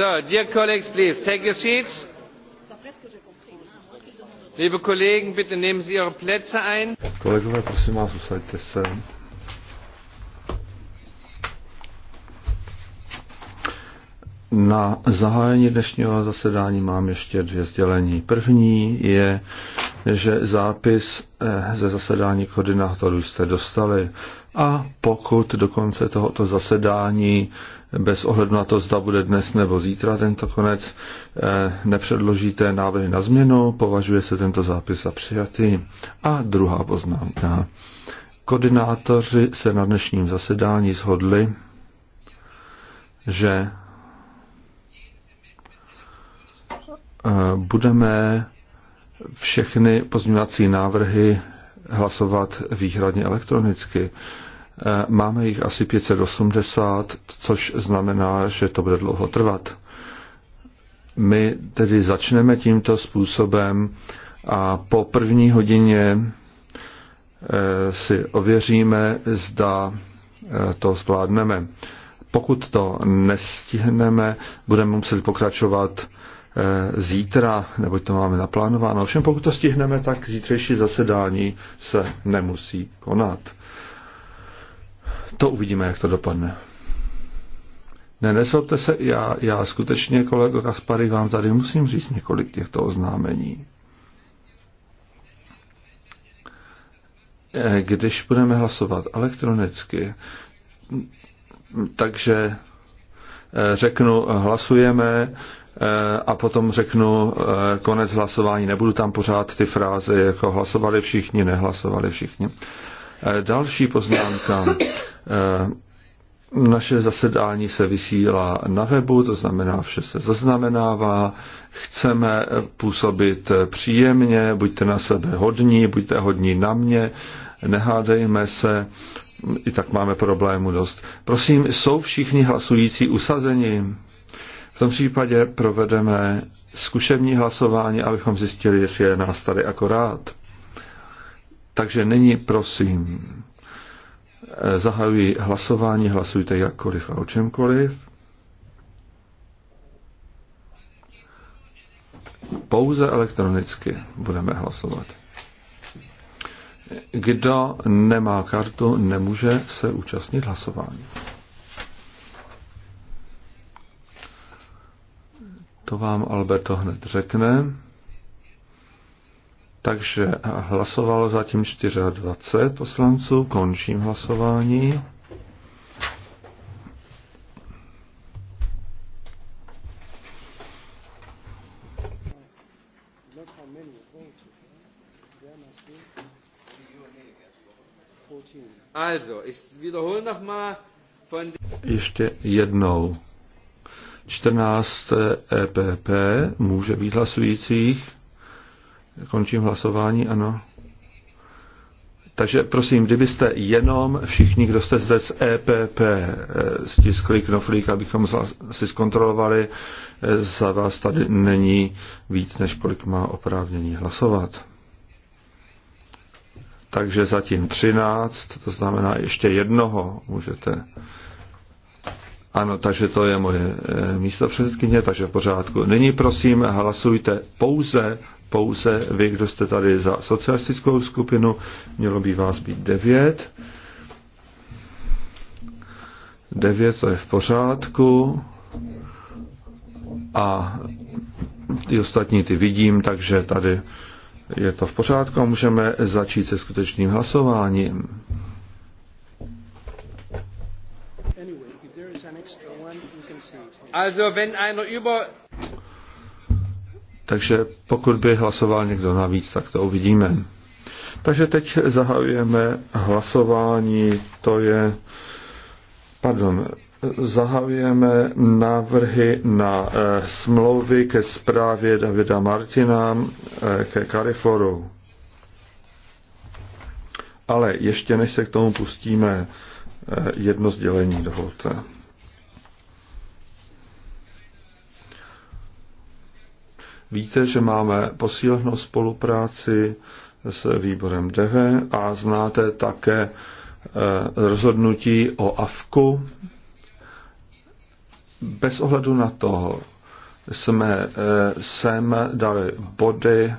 So, dear colleagues, please take your seats. Liebe Kollegen, bitte nehmen Sie Ihre Plätze ein. Kolegové, prosím vás, usaďte se. Na zahájení dnešního zasedání mám ještě dvě sdělení. První je, že zápis eh, ze zasedání koordinátorů jste dostali. A pokud do konce tohoto zasedání, bez ohledu na to, zda bude dnes nebo zítra tento konec, eh, nepředložíte návrhy na změnu, považuje se tento zápis za přijatý. A druhá poznámka. Koordinátoři se na dnešním zasedání shodli, že eh, budeme všechny pozměňovací návrhy hlasovat výhradně elektronicky. E, máme jich asi 580, což znamená, že to bude dlouho trvat. My tedy začneme tímto způsobem a po první hodině e, si ověříme, zda e, to zvládneme. Pokud to nestihneme, budeme muset pokračovat Eh, zítra, neboť to máme naplánováno. Ovšem pokud to stihneme, tak zítřejší zasedání se nemusí konat. To uvidíme, jak to dopadne. Ne, nesobte se, já, já skutečně, kolego Kaspary, vám tady musím říct několik těchto oznámení. Eh, když budeme hlasovat elektronicky, takže eh, řeknu, hlasujeme Eh, a potom řeknu eh, konec hlasování. Nebudu tam pořád ty fráze, jako hlasovali všichni, nehlasovali všichni. Eh, další poznámka. Naše zasedání se vysílá na webu, to znamená, vše se zaznamenává. Chceme působit příjemně, buďte na sebe hodní, buďte hodní na mě, nehádejme se, i tak máme problému dost. Prosím, jsou všichni hlasující usazeni? tom případě provedeme zkušební hlasování, abychom zjistili, jestli je nás tady akorát. Takže nyní prosím, zahajuji hlasování, hlasujte jakkoliv a o čemkoliv. Pouze elektronicky budeme hlasovat. Kdo nemá kartu, nemůže se účastnit hlasování. To vám Alberto hned řekne. Takže hlasovalo zatím 24 poslanců, končím hlasování. Ještě jednou 14 EPP, může být hlasujících. Končím hlasování, ano. Takže prosím, kdybyste jenom všichni, kdo jste zde z EPP, eh, stiskli knoflík, abychom si zkontrolovali, eh, za vás tady není víc, než kolik má oprávnění hlasovat. Takže zatím 13, to znamená ještě jednoho můžete ano, takže to je moje eh, místo předsedkyně, takže v pořádku. Nyní prosím, hlasujte pouze, pouze vy, kdo jste tady za socialistickou skupinu, mělo by vás být devět. Devět to je v pořádku. A i ostatní ty vidím, takže tady je to v pořádku a můžeme začít se skutečným hlasováním. Also, wenn einer über... Takže pokud by hlasoval někdo navíc, tak to uvidíme. Takže teď zahajujeme hlasování, to je, pardon, zahajujeme návrhy na e, smlouvy ke zprávě Davida Martina e, ke Kariforu. Ale ještě než se k tomu pustíme, e, jedno sdělení dovolte. Víte, že máme posílenou spolupráci s výborem DV a znáte také eh, rozhodnutí o AFKu. Bez ohledu na to jsme eh, sem dali body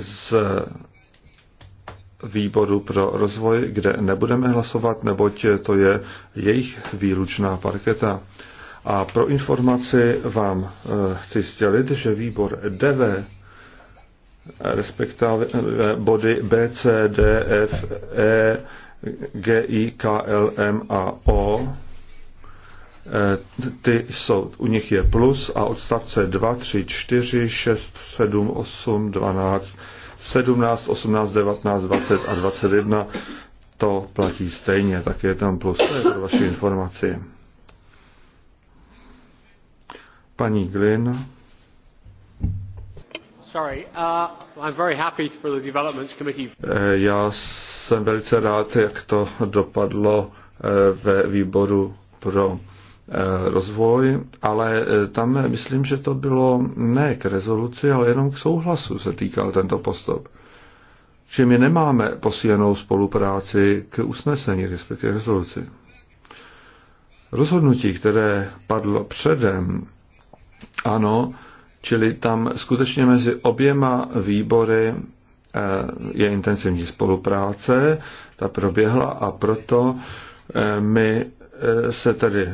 z výboru pro rozvoj, kde nebudeme hlasovat, neboť to je jejich výlučná parketa. A pro informaci vám eh, chci sdělit, že výbor DV, respektive eh, body B, C, D, F, E, G, I, K, L, M a O, eh, ty jsou, u nich je plus a odstavce 2, 3, 4, 6, 7, 8, 12, 17, 18, 19, 20 a 21 to platí stejně, tak je tam plus, to je pro vaši informaci. Paní Glyn. Sorry, uh, eh, Já jsem velice rád, jak to dopadlo eh, ve výboru pro eh, rozvoj, ale tam myslím, že to bylo ne k rezoluci, ale jenom k souhlasu se týkal tento postup. Že my nemáme posílenou spolupráci k usnesení, respektive rezoluci. Rozhodnutí, které padlo předem, ano, čili tam skutečně mezi oběma výbory eh, je intenzivní spolupráce, ta proběhla a proto eh, my eh, se tedy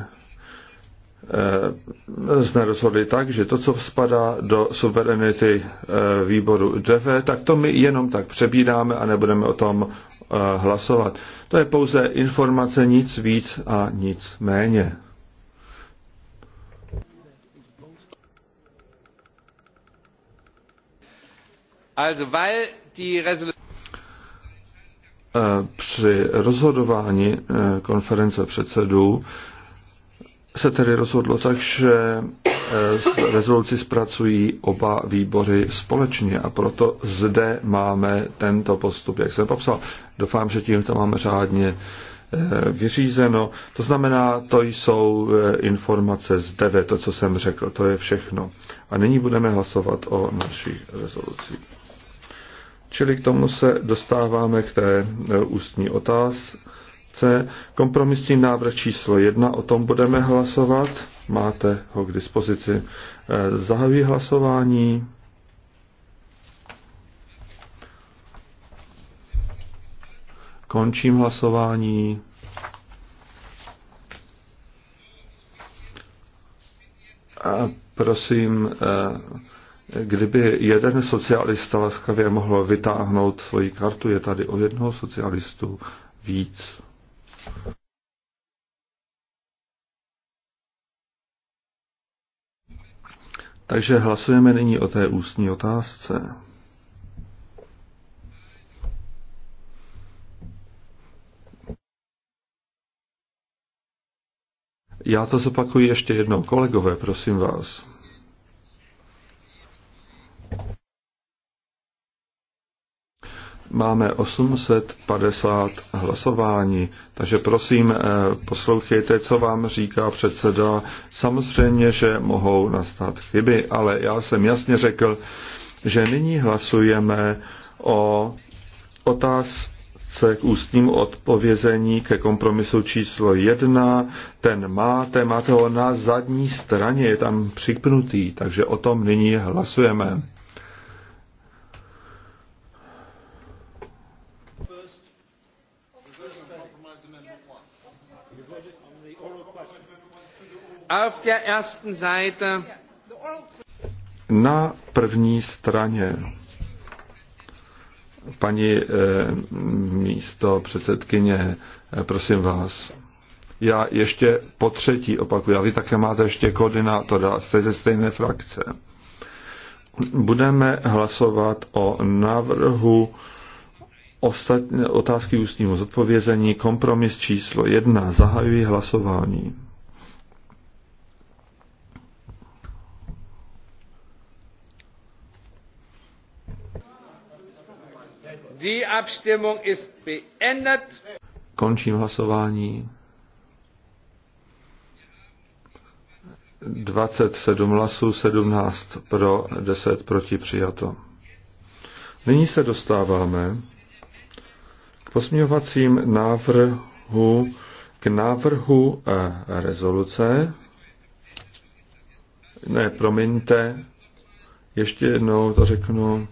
jsme rozhodli tak, že to, co spadá do suverenity výboru DV, tak to my jenom tak přebídáme a nebudeme o tom hlasovat. To je pouze informace nic víc a nic méně. Eh, při rozhodování eh, konference předsedů se tedy rozhodlo tak, že eh, rezoluci zpracují oba výbory společně a proto zde máme tento postup, jak jsem popsal. Doufám, že tím to máme řádně vyřízeno. To znamená, to jsou informace z DEVE, to, co jsem řekl, to je všechno. A nyní budeme hlasovat o našich rezolucích. Čili k tomu se dostáváme k té e, ústní otázce. Kompromisní návrh číslo jedna, o tom budeme hlasovat. Máte ho k dispozici. E, zahajuji hlasování. Končím hlasování. A prosím, e, kdyby jeden socialista laskavě mohl vytáhnout svoji kartu, je tady o jednoho socialistu víc. Takže hlasujeme nyní o té ústní otázce. Já to zopakuji ještě jednou. Kolegové, prosím vás. máme 850 hlasování, takže prosím, eh, poslouchejte, co vám říká předseda. Samozřejmě, že mohou nastat chyby, ale já jsem jasně řekl, že nyní hlasujeme o otázce k ústním odpovězení ke kompromisu číslo jedna. Ten máte, máte ho na zadní straně, je tam připnutý, takže o tom nyní hlasujeme. Na první straně paní eh, místo předsedkyně, eh, prosím vás. Já ještě po třetí opakuju, a vy také máte ještě koordinátora, jste ze stejné frakce. Budeme hlasovat o návrhu ostatní, otázky ústního zodpovězení, kompromis číslo jedna. Zahajuji hlasování. Die Abstimmung ist beendet. Končím hlasování. 27 hlasů, 17 pro, 10 proti přijato. Nyní se dostáváme k posměvacím návrhu, k návrhu eh, rezoluce. Ne, promiňte, ještě jednou to řeknu.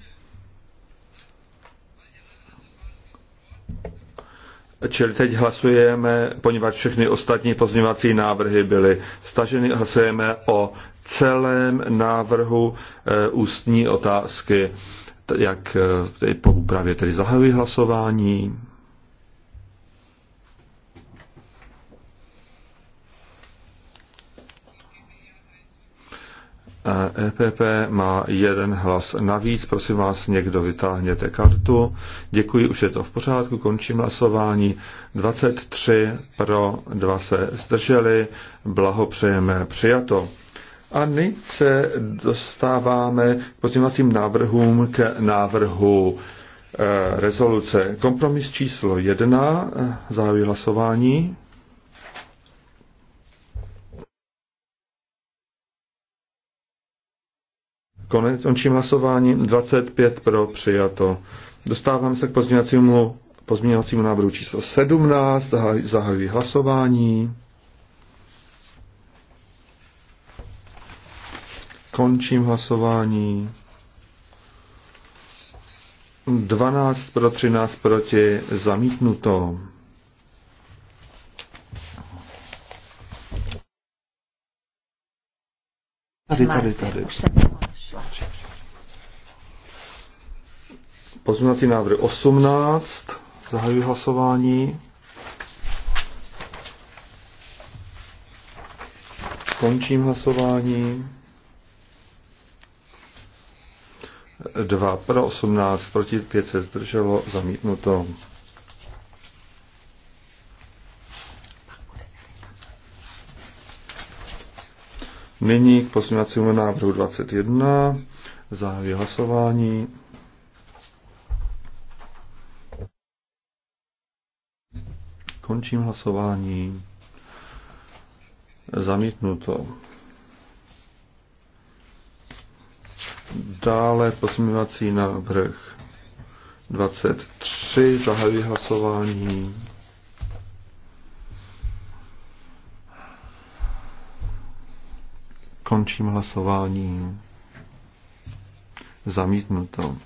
Čili teď hlasujeme, poněvadž všechny ostatní pozměvací návrhy byly staženy, hlasujeme o celém návrhu eh, ústní otázky, jak eh, po úpravě tedy zahajuji hlasování. EPP má jeden hlas navíc. Prosím vás, někdo vytáhněte kartu. Děkuji, už je to v pořádku. Končím hlasování. 23 pro, 2 se zdrželi. Blahopřejeme, přijato. A nyní se dostáváme k pozměňovacím návrhům k návrhu eh, rezoluce. Kompromis číslo 1, závěr hlasování. Konec, končím hlasování. 25 pro přijato. Dostávám se k pozměňovacímu, pozměňovacímu návrhu číslo 17. Zahajuji hlasování. Končím hlasování. 12 pro 13 proti zamítnuto. Tady, tady, tady. Pozměňovací návrh 18. Zahajuji hlasování. Končím hlasování. 2 pro 18, proti 5 se zdrželo, zamítnuto. Nyní k pozměňovacímu návrhu 21. Zahajuji hlasování. Končím hlasování. Zamítnuto. Dále pozměňovací návrh 23. Zahajuji hlasování. Končím hlasování. Zamítnuto.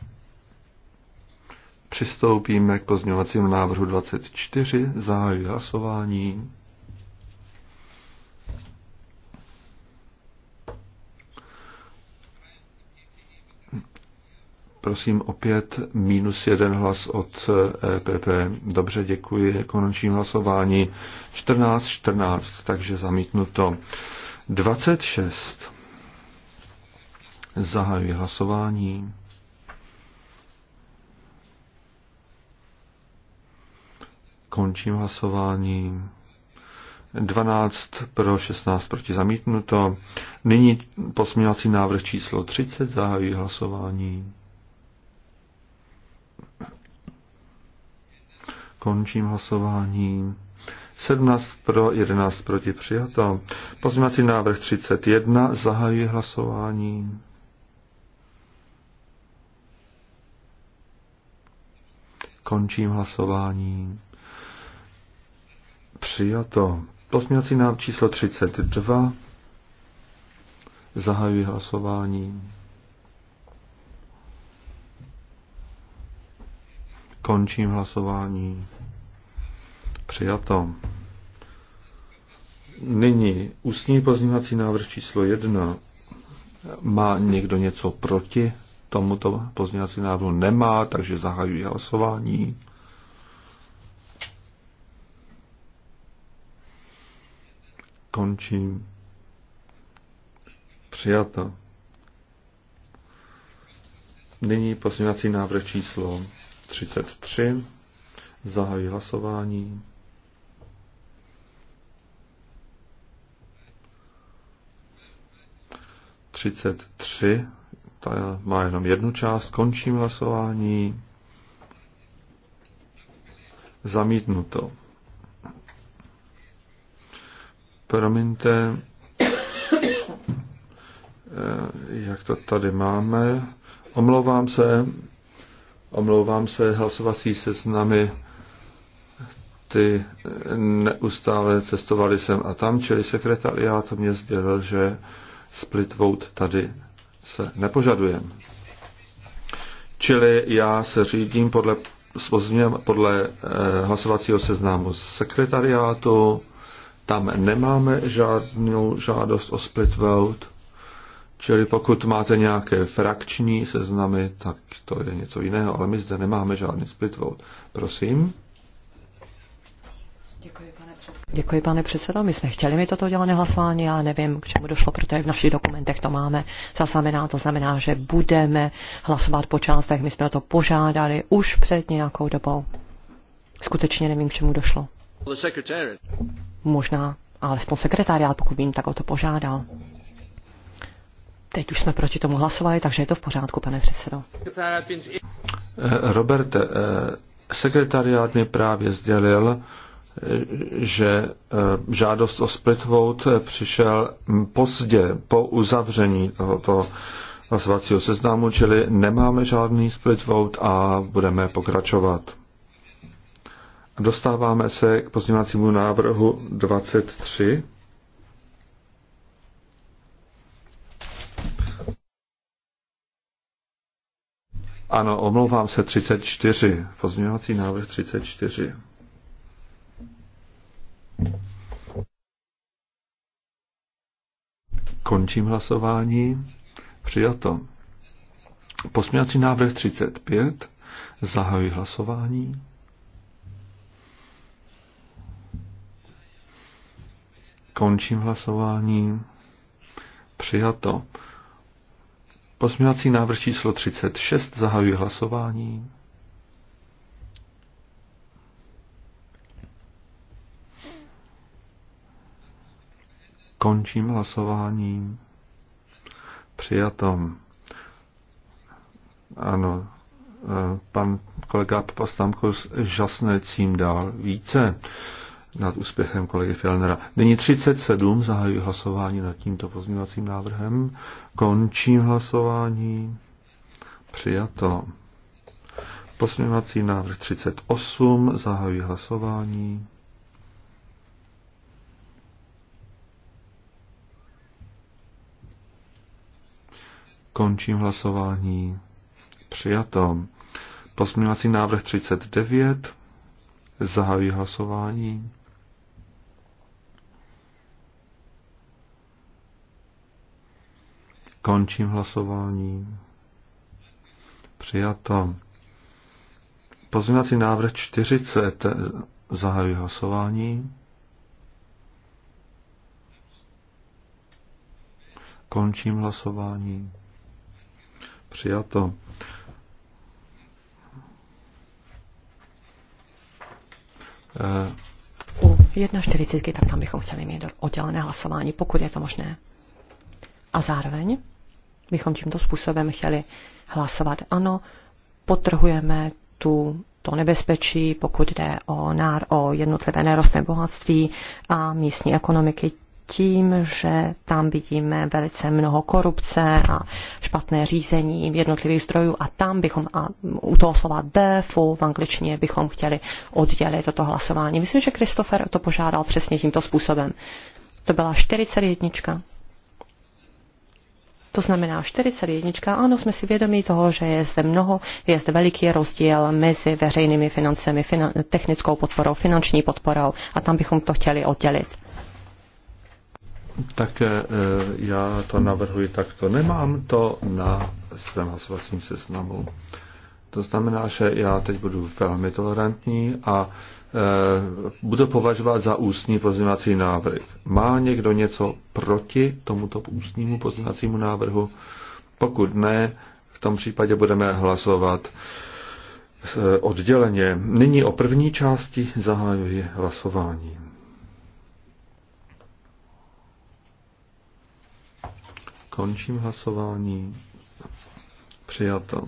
Přistoupíme k pozměňovacímu návrhu 24. Zahajuji hlasování. Prosím opět minus jeden hlas od EPP. Eh, e Dobře, děkuji. Konečním hlasování 14, 14, takže zamítnuto. 26. Zahajuji hlasování. Končím hlasování. 12 pro, 16 proti zamítnuto. Nyní posměvací návrh číslo 30. Zahajuji hlasování. Končím hlasování. 17 pro, 11 proti přijato. Pozměňovací návrh 31. Zahajuji hlasování. Končím hlasování. Přijato. Posměvací návrh číslo 32. Zahajuji hlasování. Končím hlasování. Přijato. Nyní ústní pozměňovací návrh číslo 1. Má někdo něco proti tomuto pozměňovací návrhu? Nemá, takže zahajuji hlasování. končí Přijato. Nyní pozměňovací návrh číslo 33. Zahají hlasování. Třicet ta má jenom jednu část, končím hlasování. Zamítnuto. Promiňte, eh, jak to tady máme. Omlouvám se, omlouvám se, hlasovací seznamy ty neustále cestovali sem a tam, čili sekretariát mě sdělil, že split vote tady se nepožaduje. Čili já se řídím podle, podle eh, hlasovacího seznámu sekretariátu tam nemáme žádnou žádost o split vote, čili pokud máte nějaké frakční seznamy, tak to je něco jiného, ale my zde nemáme žádný split vote. Prosím. Děkuji, pane předsedo. Děkuji, pane předsedo. My jsme chtěli mi toto dělané hlasování, já nevím, k čemu došlo, protože v našich dokumentech to máme zaznamená. To znamená, že budeme hlasovat po částech. My jsme o to požádali už před nějakou dobou. Skutečně nevím, k čemu došlo. Možná alespoň sekretariát, pokud vím, tak o to požádal. Teď už jsme proti tomu hlasovali, takže je to v pořádku, pane předsedo. Robert, eh, sekretariát mi právě sdělil, eh, že eh, žádost o split vote přišel hm, pozdě, po uzavření tohoto hlasovacího seznamu, čili nemáme žádný split vote a budeme pokračovat. Dostáváme se k pozměňovacímu návrhu 23. Ano, omlouvám se, 34. Pozměňovací návrh 34. Končím hlasování. Přijato. Pozměňovací návrh 35. Zahajuji hlasování. Končím hlasování. Přijato. Pozměňovací návrh číslo 36. Zahajuji hlasování. Končím hlasování. Přijato. Ano, eh, pan kolega Papastamkos žasne cím dál více nad úspěchem kolegy Fjellnera. Nyní 37 zahajuji hlasování nad tímto pozměňovacím návrhem. Končím hlasování. Přijato. Pozměňovací návrh 38 zahajuji hlasování. Končím hlasování. Přijato. Pozměňovací návrh 39. Zahajuji hlasování. Končím hlasování. Přijato. Pozměňovací návrh 40. Zahajuji hlasování. Končím hlasování. Přijato. U 1.40, tak tam bychom chtěli mít oddělené hlasování, pokud je to možné. A zároveň bychom tímto způsobem chtěli hlasovat. Ano, potrhujeme tu, to nebezpečí, pokud jde o, nár, o jednotlivé nerostné bohatství a místní ekonomiky tím, že tam vidíme velice mnoho korupce a špatné řízení jednotlivých zdrojů a tam bychom, a u toho slova DFU v angličtině bychom chtěli oddělit toto hlasování. Myslím, že Christopher to požádal přesně tímto způsobem. To byla 41. To znamená 4,1. Ano, jsme si vědomí toho, že je zde mnoho, je zde veliký rozdíl mezi veřejnými financemi, finan, technickou podporou, finanční podporou a tam bychom to chtěli oddělit. Tak eh, já to navrhuji takto. Nemám to na svém hlasovacím seznamu. To znamená, že já teď budu velmi tolerantní a Eh, budu považovat za ústní pozměňovací návrh. Má někdo něco proti tomuto ústnímu pozměňovacímu návrhu? Pokud ne, v tom případě budeme hlasovat eh, odděleně. Nyní o první části zahajuji hlasování. Končím hlasování. Přijato.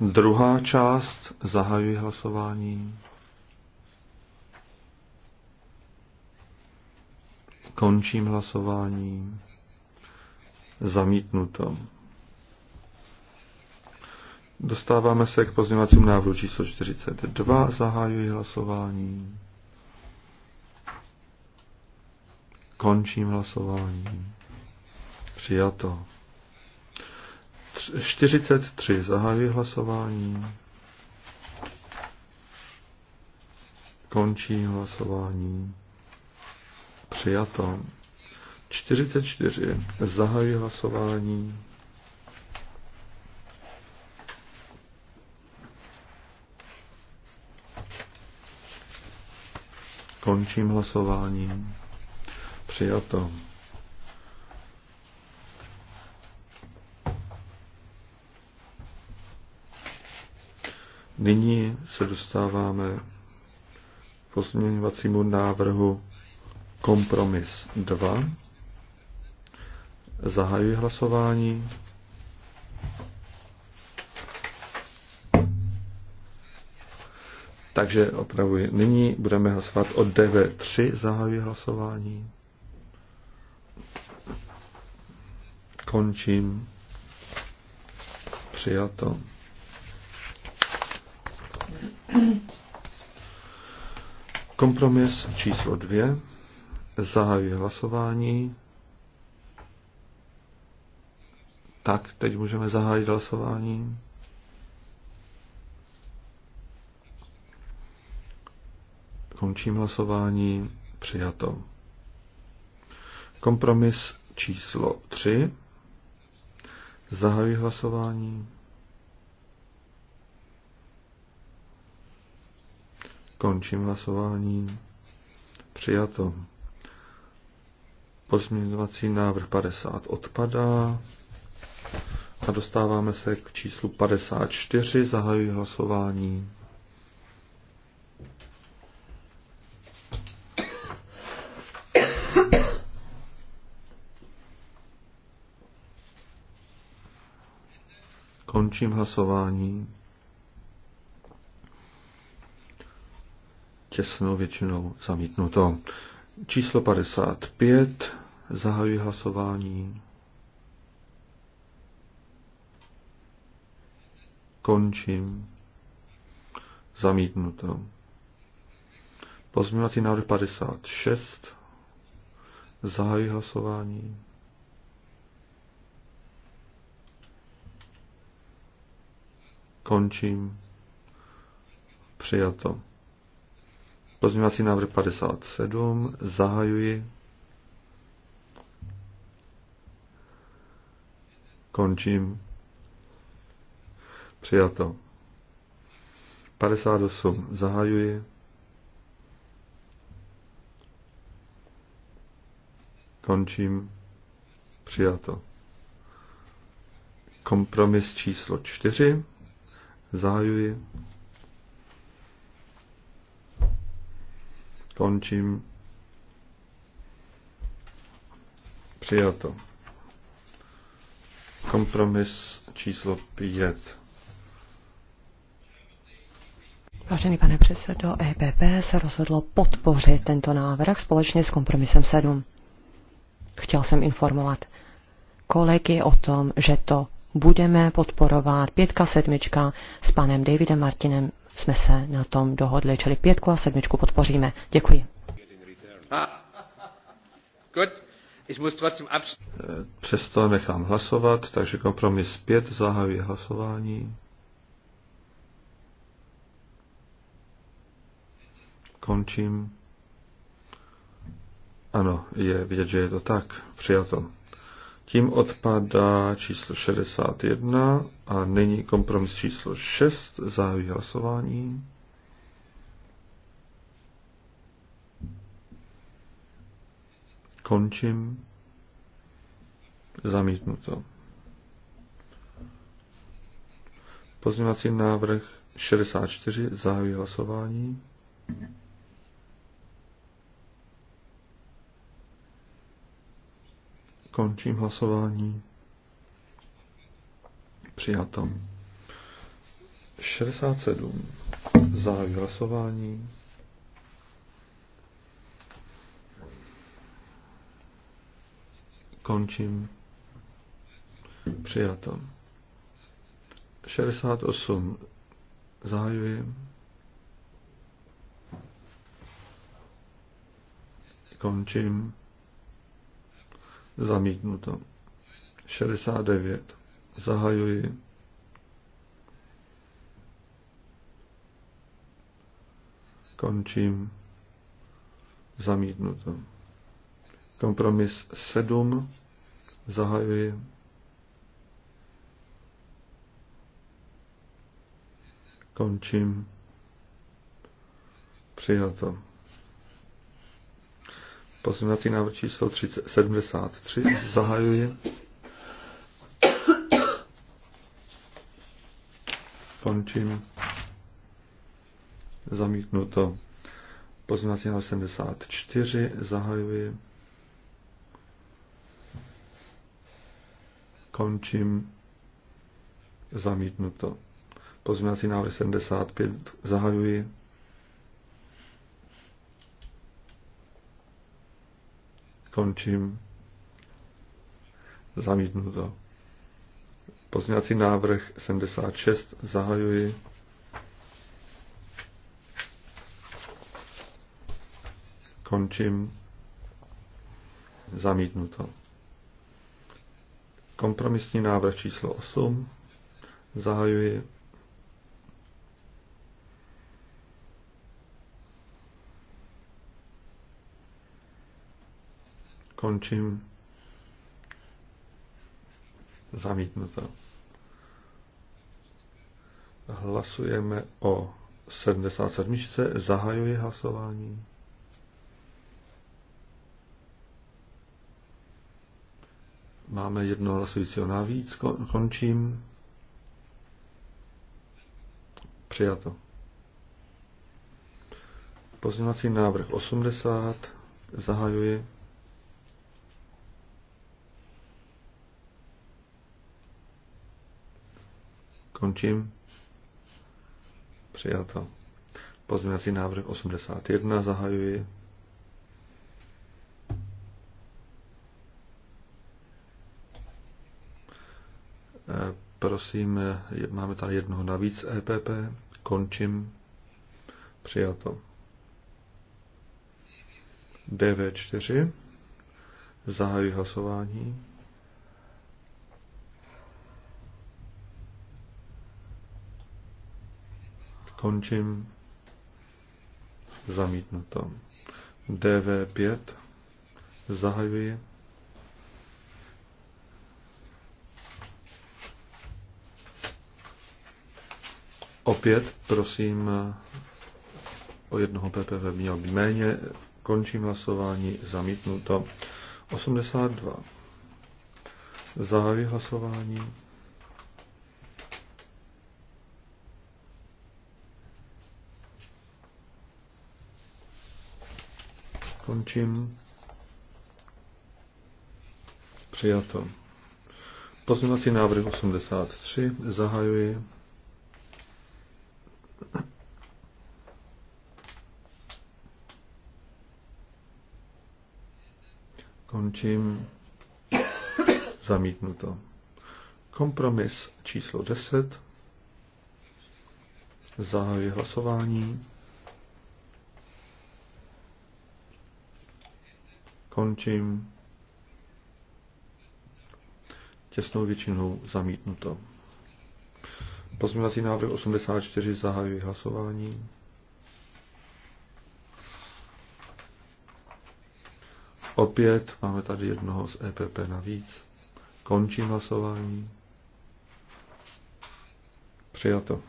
Druhá část zahajuji hlasování. Končím hlasování. Zamítnuto. Dostáváme se k pozměňovacímu návrhu číslo 42. Zahajuji hlasování. Končím hlasování. Přijato. 43. Zahajuji hlasování. Končím hlasování. Přijato. 44. Zahajuji hlasování. Končím hlasování. Přijato. Nyní se dostáváme k pozměňovacímu návrhu Kompromis 2. Zahajuji hlasování. Takže opravuji. Nyní budeme hlasovat o DV3. Zahajuji hlasování. Končím. Přijato. Kompromis číslo 2. Zahajuji hlasování. Tak, teď můžeme zahájit hlasování. Končím hlasování. Přijato. Kompromis číslo 3. Zahajuji hlasování. Končím hlasování. Přijato. Pozměňovací návrh 50 odpadá. A dostáváme se k číslu 54. Zahajuji hlasování. Končím hlasování. Těsnou většinou zamítnuto. Číslo 55. Zahajuji hlasování. Končím. Zamítnuto. Pozměňovací návrh 56. Zahajuji hlasování. Končím. Přijato. Pozměňovací návrh 57. Zahajuji. Končím. Přijato. 58. Zahajuji. Končím. Přijato. Kompromis číslo 4. Zahajuji. Končím. Přijato. Kompromis číslo 5. Vážený pane předsedo, EPP se rozhodlo podpořit tento návrh společně s kompromisem 7. Chtěl jsem informovat kolegy o tom, že to budeme podporovat pětka sedmička s panem Davidem Martinem jsme se na tom dohodli, čili pětku a sedmičku podpoříme. Děkuji. Přesto nechám hlasovat, takže kompromis pět zahajuje hlasování. Končím. Ano, je vidět, že je to tak. Přijato. Tím odpadá číslo 61 a nyní kompromis číslo 6. Zahájí hlasování. Končím. Zamítnuto. Pozměňovací návrh 64. Zahájí hlasování. Mm-hmm. Končím hlasování. Přijato. 67. Zahajuji hlasování. Končím. Přijato. 68. Zahajuji. Končím. Zamítnuto. 69. Zahajuji. Končím. Zamítnuto. Kompromis 7. Zahajuji. Končím. Přijato. Pozměnací návrh číslo 73 zahajuje. Končím. Zamítnuto. Pozměnací návrh 74 zahajuje. Končím. Zamítnuto. Pozměnací návrh 75 zahajuje. Zamítnu to. Pozměňovací návrh 76 zahajuji. Končím. to. Kompromisní návrh číslo 8 zahajuji. Končím. Zamítnuto. Hlasujeme o 77. Zahajuji hlasování. Máme jedno hlasujícího navíc. Končím. Přijato. Pozměňovací návrh 80. Zahajuji. Končím. Přijato. Pozměňovací návrh 81 zahajuji. E, prosím, máme tady jednoho navíc EPP. Končím. Přijato. DV4. Zahajuji hlasování. Končím. Zamítnuto. DV5. Zahajuji. Opět prosím o jednoho PPV měl být méně. Končím hlasování. Zamítnuto. 82. Zahajuji hlasování. Končím. Přijato. Pozměňovací návrh 83. Zahajuji. Končím. Zamítnuto. Kompromis číslo 10. Zahajuji hlasování. končím. Těsnou většinou zamítnuto. Pozměňovací návrh 84 zahajuji hlasování. Opět máme tady jednoho z EPP navíc. Končím hlasování. Přijato.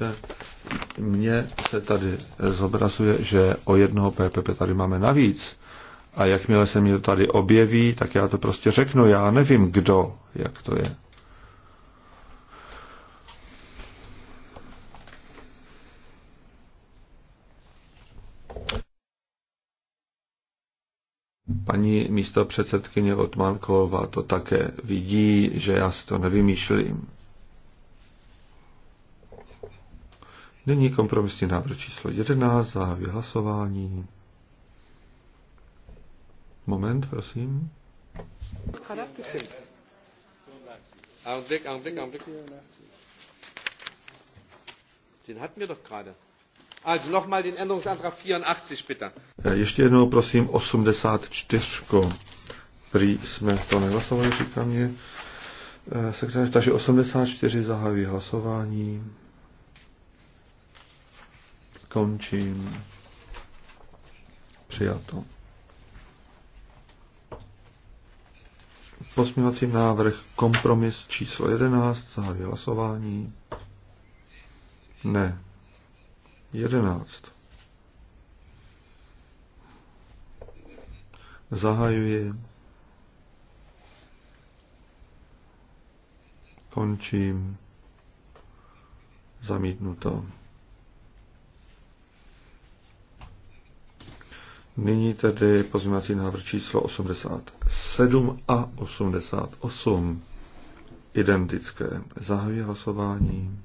vidíte, mně se tady zobrazuje, že o jednoho PPP tady máme navíc. A jakmile se mi to tady objeví, tak já to prostě řeknu. Já nevím, kdo, jak to je. Paní místo předsedkyně Otmanková to také vidí, že já si to nevymýšlím. Nyní kompromisní návrh číslo 11, zahajuji hlasování. Moment, prosím. Eh, ještě jednou prosím 84. Prý jsme to nehlasovali, říká mě eh, Takže 84 zahájí hlasování. Končím. Přijato. Posměvací návrh kompromis číslo 11, zahájí hlasování. Ne. 11. Zahajuji. Končím. Zamítnuto. Nyní tedy pozměňovací návrh číslo 87 a 88. Identické. Zahajuji hlasování.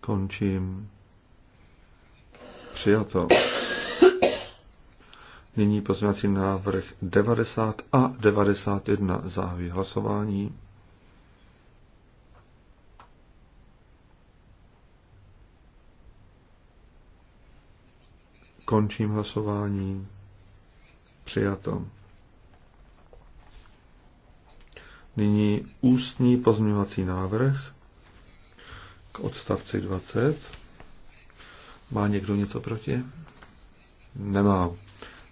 Končím. Přijato. Nyní pozměňovací návrh 90 a 91. Zahajuji hlasování. Končím hlasování. Přijato. Nyní ústní pozměňovací návrh k odstavci 20. Má někdo něco proti? Nemá.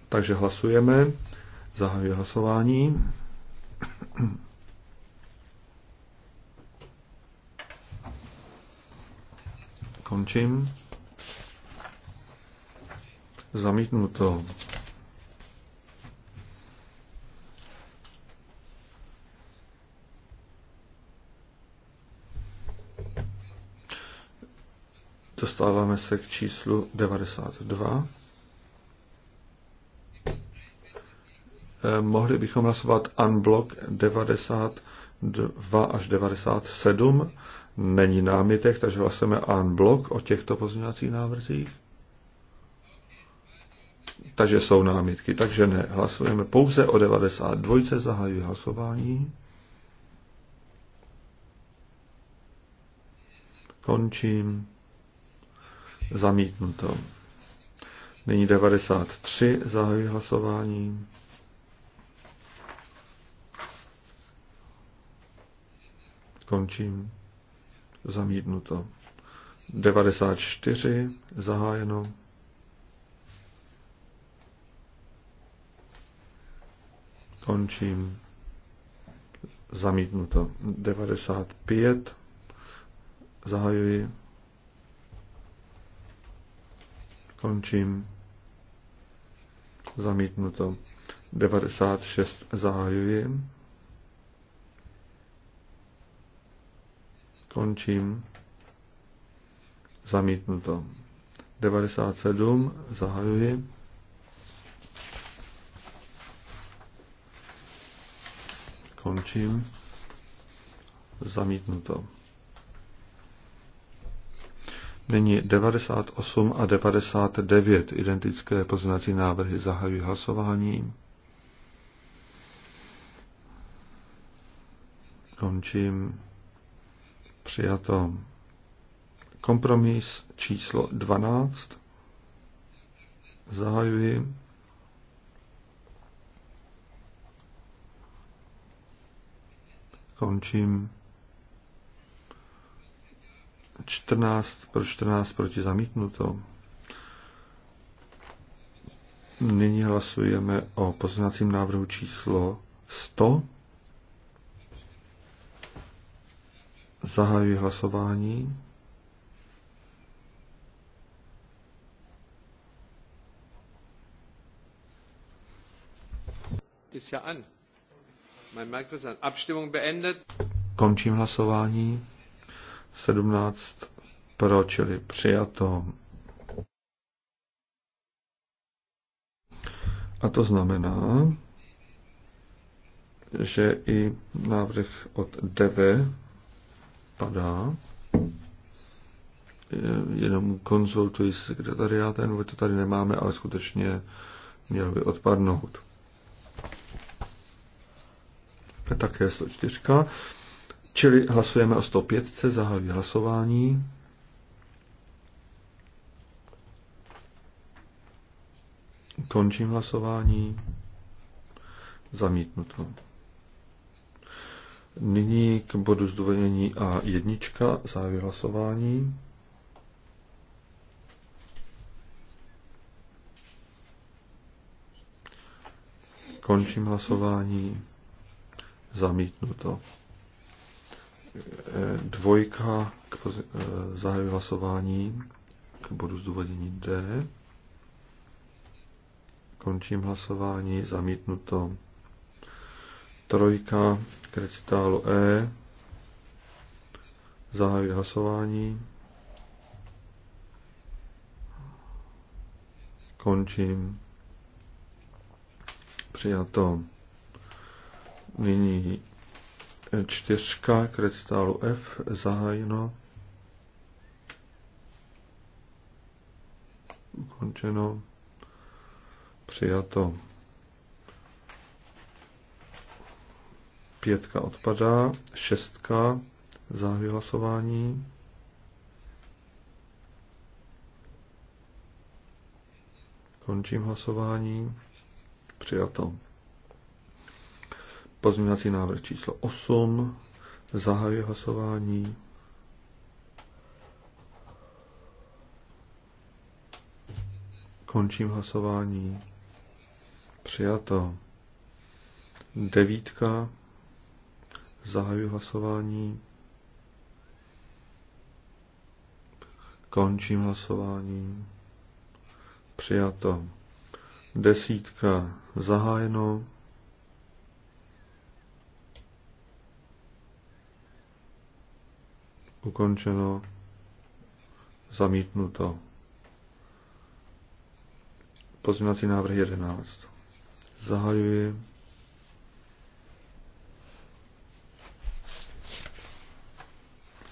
Takže hlasujeme. Zahajuji hlasování. Končím zamítnuto. Dostáváme se k číslu 92. Eh, mohli bychom hlasovat unblock 92 až 97. Není námitek, takže hlasujeme unblock o těchto pozměňovacích návrzích takže jsou námitky. Takže ne, hlasujeme pouze o 92. Zahajuji hlasování. Končím. Zamítnuto. Nyní 93. Zahajuji hlasování. Končím. Zamítnuto. 94. Zahájeno. Končím. Zamítnuto. 95. Zahajuji. Končím. Zamítnuto. 96. Zahajuji. Končím. Zamítnuto. 97. Zahajuji. končím. Zamítnuto. Nyní 98 a 99 identické poznací návrhy zahajují hlasování. Končím. Přijato. Kompromis číslo 12. Zahajuji. končím. 14 pro 14 proti zamítnuto. Nyní hlasujeme o pozměňovacím návrhu číslo 100. Zahajuji hlasování. Ist ja an. Končím hlasování. 17 pro, čili přijato. A to znamená, že i návrh od DV padá. Jenom konzultuji s sekretariátem, nebo to tady nemáme, ale skutečně měl by odpadnout také 104. Čili hlasujeme o 105. Zahajuji hlasování. Končím hlasování. Zamítnuto. Nyní k bodu zdůvodnění a 1 závěr hlasování. Končím hlasování. Zamítnuto. E, dvojka k e, zahájení hlasování k bodu zdůvodnění D. Končím hlasování. Zamítnuto. Trojka k recitálu E. Zahajuji hlasování. Končím. Přijato. Nyní eh, čtyřka kreditálu F zahájeno. Ukončeno. Přijato. Pětka odpadá. Šestka zahájí hlasování. Končím hlasování. Přijato. Pozměňovací návrh číslo 8. Zahajuji hlasování. Končím hlasování. Přijato. Devítka. Zahajuji hlasování. Končím hlasování. Přijato. Desítka zahájeno. ukončeno, zamítnuto. Pozměňovací návrh 11. Zahajuji.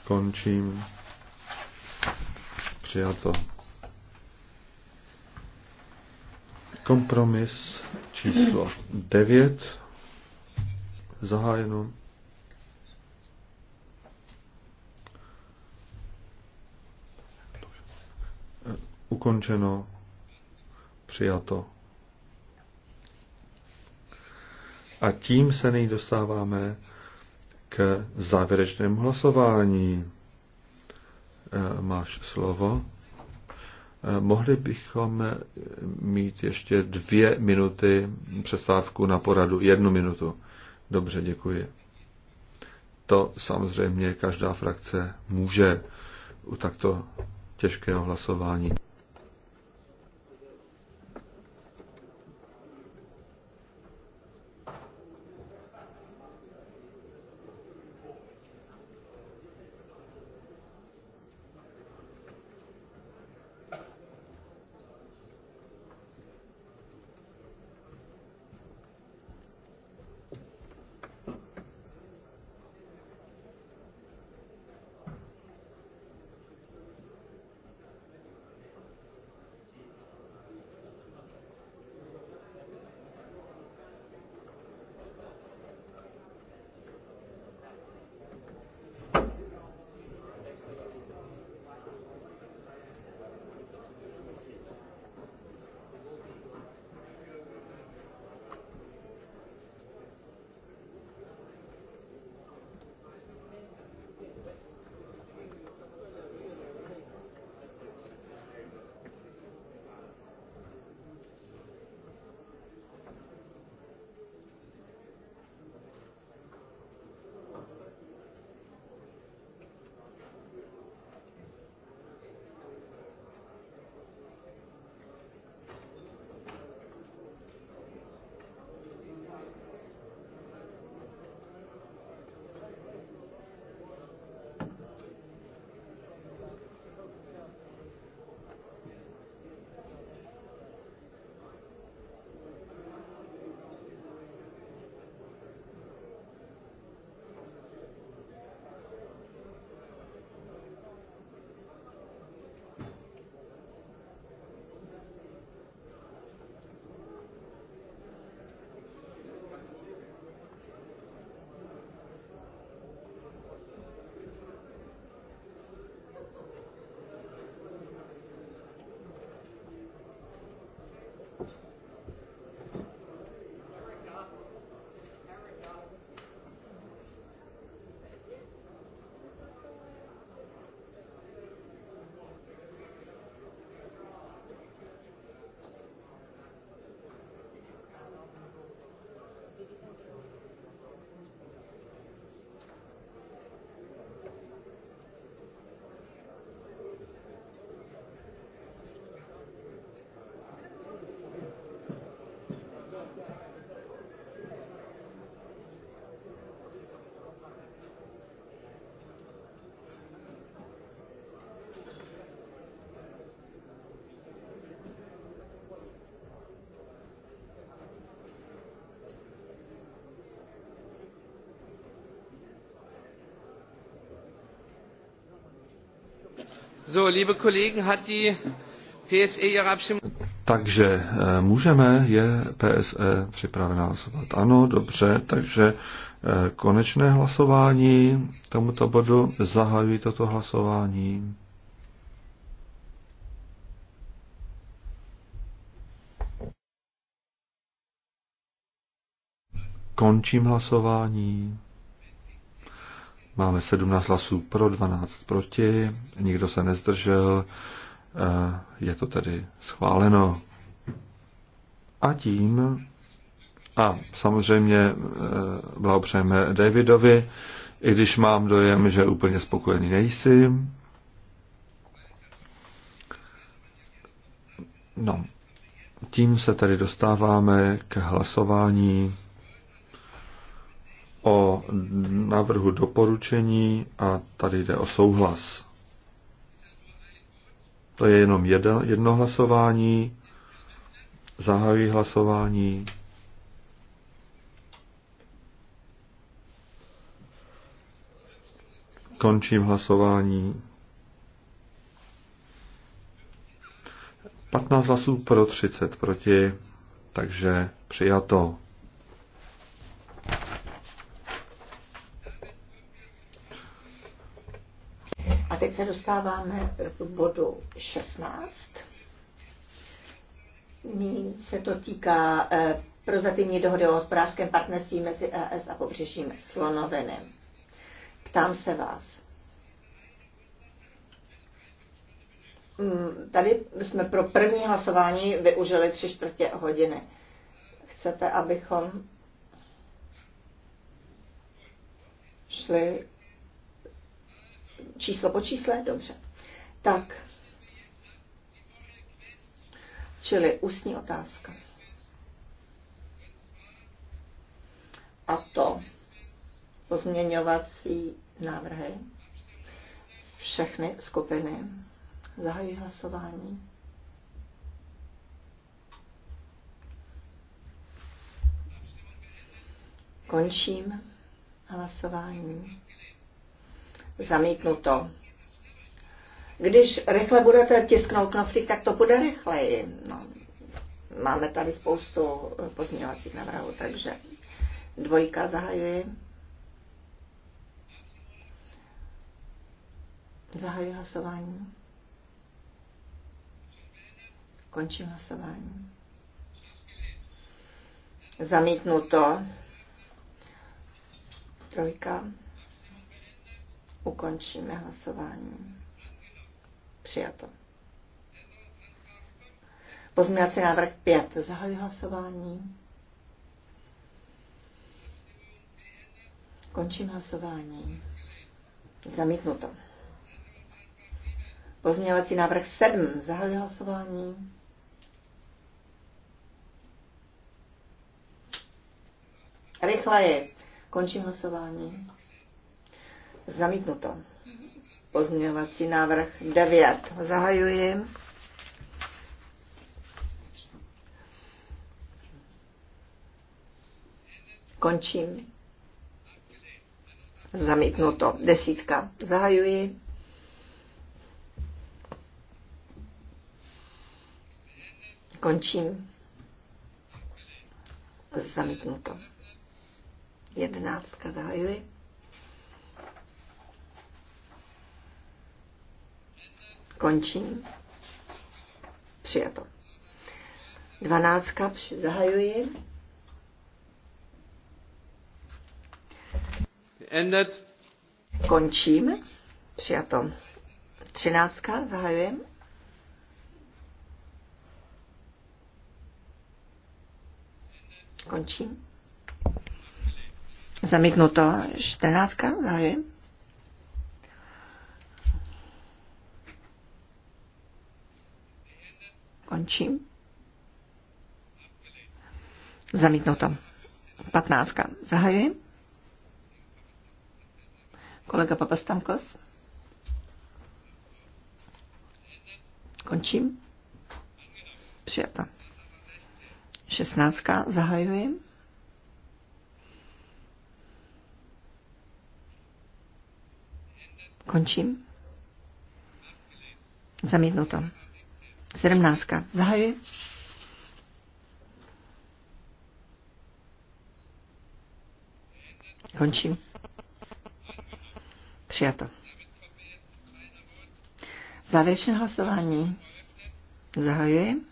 Končím. Přijato. Kompromis číslo 9. Zahájeno. Ukončeno. Přijato. A tím se nyní dostáváme k závěrečnému hlasování. Eh, máš slovo. Eh, mohli bychom mít ještě dvě minuty přestávku na poradu. Jednu minutu. Dobře, děkuji. To samozřejmě každá frakce může u takto těžkého hlasování. E takže eh, můžeme, je PSE připravena hlasovat? Ano, dobře, takže eh, konečné hlasování tomuto bodu zahajují toto hlasování. Končím hlasování. Máme 17 hlasů pro, 12 proti, nikdo se nezdržel, eh, je to tedy schváleno. A tím, a samozřejmě eh, blahopřejeme Davidovi, i když mám dojem, že úplně spokojený nejsi. No, tím se tady dostáváme k hlasování o návrhu doporučení a tady jde o souhlas. To je jenom jedno, jedno hlasování. Zahajuji hlasování. Končím hlasování. 15 hlasů pro 30 proti, takže přijato. dostáváme k bodu 16. Mín se to týká eh, prozatímní dohody o hospodářském partnerství mezi ES a pobřežím Slonovinem. Ptám se vás. Mm, tady jsme pro první hlasování využili tři čtvrtě hodiny. Chcete, abychom šli číslo po čísle, dobře. Tak, čili ústní otázka. A to pozměňovací návrhy všechny skupiny. Zahají hlasování. Končím hlasování. Zamítnuto. Když rychle budete tisknout knoflík, tak to bude rychleji. No, máme tady spoustu pozměňovacích návrhů, takže dvojka zahajuji. Zahajuji hlasování. Končím hlasování. Zamítnuto. Trojka. Ukončíme hlasování. Přijato. Pozměňovací návrh 5. Zahajuji hlasování. Končím hlasování. Zamítnuto. Pozměňovací návrh 7. Zahajuji hlasování. Rychleji. Končím hlasování. Zamítnuto. Pozměňovací návrh 9. Zahajuji. Končím. Zamítnuto. Desítka. Zahajuji. Končím. Zamítnuto. Jedenáctka zahajuji. Končím. Přijato. Dvanáctka zahajuji. Ended. Končím. Přijato. Třináctka zahajujem. Končím. Zamítnuto. Čtrnáctka zahajujem. Končím. to 15. Zahajuji. Kolega Papastamkos. Končím. Přijata. 16. Zahajuji. Končím. to Sedmnáctka. Zahajuji. Končím. Přijato. Závěrečné hlasování. Zahajuji.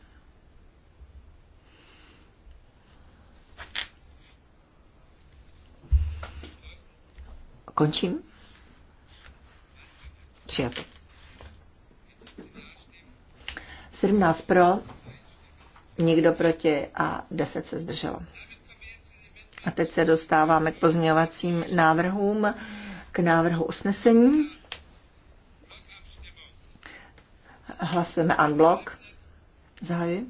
Končím. Přijato. 17 pro, nikdo proti a 10 se zdrželo. A teď se dostáváme k pozměňovacím návrhům, k návrhu usnesení. Hlasujeme unblock. Zahajuji.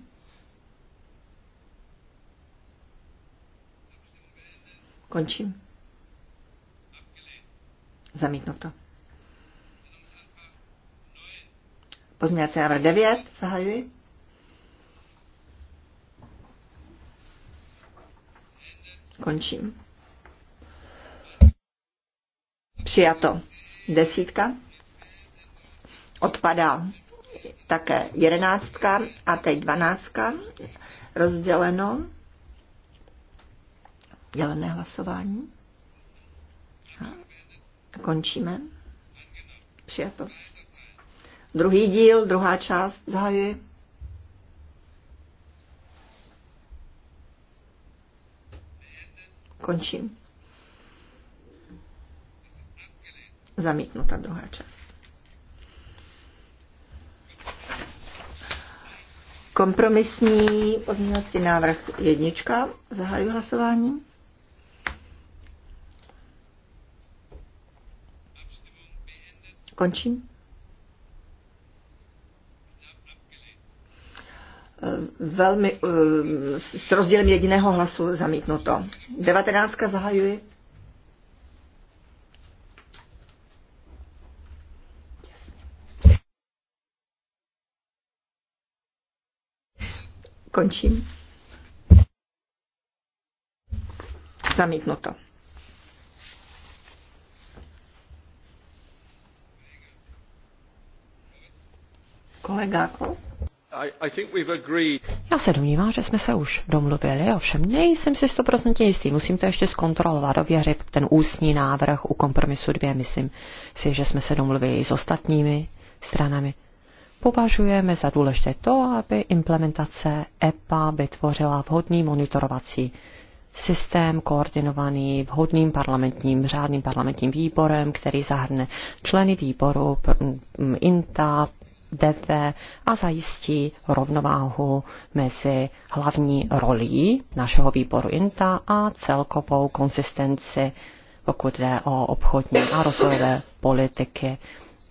Končím. Zamítnuto. to. Pozměňovací návrh 9. Zahajuji. Končím. Přijato. Desítka. Odpadá také jedenáctka a teď dvanáctka. Rozděleno. Dělené hlasování. A končíme. Přijato. Druhý díl, druhá část, zahajuji. Končím. Zamítnuta druhá část. Kompromisní pozměňovací návrh jednička. Zahajuji hlasování. Končím. velmi eh, s rozdílem jediného hlasu zamítnuto. 19. zahajuji. Končím. Zamítnuto. Kolega, kolega. Já se domnívám, že jsme se už domluvili, ovšem nejsem si stoprocentně jistý. Musím to ještě zkontrolovat, ověřit ten ústní návrh u kompromisu dvě. Myslím si, že jsme se domluvili i s ostatními stranami. Považujeme za důležité to, aby implementace EPA vytvořila vhodný monitorovací systém koordinovaný vhodným parlamentním, řádným parlamentním výborem, který zahrne členy výboru INTA, DV a zajistí rovnováhu mezi hlavní rolí našeho výboru INTA a celkovou konsistenci, pokud jde o obchodní a rozvojové politiky,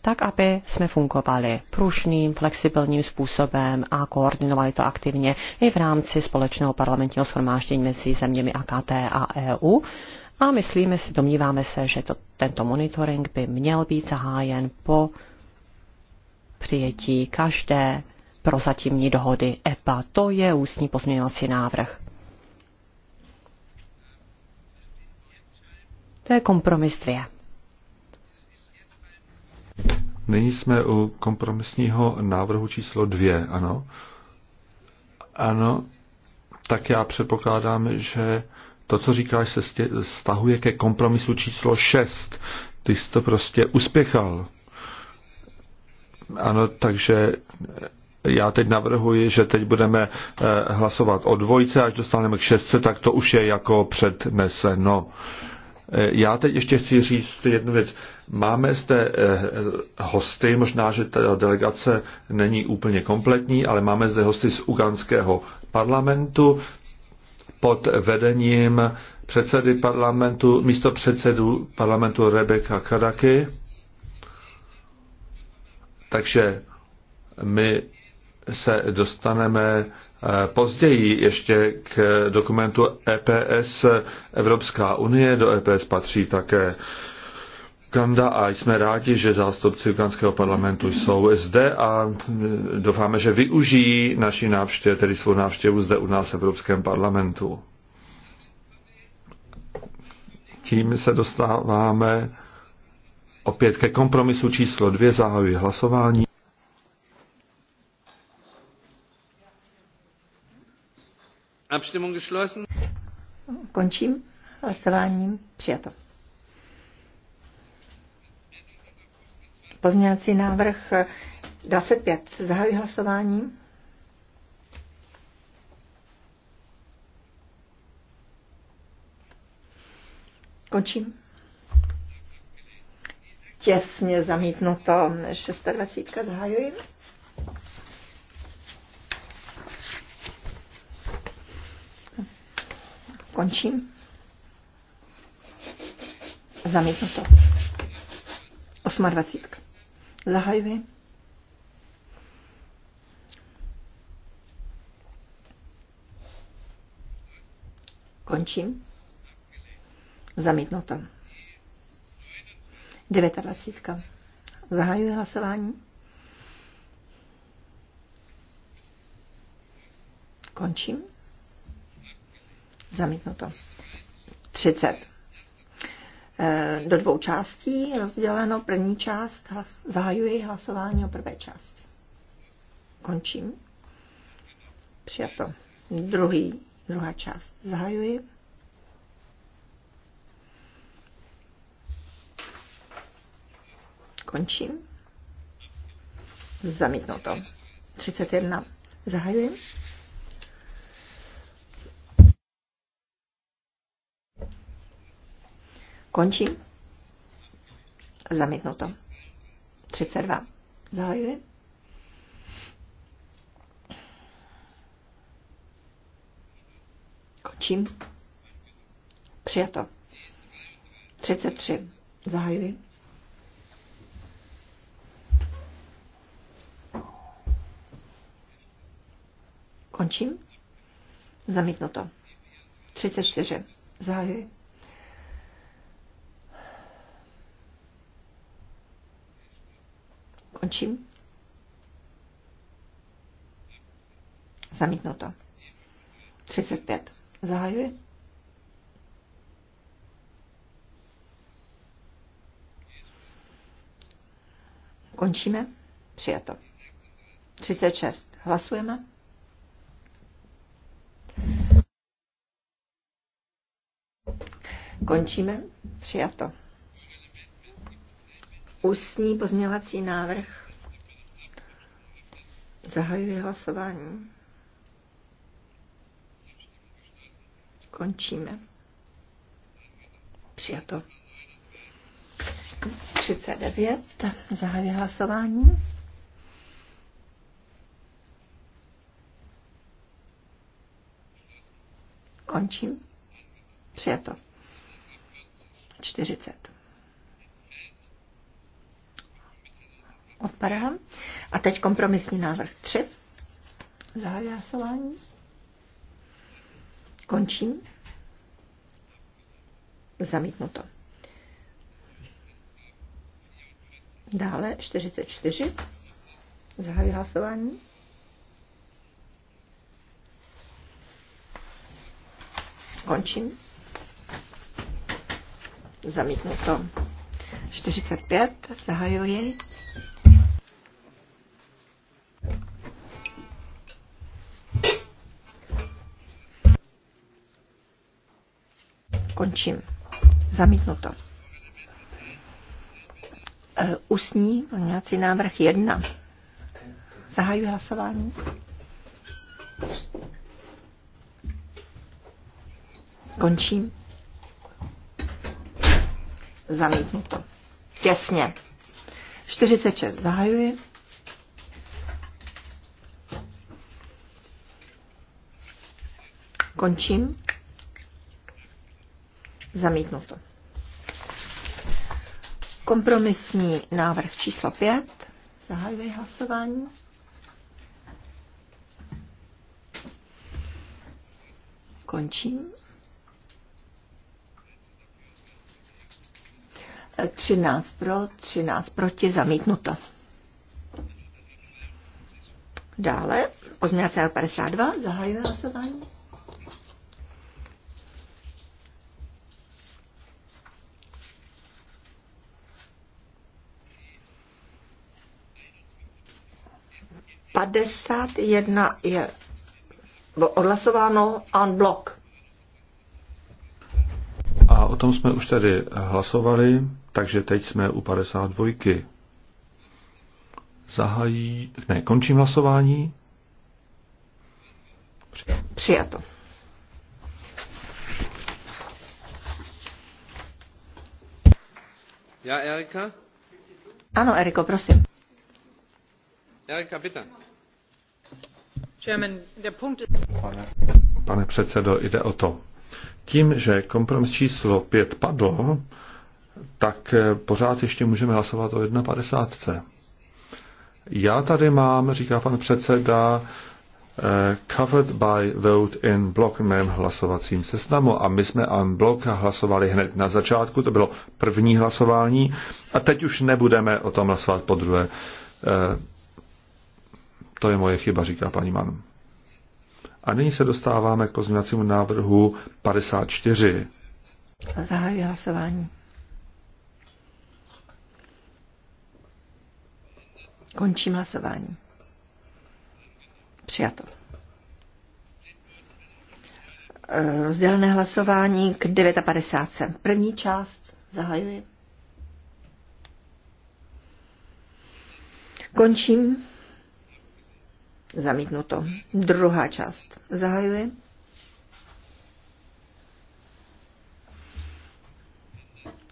tak aby jsme fungovali pružným, flexibilním způsobem a koordinovali to aktivně i v rámci společného parlamentního shromáždění mezi zeměmi AKT a EU. A myslíme si, domníváme se, že to, tento monitoring by měl být zahájen po přijetí každé prozatímní dohody EPA. To je ústní pozměňovací návrh. To je kompromis dvě. Nyní jsme u kompromisního návrhu číslo dvě. ano. Ano, tak já předpokládám, že to, co říkáš, se stahuje ke kompromisu číslo šest. Ty jsi to prostě uspěchal. Ano, takže já teď navrhuji, že teď budeme eh, hlasovat o dvojce, až dostaneme k šestce, tak to už je jako předneseno. Eh, já teď ještě chci říct jednu věc. Máme zde eh, hosty, možná, že ta delegace není úplně kompletní, ale máme zde hosty z uganského parlamentu pod vedením předsedy parlamentu, místo předsedu parlamentu Rebeka Kadaky takže my se dostaneme eh, později ještě k dokumentu EPS Evropská unie. Do EPS patří také Uganda a jsme rádi, že zástupci ugandského parlamentu jsou zde a eh, doufáme, že využijí naši návštěvu, tedy svou návštěvu zde u nás v Evropském parlamentu. Tím se dostáváme Opět ke kompromisu číslo dvě zahajuji hlasování. Abstimmung geschlossen. Končím hlasováním. Přijato. Pozměňovací návrh 25. Zahajuji hlasování. Končím těsně zamítnuto. 26. zahajuji. Končím. Zamítnuto. 28. Zahajuji. Končím. Zamítnuto. 29. Zahajuji hlasování. Končím. Zamítnuto. 30. Eh, do dvou částí rozděleno. První část zahajuji hlasování o prvé části. Končím. Přijato. Druhý, druhá část zahajuji. Zamítnu to. 31. Zahajuji. Končím. to, 32. Zahajuji. Končím. Přijato. 33. Zahajuji. Končím. to. 34. Zahajuji. Končím. to. 35. Zahajuji. Končíme. Přijato. 36. Hlasujeme. Končíme. Přijato. Ústní pozměňovací návrh. Zahajuji hlasování. Končíme. Přijato. 39. Zahajuji hlasování. Končím. Přijato. 40. Odpadá. A teď kompromisní návrh 3. Zahájí hlasování. Končím. Zamítnuto. Dále 44. Zahájí hlasování. Končím. Zamítnuto. 45. Zahajuji. Končím. Zamítnuto. E, ústní pozměňovací návrh 1. Zahajuji hlasování. Končím. Zamítnuto. Těsně. 46 zahajuji. Končím. Zamítnuto. Kompromisní návrh číslo 5. Zahajuji hlasování. Končím. 13 pro, 13 proti, zamítnuto. Dále, pozměňovací 52, zahajuji hlasování. Padesát jedna je odhlasováno on blok. A o tom jsme už tady hlasovali. Takže teď jsme u 52. Zahají... Ne, končím hlasování. Přijato. Přijato. Já, Erika? Ano, Eriko, prosím. Erika, bitte. Pane, pane předsedo, jde o to. Tím, že kompromis číslo 5 padl, tak eh, pořád ještě můžeme hlasovat o 1,50. Já tady mám, říká pan předseda, eh, covered by vote in block mém hlasovacím seznamu a my jsme en block hlasovali hned na začátku, to bylo první hlasování a teď už nebudeme o tom hlasovat po druhé. Eh, to je moje chyba, říká paní Manu. A nyní se dostáváme k pozměňovacímu návrhu 54. Zahájí hlasování. Končím hlasování. Přijato. E, rozdělené hlasování k 59. První část zahajuji. Končím. Zamítnuto. Druhá část. Zahajuji.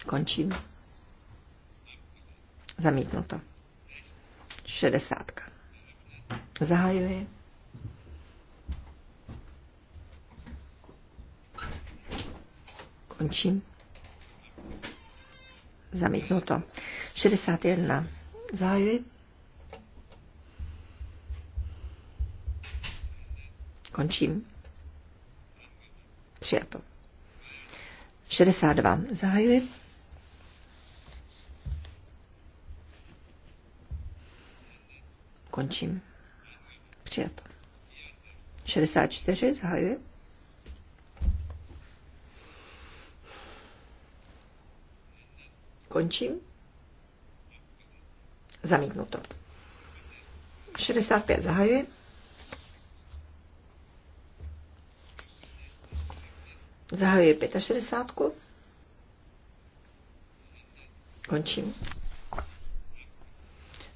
Končím. Zamítnuto šedesátka. Zahajuji. Končím. Zamítnu Zamítnuto. 61. Zahajuji. Končím. Přijato. 62. Zahajuji. Končím. Přijato. 64 zahajuji. Končím. Zamítnuto. 65 zahajuji. Zahajuji 65. Končím.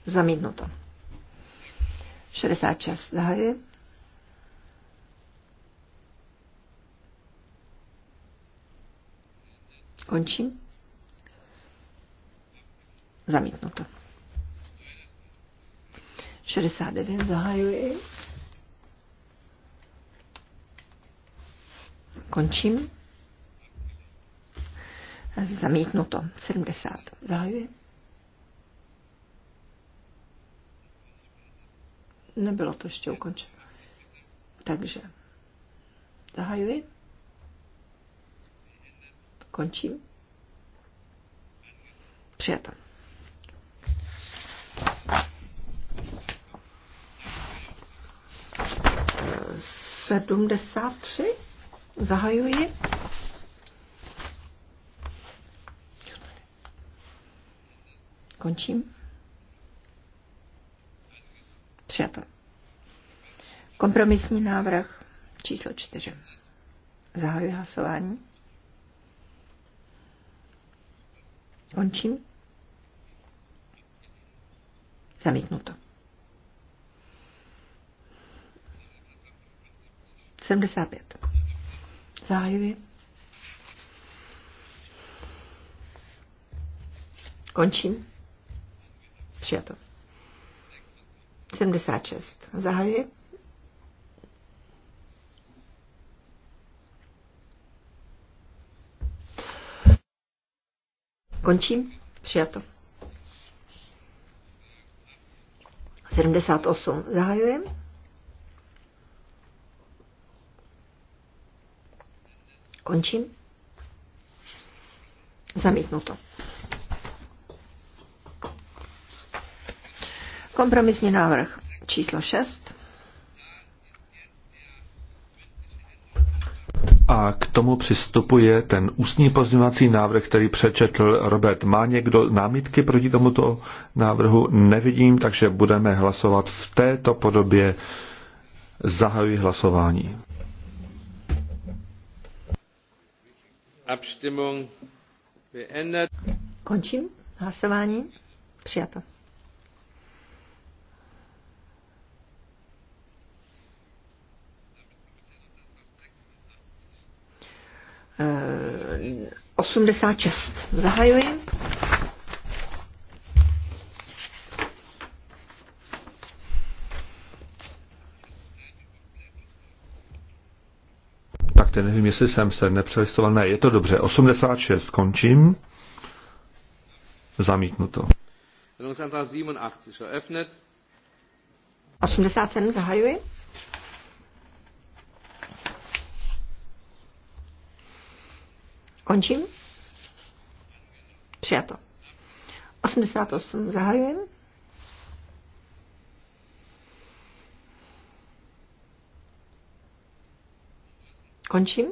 Zamítnuto. 66. zahajím, Končím. Zamítnuto. 69 zahajuji. Končím. Zamítnuto. 70 zahajuji. Nebylo to ještě ukončeno. Takže zahajuji. Končím. Přijatel. Sedmdesát tři. Zahajuji. Končím. Přijato. Kompromisní návrh číslo čtyři. Zahajuji hlasování. Končím. Zamítnuto. 75. Zahajuji. Končím. Přijato. 76. Zahajuji. Končím. Přijato. 78. Zahajuji. Končím. Zamítnuto. Kompromisní návrh číslo 6. A k tomu přistupuje ten ústní pozměňovací návrh, který přečetl Robert. Má někdo námitky proti tomuto návrhu? Nevidím, takže budeme hlasovat v této podobě. Zahajuji hlasování. Končím hlasování. Přijato. 86. Eh, zahajuji. Tak teď nevím, jestli jsem se nepřelistoval. Ne, je to dobře. 86. Končím. Zamítnuto. 87 zahajuji. Končím. Přijato. 88 zahajujem. Končím.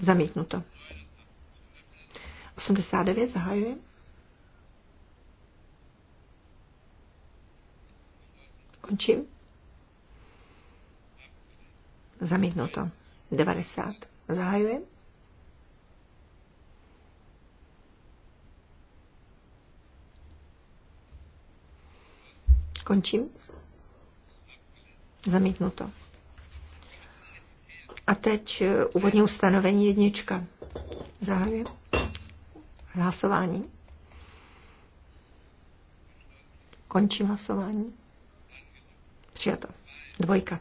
Zamítnuto. 89 zahajujem. Končím. Zamítnuto. 90. Zahajuji. Končím. Zamítnuto. A teď eh, úvodní ustanovení jednička. Zahajuji. Hlasování. Končím hlasování. Přijato. Dvojka.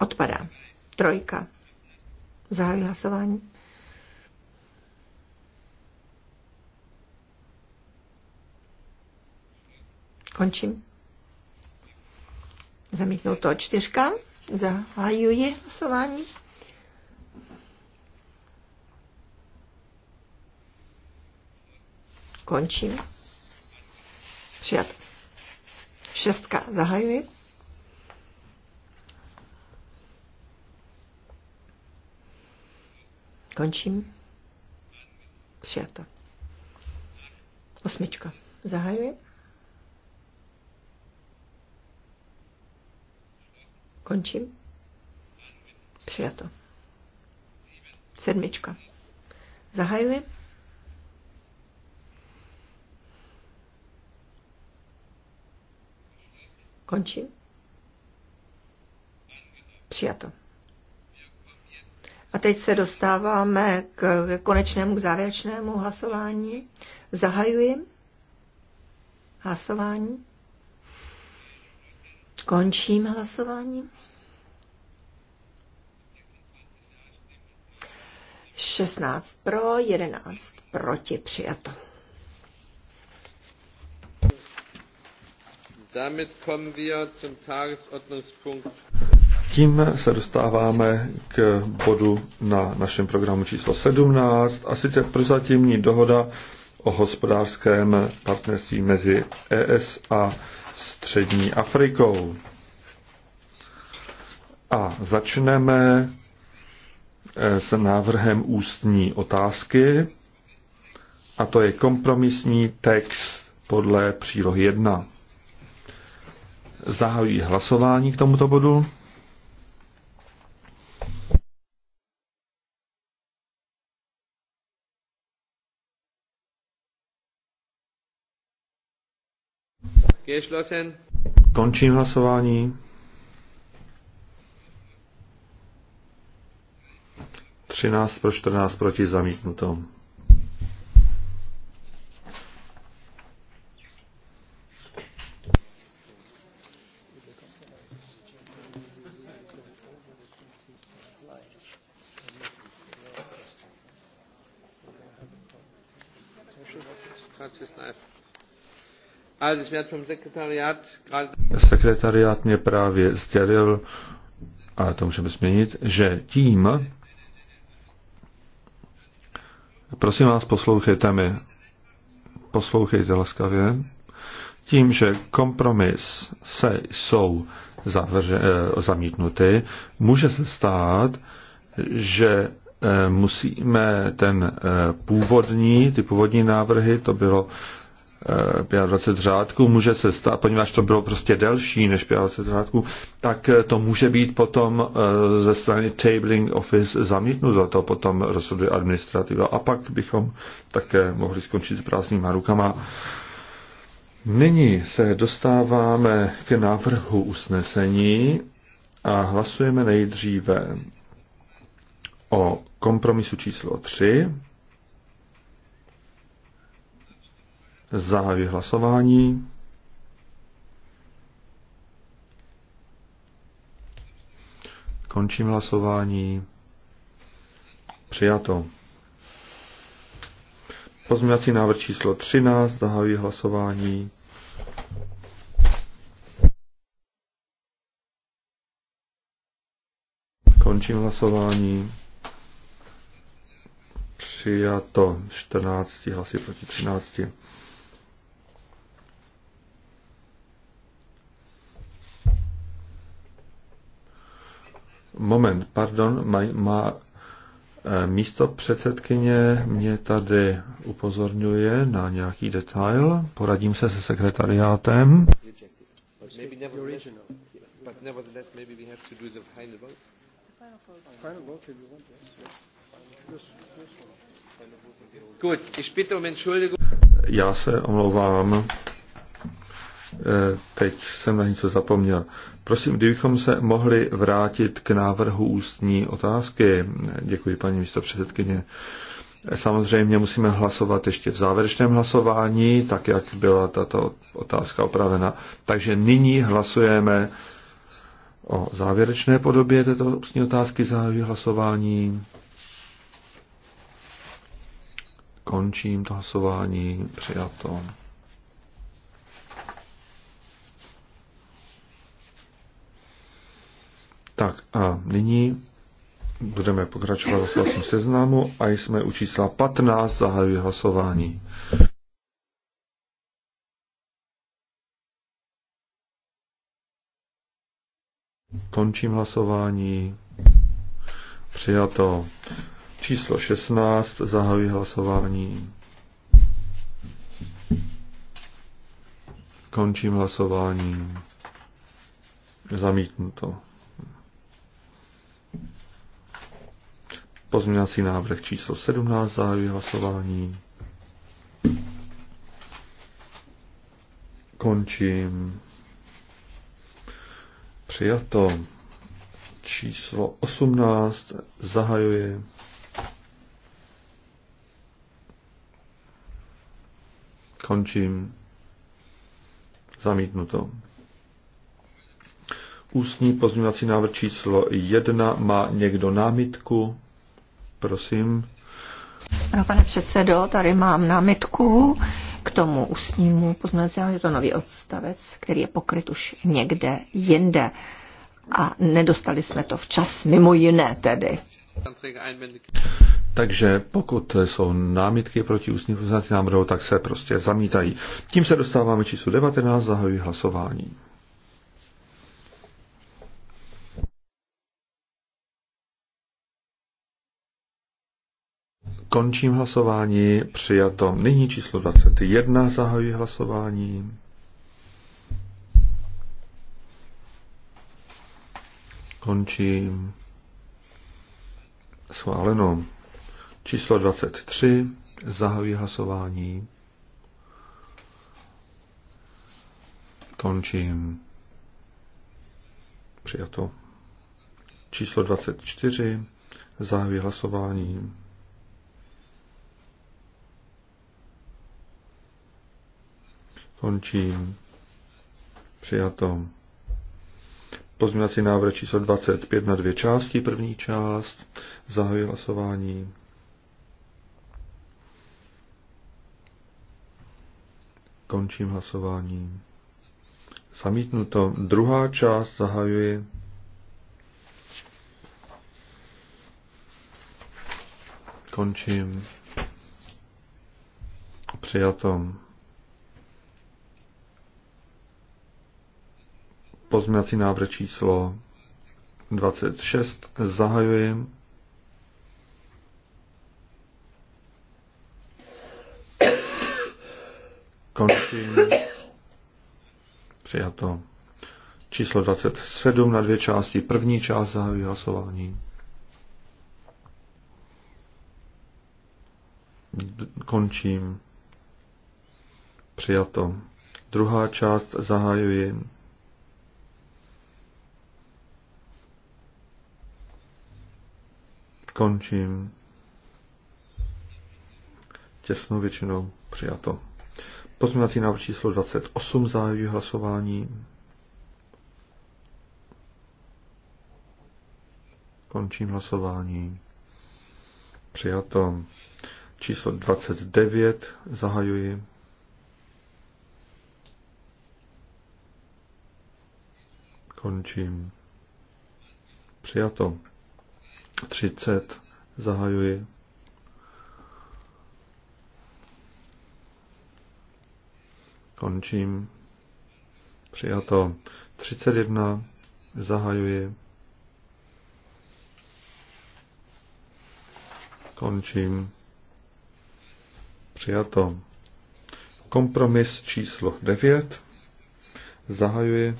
Odpadá. Trojka. Zahájí hlasování. Končím. Zamítnou to čtyřka. Zahajuji hlasování. Končím. Přijat. Šestka. Zahajuji. Končím. Přijato. Osmička. Zahajuji. Končím. Přijato. Sedmička. Zahajuji. Končím. Přijato. A teď se dostáváme k konečnému, závěrečnému hlasování. Zahajuji hlasování. Končím hlasování. 16 pro, 11 proti přijato. Damit kommen wir zum Tagesordnungspunkt tím se dostáváme k bodu na našem programu číslo 17, a sice prozatímní dohoda o hospodářském partnerství mezi ES a Střední Afrikou. A začneme eh, s návrhem ústní otázky, a to je kompromisní text podle přílohy 1. Zahajuji hlasování k tomuto bodu. Geschlossen. Končím hlasování. 13 pro 14 proti zamítnutom. Sekretariát mě právě sdělil, a to můžeme změnit, že tím, prosím vás, poslouchejte mi, poslouchejte laskavě, tím, že kompromis se jsou zavře, eh, zamítnuty, může se stát, že eh, musíme ten eh, původní, ty původní návrhy, to bylo 25 eh, řádků může se stát, poněvadž to bylo prostě delší než 25 řádků, tak eh, to může být potom eh, ze strany Tabling Office zamítnuto, to potom rozhoduje administrativa. A pak bychom také mohli skončit s prázdnýma rukama. Nyní se dostáváme k návrhu usnesení a hlasujeme nejdříve o kompromisu číslo 3, Zahajuji hlasování. Končím hlasování. Přijato. Pozměňovací návrh číslo 13. Zahajuji hlasování. Končím hlasování. Přijato 14 hlasy proti 13. moment, pardon, má, má eh, místo předsedkyně mě tady upozorňuje na nějaký detail. Poradím se se sekretariátem. Já se omlouvám. Eh, teď jsem na něco zapomněl. Prosím, kdybychom se mohli vrátit k návrhu ústní otázky. Děkuji, paní místo předsedkyně. Samozřejmě musíme hlasovat ještě v závěrečném hlasování, tak jak byla tato otázka opravena. Takže nyní hlasujeme o závěrečné podobě této ústní otázky zahájí hlasování. Končím to hlasování. Přijato. Tak a nyní budeme pokračovat v hlasovacím seznamu a jsme u čísla 15, zahajuji hlasování. Končím hlasování. Přijato. Číslo 16, zahajuji hlasování. Končím hlasování. Zamítnuto. Pozměňovací návrh číslo 17 zahajuje hlasování. Končím. Přijato číslo 18 zahajuje končím zamítnuto. Ústní pozměňovací návrh číslo 1 má někdo námitku? Prosím. Ano, pane předsedo, tady mám námitku k tomu ústnímu pozměnacímu, je to nový odstavec, který je pokryt už někde jinde. A nedostali jsme to včas, mimo jiné tedy. Takže pokud jsou námitky proti ústním pozměnacím návrhu, tak se prostě zamítají. Tím se dostáváme číslu 19, zahajuji hlasování. Končím hlasování, přijato. Nyní číslo 21, zahajuji hlasování. Končím. Schváleno. Číslo 23, zahajuji hlasování. Končím. Přijato. Číslo 24, zahajuji hlasování. Končím. Přijato. Pozměňovací návrh číslo 25 na dvě části. První část. Zahajuji hlasování. Končím hlasování. Zamítnuto. Druhá část zahajuji. Končím. Přijatom. Pozměňovací návrh číslo 26 zahajuji. Končím. Přijato. Číslo 27 na dvě části. První část zahajuji hlasování. Končím. Přijato. Druhá část zahajuji. Končím. Těsnou většinou přijato. Pozměňovací návrh číslo 28 zahájí hlasování. Končím hlasování. Přijato. Číslo 29 zahajuji. Končím. Přijato. 30. Zahajuji. Končím. Přijato. 31. Zahajuji. Končím. Přijato. Kompromis číslo 9. Zahajuji.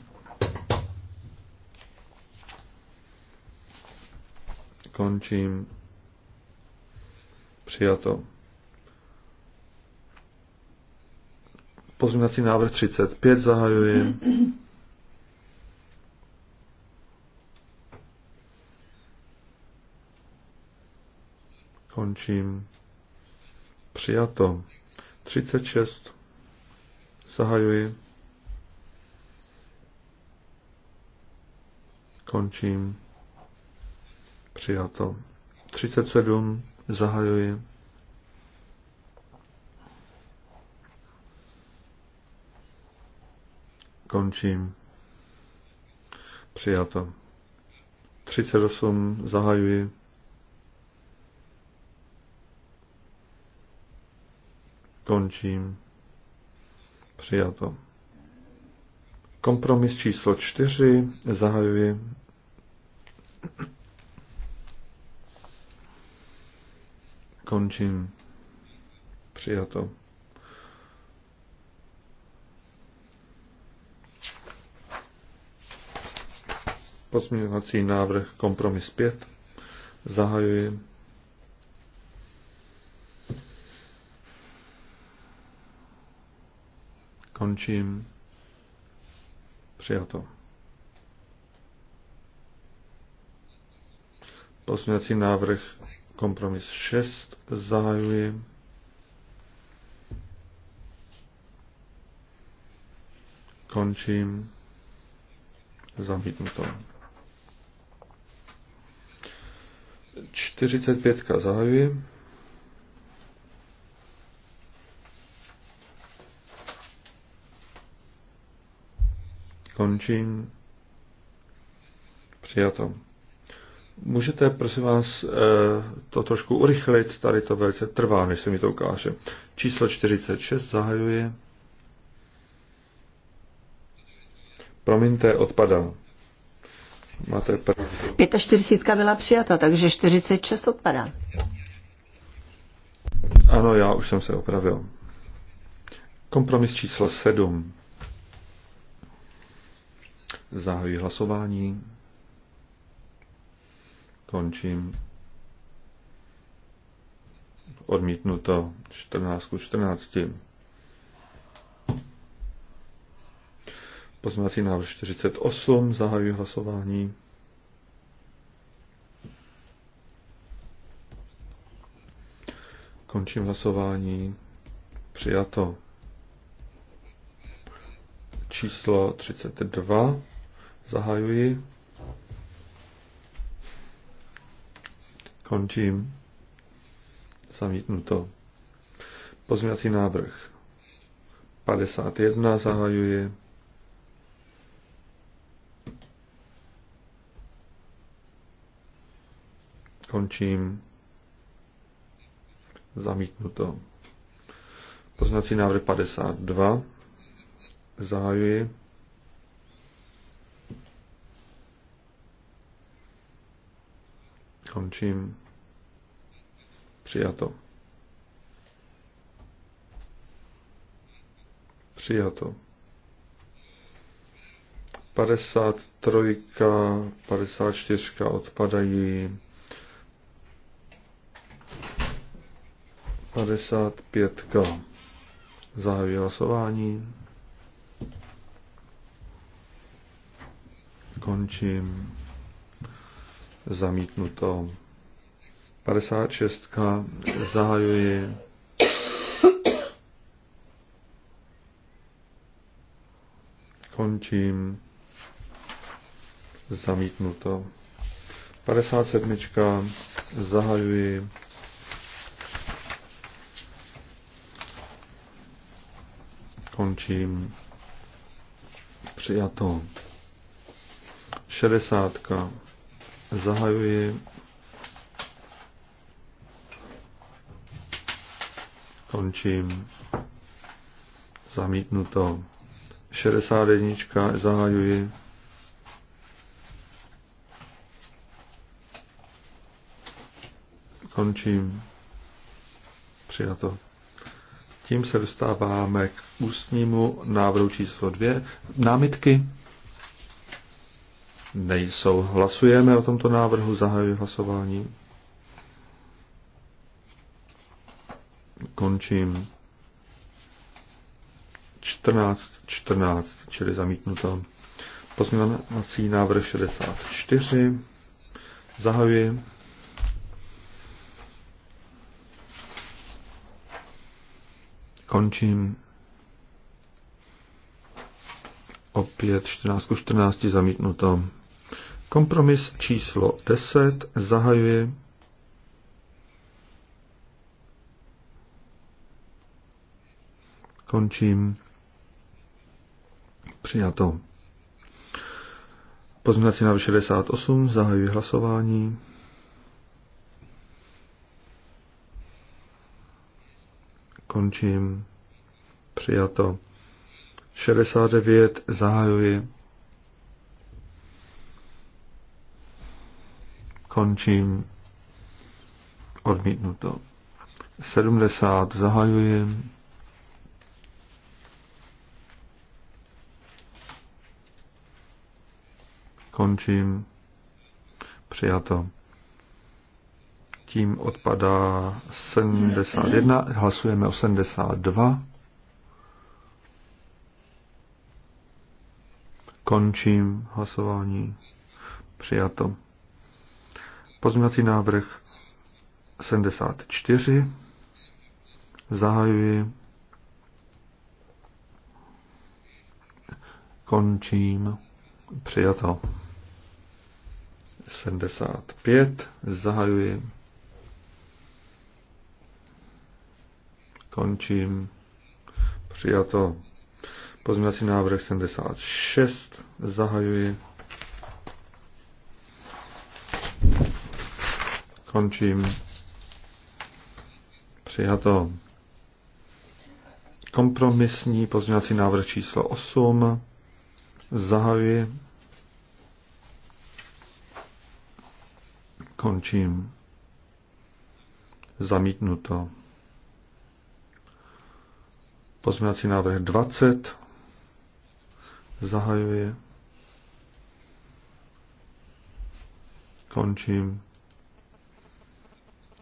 Končím. Přijato. Pozměňovací návrh 35 zahajuji. Končím. Přijato. 36. Zahajuji. Končím. Přijato. 37. Zahajuji. Končím. Přijato. 38. Zahajuji. Končím. Přijato. Kompromis číslo 4. Zahajuji. Končím. Přijato. Pozměňovací návrh kompromis 5. Zahajuji. Končím. Přijato. Pozměňovací návrh Kompromis 6 zahajuji. Končím. Zamítnuto. 45 zahajuji. Končím. Přijato. Můžete, prosím vás, eh, to trošku urychlit, tady to velice trvá, než se mi to ukáže. Číslo 46 zahajuje. Promiňte, odpadá. Máte pravdu. 45 byla přijata, takže 46 odpadá. Ano, já už jsem se opravil. Kompromis číslo 7. Zahajuji hlasování. Končím. Odmítnuto 14 ku 14. Poznací návrh 48. Zahajuji hlasování. Končím hlasování. Přijato. Číslo 32. Zahajuji. Končím. Zamítnuto. Pozměňovací návrh 51 zahajuje. Končím. Zamítnuto. Poznací návrh 52. Zahajuji. Končím. Přijato. Přijato. 53, 54 odpadají. 55. Zahajuji hlasování. Končím zamítnuto. 56. Zahajuji. Končím. Zamítnuto. 57. Zahajuji. Končím. Přijato. 60. Zahajuji končím. Zamítnuto. 61. Zahajuji. Končím. Přijato. Tím se dostáváme k ústnímu návrhu číslo 2. Námitky nejsou. Hlasujeme o tomto návrhu, zahajuji hlasování. Končím. 14, 14, čili zamítnuto. Pozměňovací návrh 64. Zahajuji. Končím. Opět 14 14 zamítnuto. Kompromis číslo 10 zahajuje Končím. Přijato. Pozměnací návrh 68 zahajuje hlasování. Končím. Přijato. 69 zahajuje končím, odmítnuto. 70 zahajuji, končím, přijato. Tím odpadá 71, hlasujeme o 72. Končím hlasování. Přijato. Pozměňovací návrh 74. Zahajuji. Končím. Přijato. 75. Zahajuji. Končím. Přijato. Pozměňovací návrh 76. Zahajuji. Končím. Přijato. Kompromisní pozměňovací návrh číslo 8. Zahajuji. Končím. Zamítnuto. Pozměňovací návrh 20. Zahajuji. Končím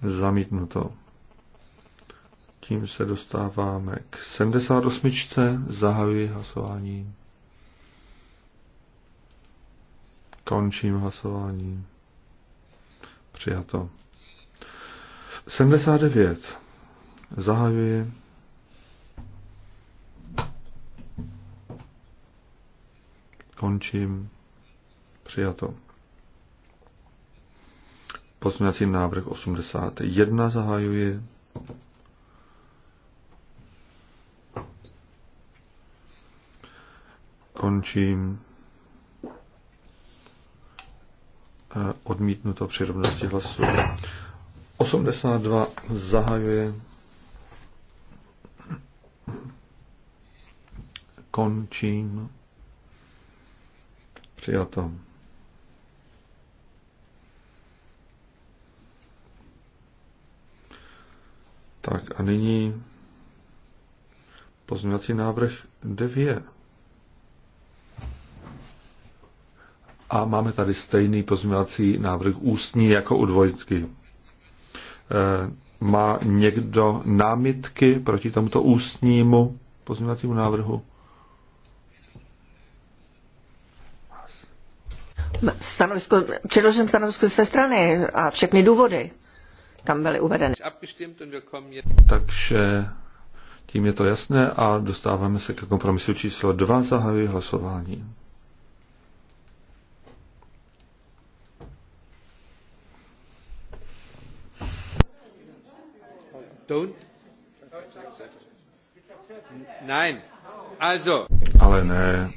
zamítnuto. Tím se dostáváme k 78. Zahajuji hlasování. Končím hlasování. Přijato. 79. Zahajuji. Končím. Přijato. Pozměňovací návrh 81 zahajuje. Končím. E, odmítnuto při rovnosti hlasů. 82 zahajuje. Končím. Přijato. Tak a nyní pozměňovací návrh 9. A máme tady stejný pozměňovací návrh ústní jako u dvojky. E, má někdo námitky proti tomuto ústnímu pozměňovacímu návrhu? Stanovisko, předložím stanovisko z své strany a všechny důvody kam byly uvedeny. Takže tím je to jasné a dostáváme se ke kompromisu číslo 2. Zahajuji hlasování. Ale ne,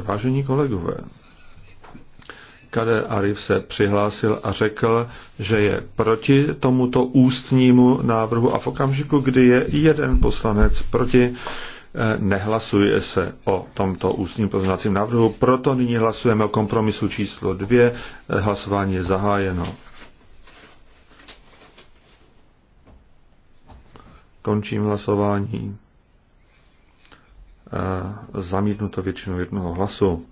vážení kolegové. Kader Arif se přihlásil a řekl, že je proti tomuto ústnímu návrhu a v okamžiku, kdy je jeden poslanec proti, eh, nehlasuje se o tomto ústním poznacím návrhu. Proto nyní hlasujeme o kompromisu číslo dvě. Hlasování je zahájeno. Končím hlasování. Eh, zamítnuto většinu jednoho hlasu.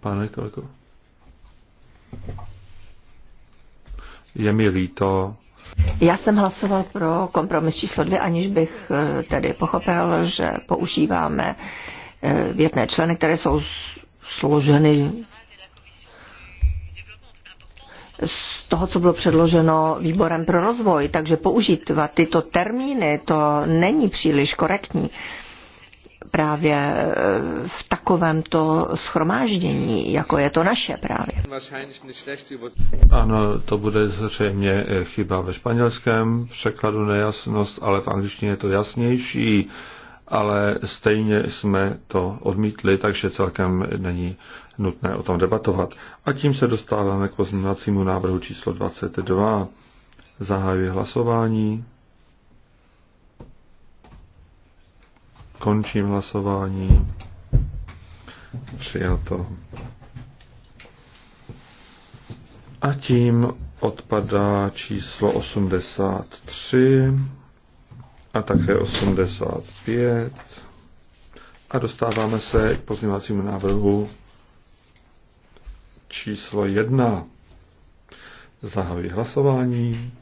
Pane kolego. Je mi líto. Já jsem hlasoval pro kompromis číslo dvě, aniž bych eh, tedy pochopil, že používáme eh, větné členy, které jsou složeny z toho, co bylo předloženo výborem pro rozvoj. Takže použít tyto termíny, to není příliš korektní. Uh, právě e, v takovémto schromáždění, jako je to naše právě. Ano, to bude zřejmě chyba ve španělském překladu nejasnost, ale v angličtině je to jasnější, ale stejně jsme to odmítli, takže celkem není nutné o tom debatovat. A tím se dostáváme k pozměňovacímu návrhu číslo 22. Zahajuji hlasování. Končím hlasování. Přijato. A tím odpadá číslo 83 a také 85. A dostáváme se k pozměňovacímu návrhu číslo 1. Zahajuji hlasování.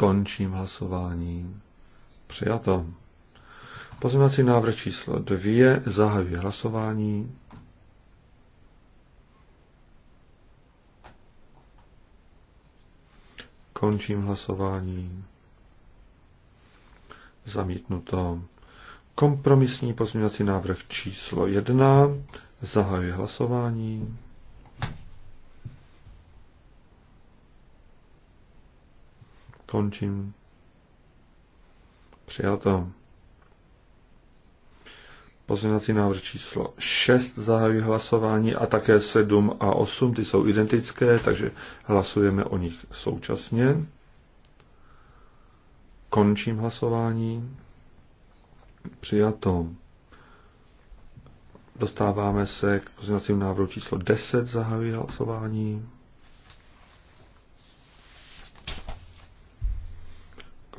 Končím hlasování. Přijato. Pozměňovací návrh číslo 2. Zahajuji hlasování. Končím hlasování. Zamítnuto. Kompromisní pozměňovací návrh číslo 1. Zahajuji hlasování. Končím. Přijato. Pozměňovací návrh číslo 6 zahájí hlasování a také 7 a 8, ty jsou identické, takže hlasujeme o nich současně. Končím hlasování. Přijato. Dostáváme se k pozměňovacím návrhu číslo 10, zahájí hlasování.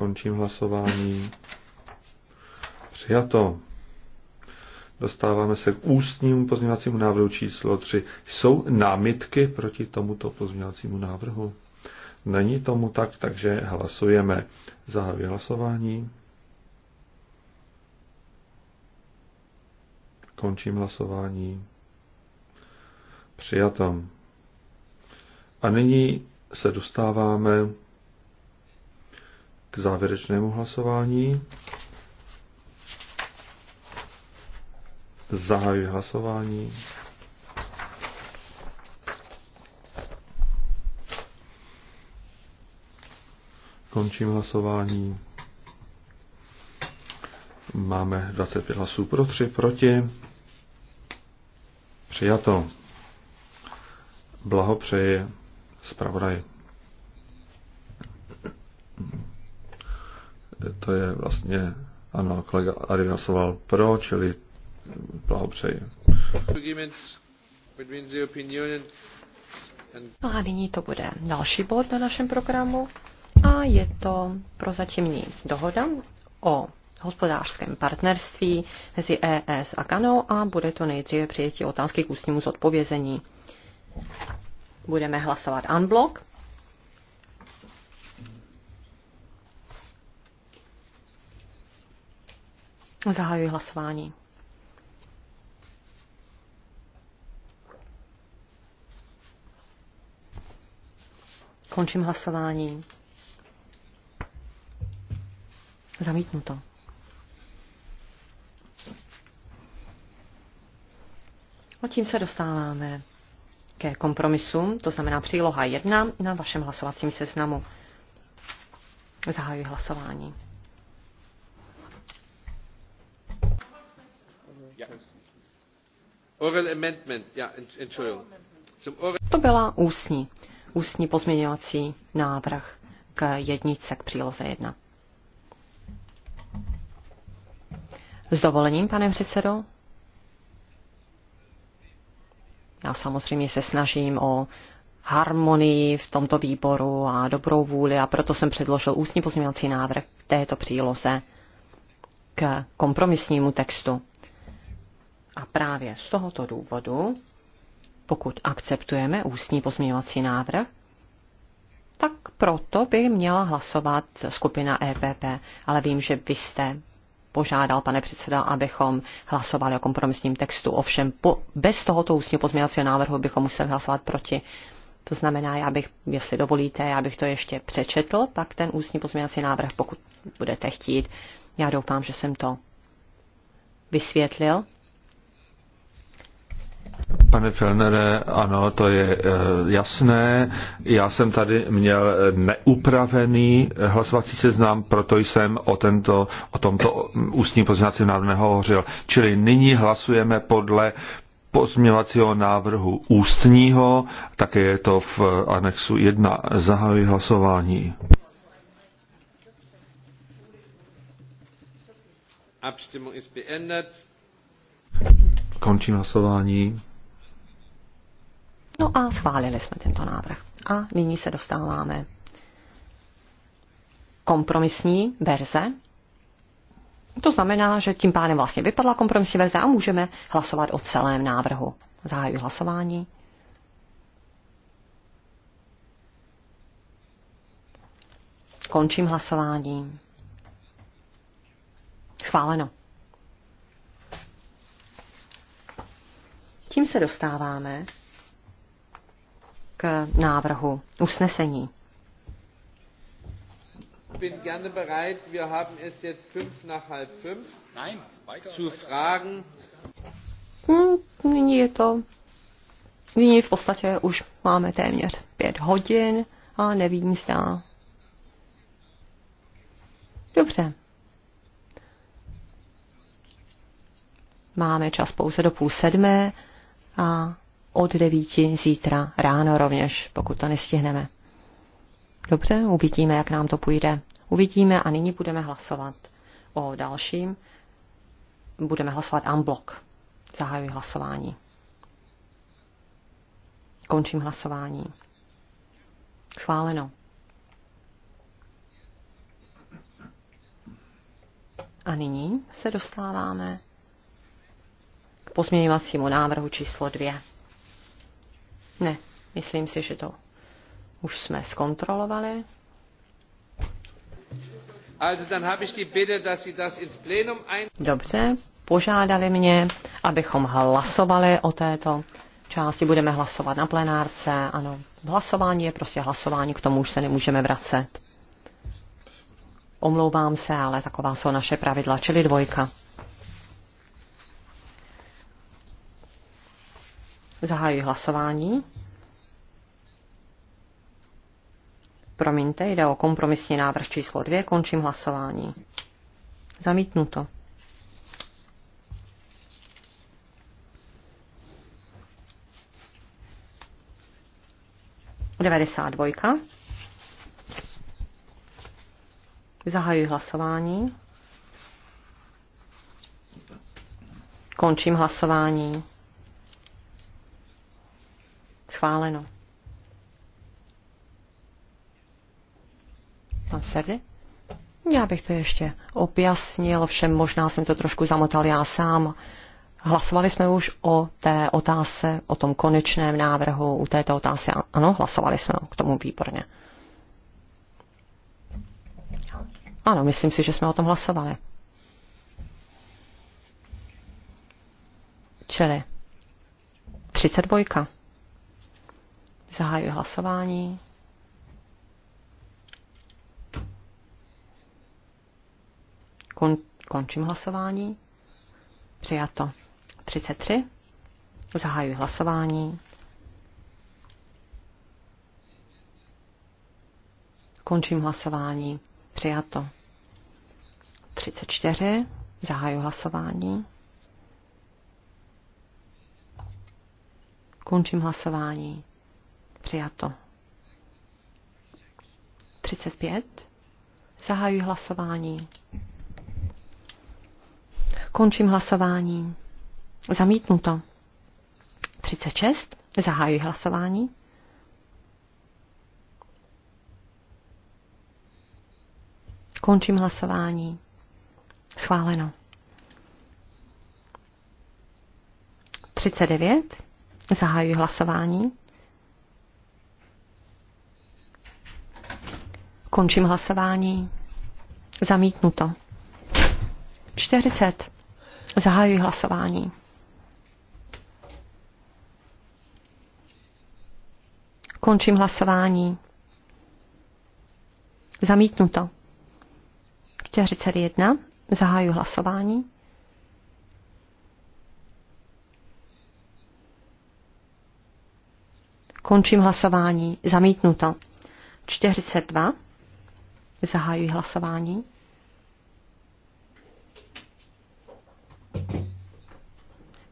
Končím hlasování. Přijato. Dostáváme se k ústnímu pozměňovacímu návrhu číslo 3. Jsou námitky proti tomuto pozměňovacímu návrhu? Není tomu tak, takže hlasujeme. Zahajuji hlasování. Končím hlasování. Přijatom. A nyní se dostáváme k závěrečnému hlasování. Zahajuji hlasování. Končím hlasování. Máme 25 hlasů pro, 3 proti. Přijato. Blahopřeji zpravodaj to je vlastně, ano, kolega Ari hlasoval pro, čili blahopřeji. No a nyní to bude další bod na našem programu a je to prozatímní dohoda o hospodářském partnerství mezi ES a Ganou a bude to nejdříve přijetí otázky k ústnímu zodpovězení. Budeme hlasovat unblock. Zahajuji hlasování. Končím hlasování. Zamítnuto. A tím se dostáváme ke kompromisu, to znamená příloha 1 na vašem hlasovacím seznamu. Zahajuji hlasování. To byla ústní, ústní pozměňovací návrh k jednice, k příloze jedna. S dovolením, pane předsedo. Já samozřejmě se snažím o harmonii v tomto výboru a dobrou vůli a proto jsem předložil ústní pozměňovací návrh k této příloze k kompromisnímu textu. A právě z tohoto důvodu, pokud akceptujeme ústní pozměňovací návrh, tak proto by měla hlasovat skupina EPP. Ale vím, že vy jste požádal, pane předseda, abychom hlasovali o kompromisním textu. Ovšem po, bez tohoto ústního pozměňovacího návrhu bychom museli hlasovat proti. To znamená, já bych, jestli dovolíte, já bych to ještě přečetl, pak ten ústní pozměňovací návrh, pokud budete chtít. Já doufám, že jsem to vysvětlil. Pane Felnere, ano, to je eh, jasné. Já jsem tady měl neupravený hlasovací seznam, proto jsem o, tento, o tomto ústním pozměňovacím návrhu nehovořil. Čili nyní hlasujeme podle pozměňovacího návrhu ústního, také je to v anexu 1. Zahajuji hlasování. Končím hlasování. No a schválili jsme tento návrh. A nyní se dostáváme kompromisní verze. To znamená, že tím pádem vlastně vypadla kompromisní verze a můžeme hlasovat o celém návrhu. Zahájí hlasování. Končím hlasování. Schváleno. Tím se dostáváme k návrhu usnesení. Bin gerne bereit, wir haben es jetzt fünf nach halb fünf, Nein, weiter, zu Fragen. Hmm, nyní je to, nyní v podstatě už máme téměř pět hodin a nevím, zda. Dobře. Máme čas pouze do půl sedmé a od 9 zítra ráno rovněž, pokud to nestihneme. Dobře, uvidíme, jak nám to půjde. Uvidíme a nyní budeme hlasovat o dalším. Budeme hlasovat unblock. Zahajuji hlasování. Končím hlasování. Schváleno. A nyní se dostáváme k pozměňovacímu návrhu číslo 2. Ne, myslím si, že to už jsme zkontrolovali. Dobře, požádali mě, abychom hlasovali o této části. Budeme hlasovat na plenárce, ano. Hlasování je prostě hlasování, k tomu už se nemůžeme vracet. Omlouvám se, ale taková jsou naše pravidla, čili dvojka. Zahajuji hlasování. Promiňte, jde o kompromisní návrh číslo 2. Končím hlasování. Zamítnuto. Devadesát dvojka. Zahajuji hlasování. Končím hlasování. Schváleno. Pan Serdy? Já bych to ještě objasnil, všem možná jsem to trošku zamotal já sám. Hlasovali jsme už o té otázce, o tom konečném návrhu, u této otázky. Ano, hlasovali jsme k tomu výborně. Ano, myslím si, že jsme o tom hlasovali. Čili 32. Zahajuji hlasování. Kon, končím hlasování. Přijato 33. Zahajuji hlasování. Končím hlasování. Přijato 34. Zahajuji hlasování. Končím hlasování. Přijato. 35. Zahajuji hlasování. Končím hlasování. Zamítnuto. 36. Zahajuji hlasování. Končím hlasování. Schváleno. 39. Zahajuji hlasování. Končím hlasování. Zamítnuto. 40. Zahajuji hlasování. Končím hlasování. Zamítnuto. 41. Zahajuji hlasování. Končím hlasování. Zamítnuto. 42. Zahájuji hlasování.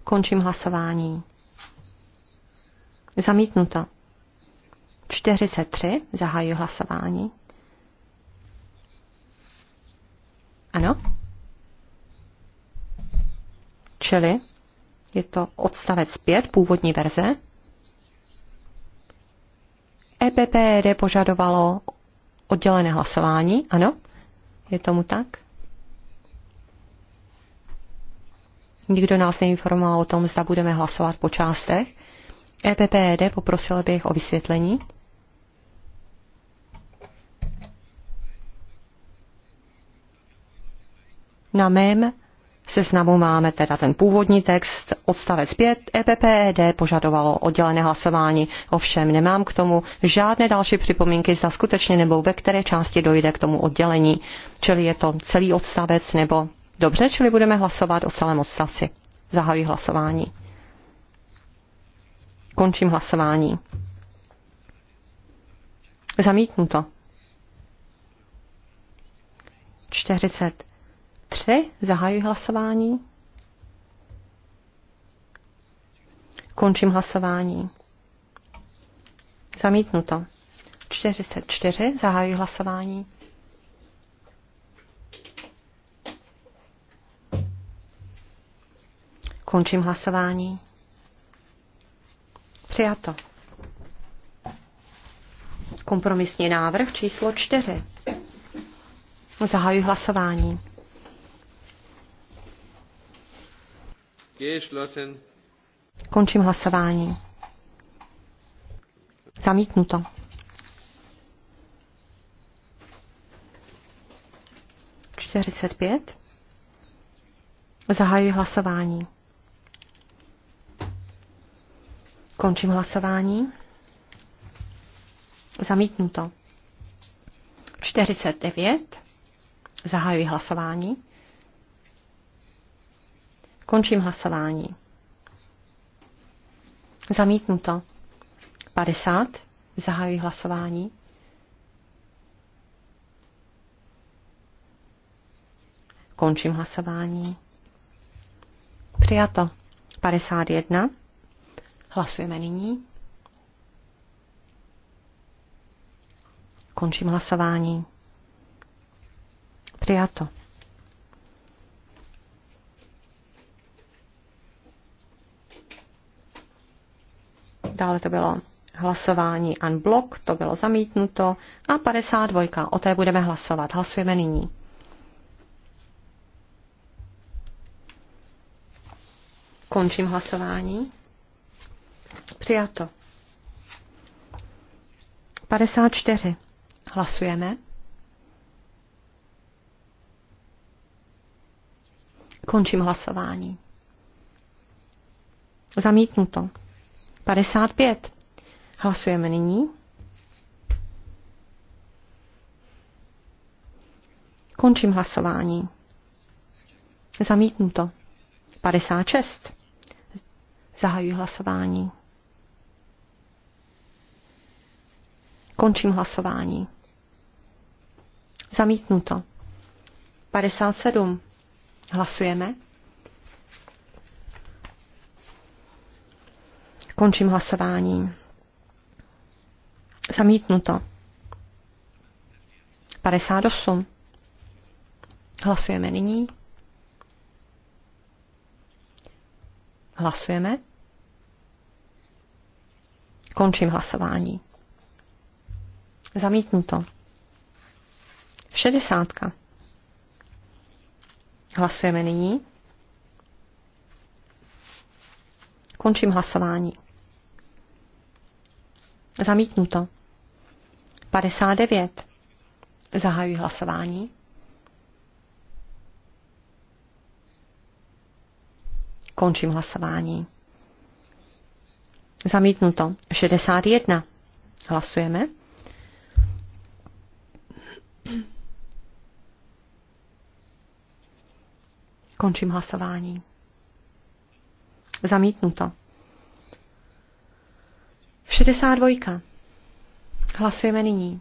Končím hlasování. Zamítnuto. 43. Zahajuji hlasování. Ano. Čili je to odstavec 5, původní verze. EPPD požadovalo oddělené hlasování, ano? Je tomu tak? Nikdo nás neinformoval o tom, zda budeme hlasovat po částech. EPPED poprosil bych o vysvětlení. Na mém seznamu máme teda ten původní text, odstavec 5, EPPED požadovalo oddělené hlasování, ovšem nemám k tomu žádné další připomínky, zda skutečně nebo ve které části dojde k tomu oddělení, čili je to celý odstavec nebo dobře, čili budeme hlasovat o celém odstavci. Zahajuji hlasování. Končím hlasování. Zamítnuto. 40 3. Zahajuji hlasování. Končím hlasování. Zamítnuto. 44. Zahajuji hlasování. Končím hlasování. Přijato. Kompromisní návrh číslo 4. Zahajuji hlasování. Končím hlasování. Zamítnuto. Zahajuji hlasování. Končím hlasování. Zamítnuto. 49. Zahajuji hlasování. Končím hlasování. Zamítnuto. 50. Zahajuji hlasování. Končím hlasování. Přijato. 51. Hlasujeme nyní. Končím hlasování. Přijato. Dále to bylo hlasování unblock, to bylo zamítnuto. A 52, o té budeme hlasovat. Hlasujeme nyní. Končím hlasování. Přijato. 54. Hlasujeme. Končím hlasování. Zamítnuto. 55. Hlasujeme nyní. Končím hlasování. Zamítnuto. 56. Zahajuji hlasování. Končím hlasování. Zamítnuto. 57. Hlasujeme. Končím hlasování. Zamítnuto. 58. Hlasujeme nyní. Hlasujeme. Končím hlasování. Zamítnuto. 60. Hlasujeme nyní. Končím hlasování. Zamítnuto. 59. Zahajuji hlasování. Končím hlasování. Zamítnuto. 61. Hlasujeme. Končím hlasování. Zamítnuto. 62. Hlasujeme nyní.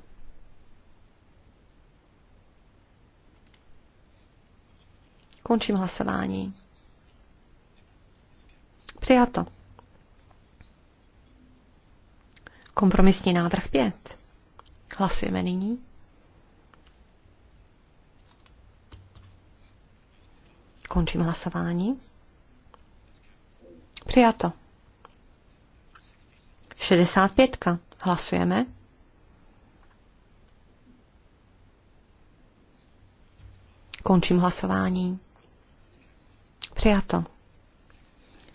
Končím hlasování. Přijato. Kompromisní návrh 5. Hlasujeme nyní. Končím hlasování. Přijato. 65. Hlasujeme. Končím hlasování. Přijato.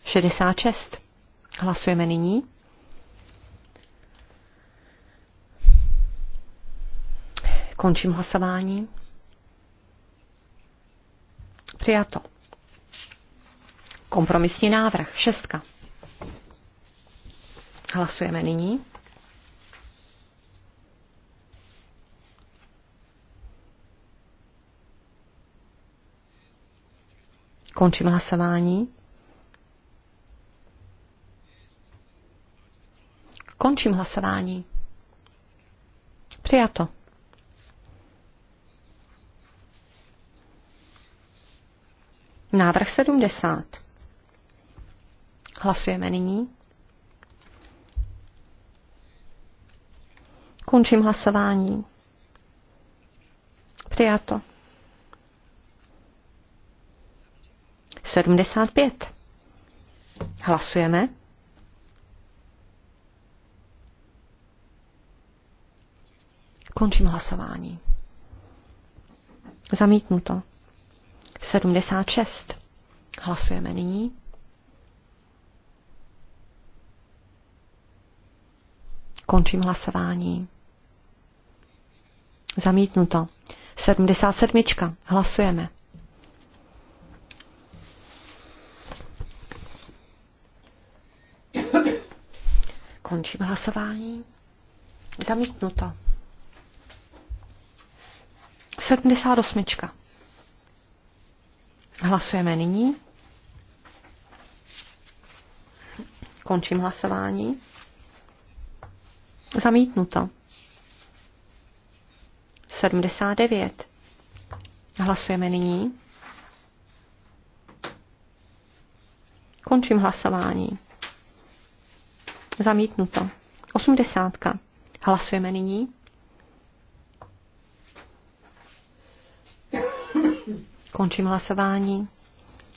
66. Hlasujeme nyní. Končím hlasování. Přijato. Kompromisní návrh. Šestka. Hlasujeme nyní. Končím hlasování. Končím hlasování. Přijato. Návrh 70. Hlasujeme nyní. Končím hlasování. Přijato. 75. Hlasujeme. Končím hlasování. Zamítnuto. 76. Hlasujeme nyní. Končím hlasování. Zamítnuto. 77. Hlasujeme. Končím hlasování. Zamítnuto. 78. Hlasujeme nyní. Končím hlasování. Zamítnuto. 79. Hlasujeme nyní. Končím hlasování. Zamítnuto. 80. Hlasujeme nyní. Končím hlasování.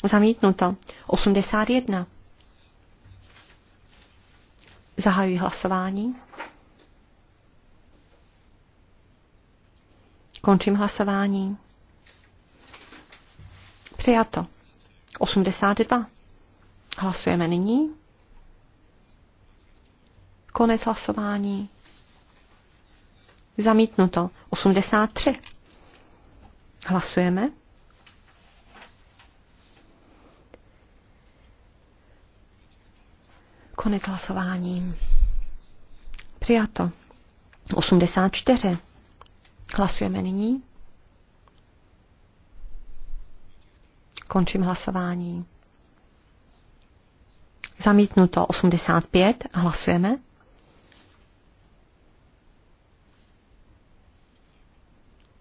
Zamítnuto. 81. Zahajuji hlasování. Končím hlasování. Přijato. 82. Hlasujeme nyní. Konec hlasování. Zamítnuto. 83. Hlasujeme. Konec hlasování. Přijato. 84. Hlasujeme nyní. Končím hlasování. Zamítnuto 85. Hlasujeme.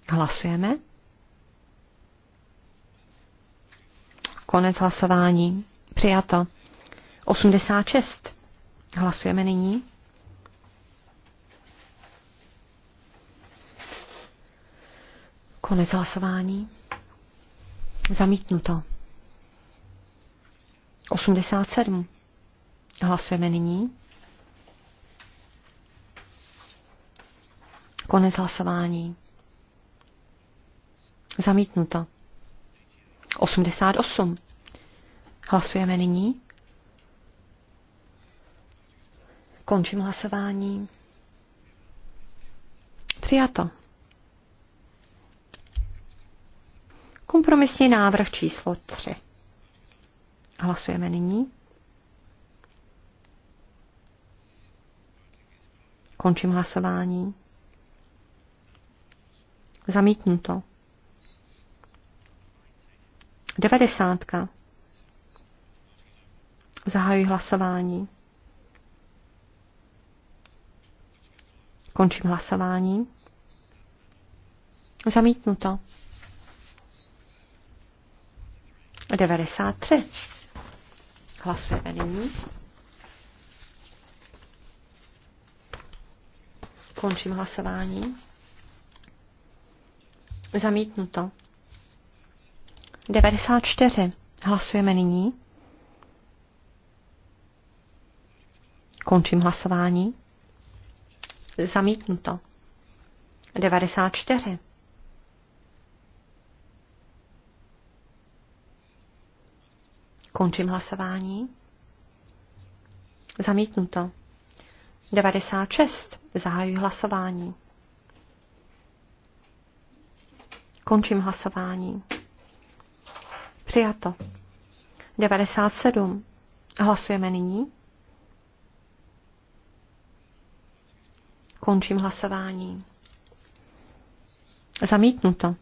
Hlasujeme. Konec hlasování. Přijato. 86. Hlasujeme nyní. Konec hlasování. Zamítnuto. 87. Hlasujeme nyní. Konec hlasování. Zamítnuto. 88. Hlasujeme nyní. Končím hlasování. Přijato. Kompromisní návrh číslo 3. Hlasujeme nyní. Končím hlasování. Zamítnuto. Devadesátka. Zahajuji hlasování. Končím hlasování. Zamítnuto. 93. Hlasujeme nyní. Končím hlasování. Zamítnuto. 94. Hlasujeme nyní. Končím hlasování. Zamítnuto. 94. Končím hlasování. Zamítnuto. 96. Zahajuji hlasování. Končím hlasování. Přijato. 97. Hlasujeme nyní. Končím hlasování. Zamítnuto.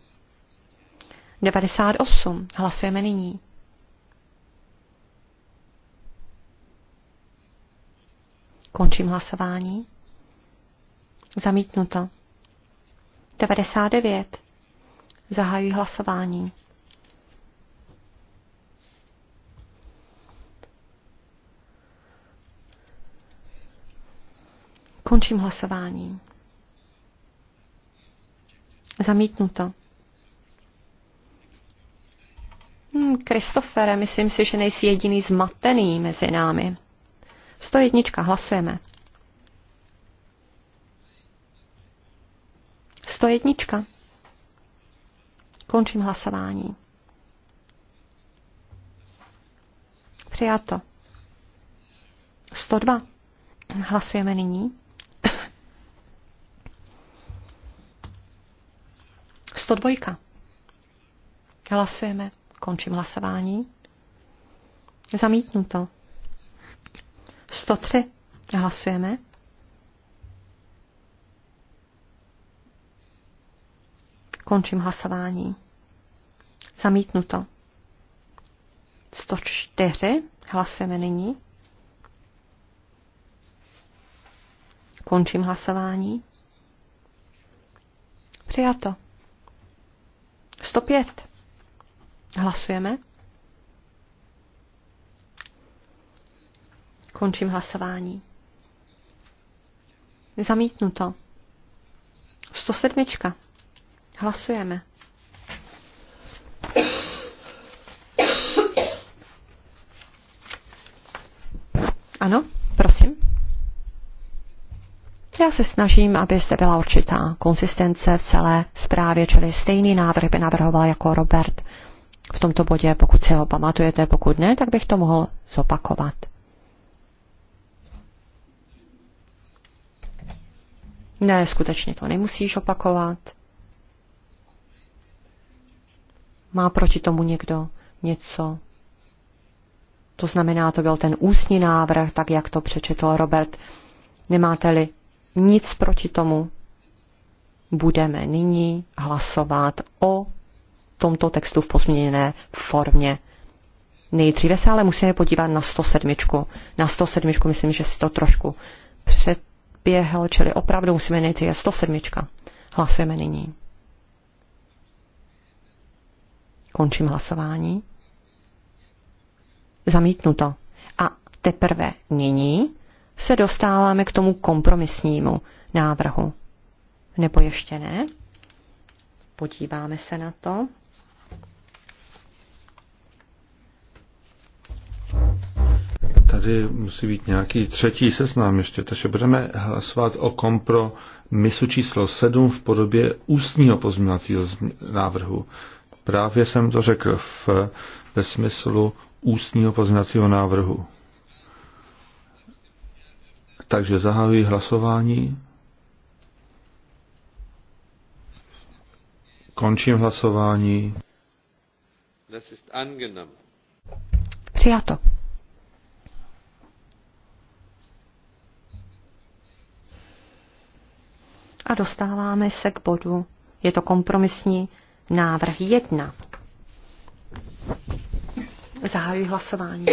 98. Hlasujeme nyní. Končím hlasování. Zamítnuto. 99. Zahajuji hlasování. Končím hlasování. Zamítnuto. Hmm, Kristofere, hmm, myslím si, že nejsi jediný zmatený mezi námi. 101. Hlasujeme. 101. Končím hlasování. Přijato. 102. Hlasujeme nyní. 102. Hlasujeme. Končím hlasování. Zamítnuto. 103. Hlasujeme. Končím hlasování. Zamítnuto. 104. Hlasujeme nyní. Končím hlasování. Přijato. 105. Hlasujeme. Končím hlasování. Zamítnuto. 107. Hlasujeme. Ano, prosím. Já se snažím, aby zde byla určitá konsistence v celé zprávě, čili stejný návrh by navrhoval jako Robert v tomto bodě, pokud si ho pamatujete, pokud ne, tak bych to mohl zopakovat. Ne, skutečně to nemusíš opakovat. Má proti tomu někdo něco? To znamená, to byl ten ústní návrh, tak jak to přečetl Robert. Nemáte-li nic proti tomu, budeme nyní hlasovat o tomto textu v pozměněné formě. Nejdříve se ale musíme podívat na 107. Na 107 myslím, že si to trošku před proběhl, čili opravdu musíme najít je 107. Hlasujeme nyní. Končím hlasování. Zamítnuto. A teprve nyní se dostáváme k tomu kompromisnímu návrhu. Nebo ještě ne? Podíváme se na to. tady musí být nějaký třetí seznam ještě, takže budeme hlasovat o kompromisu číslo 7 v podobě ústního pozměňovacího návrhu. Právě jsem to řekl v, ve smyslu ústního pozměňovacího návrhu. Takže zahajuji hlasování. Končím hlasování. Přijato. A dostáváme se k bodu. Je to kompromisní návrh 1. Zahajuji hlasování.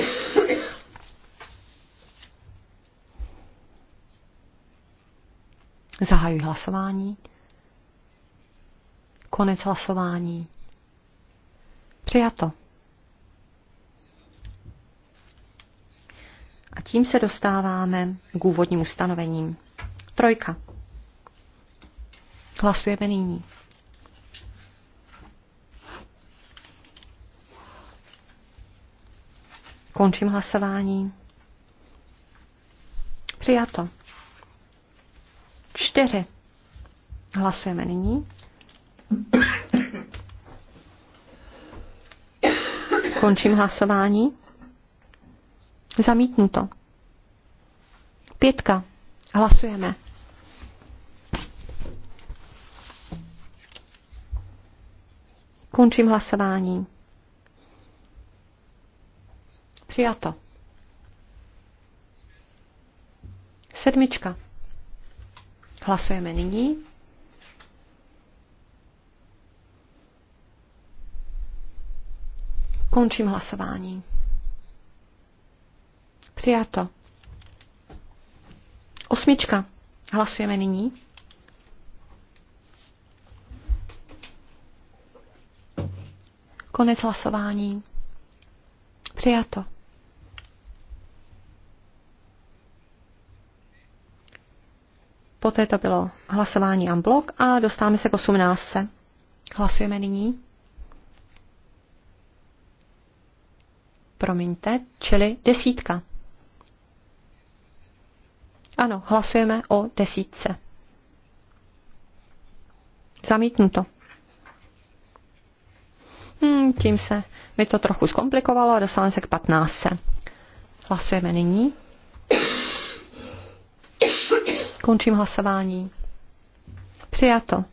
Zahajuji hlasování. Konec hlasování. Přijato. A tím se dostáváme k úvodním ustanovením. Trojka. Hlasujeme nyní. Končím hlasování. Přijato. Čtyři. Hlasujeme nyní. Končím hlasování. Zamítnuto. Pětka. Hlasujeme. Končím hlasování. Přijato. Sedmička. Hlasujeme nyní. Končím hlasování. Přijato. Osmička. Hlasujeme nyní. Konec hlasování. Přijato. Poté to bylo hlasování amblok a dostáváme se k 18. Hlasujeme nyní. Promiňte, čili desítka. Ano, hlasujeme o desítce. Zamítnuto. Hmm, tím se mi to trochu zkomplikovalo a dostala se k 15. Hlasujeme nyní. Končím hlasování. Přijato.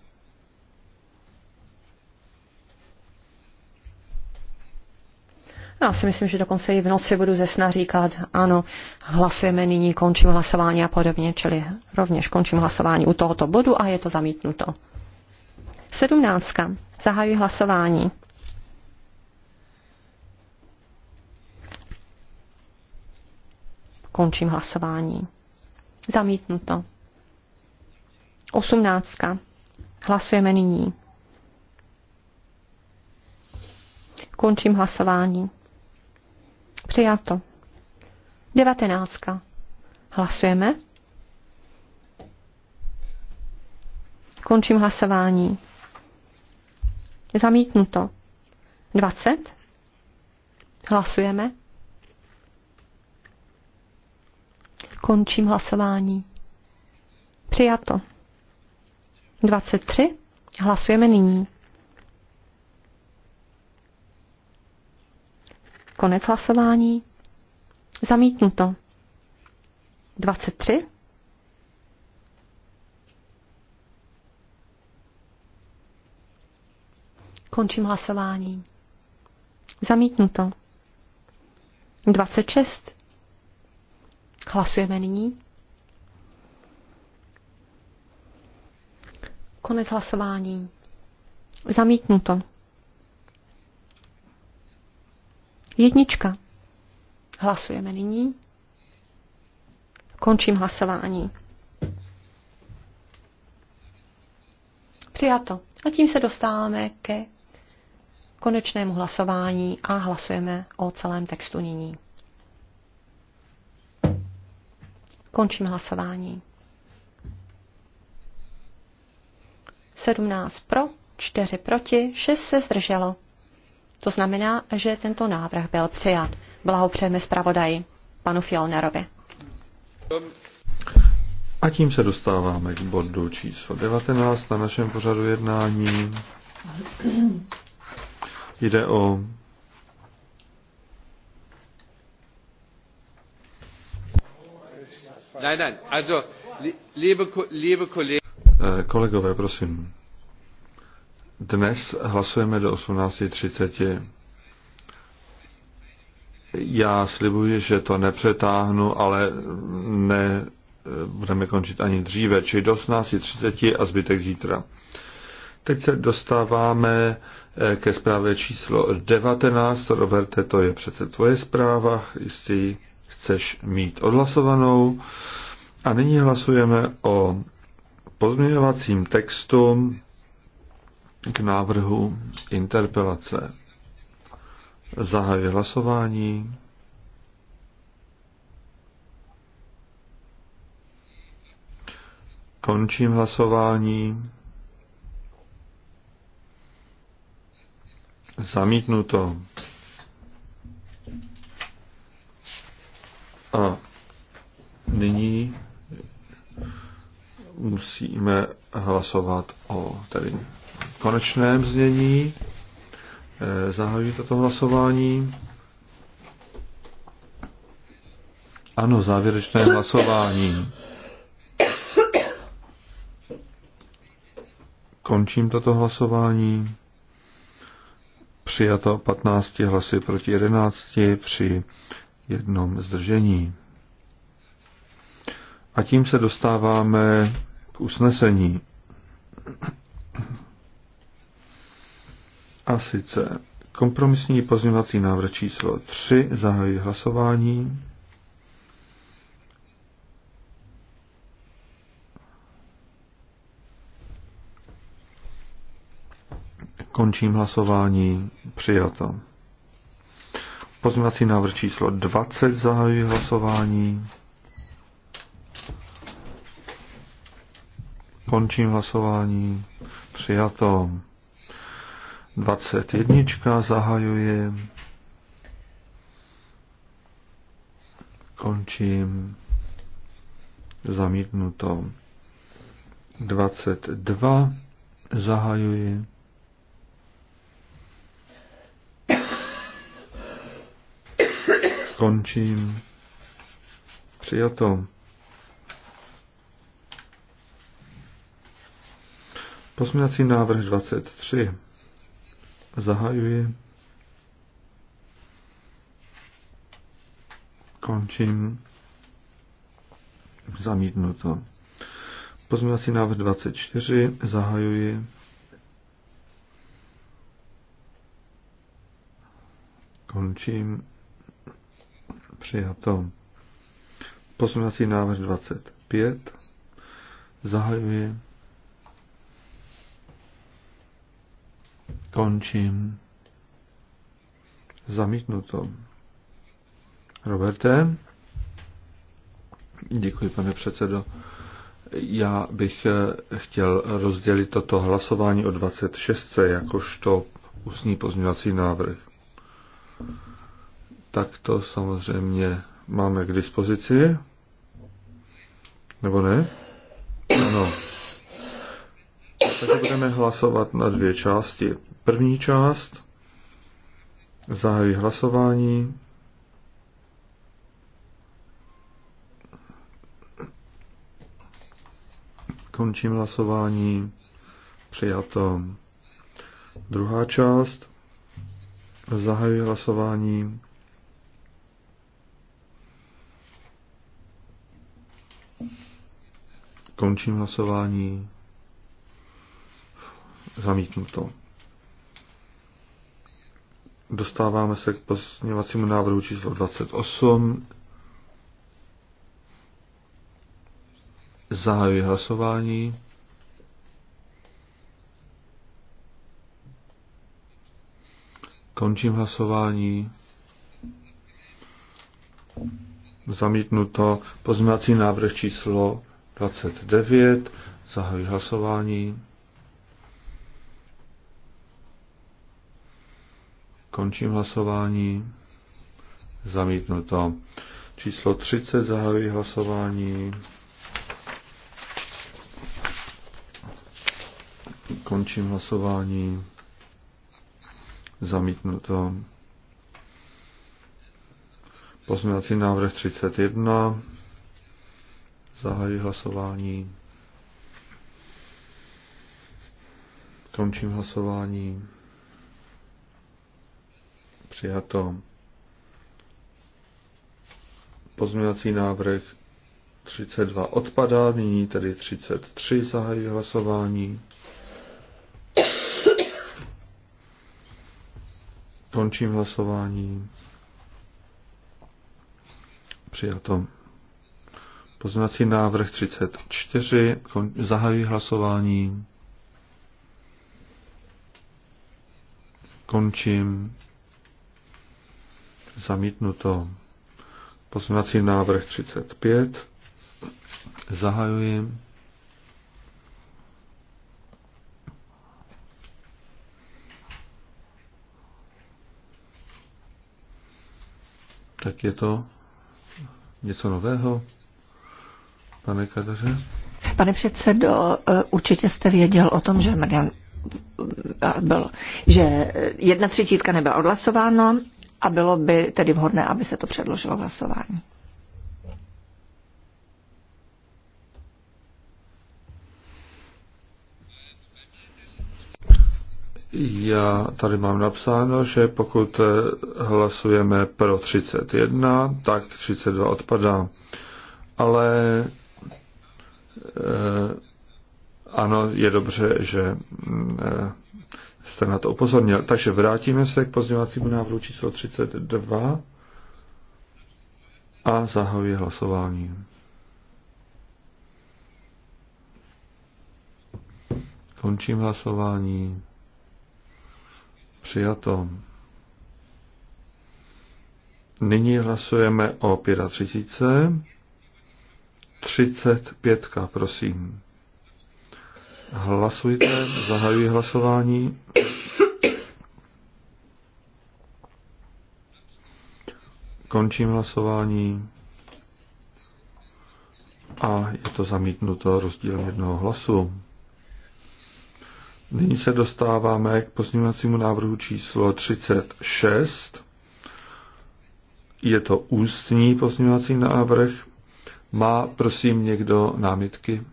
Já si myslím, že dokonce i v noci budu ze sna říkat, ano, hlasujeme nyní, končím hlasování a podobně, čili rovněž končím hlasování u tohoto bodu a je to zamítnuto. Sedmnáctka. Zahajuji hlasování. Končím hlasování. Zamítnuto. Osmnáctka. Hlasujeme nyní. Končím hlasování. Přijato. Devatenáctka. Hlasujeme. Končím hlasování. Zamítnuto. Dvacet. Hlasujeme. Končím hlasování. Přijato. 23. Hlasujeme nyní. Konec hlasování. Zamítnuto. 23. Končím hlasování. Zamítnuto. 26. Hlasujeme nyní. Konec hlasování. Zamítnuto. Jednička. Hlasujeme nyní. Končím hlasování. Přijato. A tím se dostáváme ke konečnému hlasování a hlasujeme o celém textu nyní. Končím hlasování. 17 pro, 4 proti, 6 se zdrželo. To znamená, že tento návrh byl přijat. Blahopřejeme zpravodaji, panu Fielnerovi. A tím se dostáváme k bodu číslo 19 na našem pořadu jednání. Jde o Nein, nein, also, liebe, liebe Kollegen. Eh, kolegové, prosím. Dnes hlasujeme do 18.30. Já slibuji, že to nepřetáhnu, ale ne budeme končit ani dříve, či do 18.30 a zbytek zítra. Teď se dostáváme eh, ke zprávě číslo 19. Roberte, to je přece tvoje zpráva, jistý chceš mít odhlasovanou. A nyní hlasujeme o pozměňovacím textu k návrhu interpelace. Zahajuji hlasování. Končím hlasování. Zamítnuto. A nyní musíme hlasovat o tedy konečném znění. Eh, zahajuji toto hlasování. Ano, závěrečné hlasování. Končím toto hlasování. Přijato 15 hlasy proti 11 při jednom zdržení. A tím se dostáváme k usnesení. A sice kompromisní pozměňovací návrh číslo 3 zahájí hlasování. Končím hlasování. Přijato. Pozměňovací návrh číslo 20 zahajuji hlasování. Končím hlasování. Přijato. 21 zahajuji. Končím. Zamítnuto. 22 zahajuji. Končím. Přijato. Posměnací návrh 23. Zahajuji. Končím. Zamítnuto. Pozměňovací návrh 24. Zahajuji. Končím přijato. Poslanecí návrh 25. Zahajuji. Končím. Zamítnuto. Roberte. Děkuji, pane předsedo. Já bych eh, chtěl rozdělit toto hlasování o 26. jakožto ústní pozměňovací návrh tak to samozřejmě máme k dispozici. Nebo ne? Ano. Takže budeme hlasovat na dvě části. První část zahájí hlasování. Končím hlasování. Přijato. Druhá část. Zahajuji hlasování. Končím hlasování. Zamítnuto. Dostáváme se k pozměňovacímu návrhu číslo 28. Zahajuji hlasování. Končím hlasování. Zamítnuto pozměňovací návrh číslo 29. Zahajuji hlasování. Končím hlasování. Zamítnuto. Číslo 30. Zahajuji hlasování. Končím hlasování. Zamítnuto. Pozměňovací návrh 31. Zahajuji hlasování. Končím hlasování. Přijato. Pozměňovací návrh 32 odpadá, nyní tedy 33 zahají hlasování. Končím hlasování. Přijato. Poznací návrh 34. Zahajuji hlasování. Končím. Zamítnuto. Poznací návrh 35. Zahajuji. Tak je to něco nového. Pane Kadeře? Pane předsedo, eh, určitě jste věděl o tom, že Marian eh, byl, že jedna třicítka nebyla odhlasováno a bylo by tedy vhodné, aby se to předložilo v hlasování. Já tady mám napsáno, že pokud eh, hlasujeme pro 31, tak 32 odpadá. Ale Eh, ano, je dobře, že mm, eh, jste na to upozornil. Takže vrátíme se k pozdělacímu návrhu číslo 32 a zahajuji hlasování. Končím hlasování. Přijato. Nyní hlasujeme o 35. 35, prosím. Hlasujte, zahajuji hlasování. Končím hlasování. A je to zamítnuto rozdílem jednoho hlasu. Nyní se dostáváme k pozměňovacímu návrhu číslo 36. Je to ústní pozměňovací návrh má prosím někdo námitky?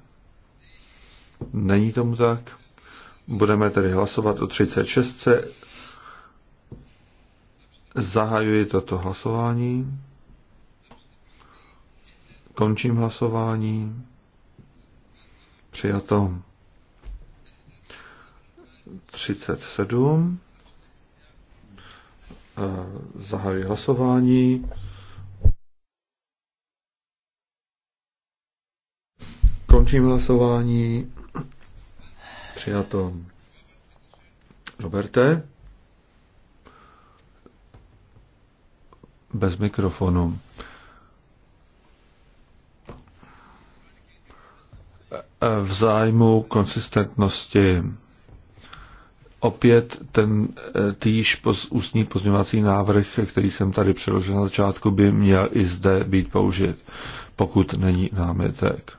Není tomu tak. Budeme tedy hlasovat o 36. Zahajuji toto hlasování. Končím hlasování. Přijato. 37. Eh, zahajuji hlasování. Končím hlasování. Přijato. Roberte? Bez mikrofonu. V zájmu konsistentnosti opět ten eh, týž poz, ústní pozměňovací návrh, který jsem tady přeložil na začátku, by měl i zde být použit, pokud není námitek.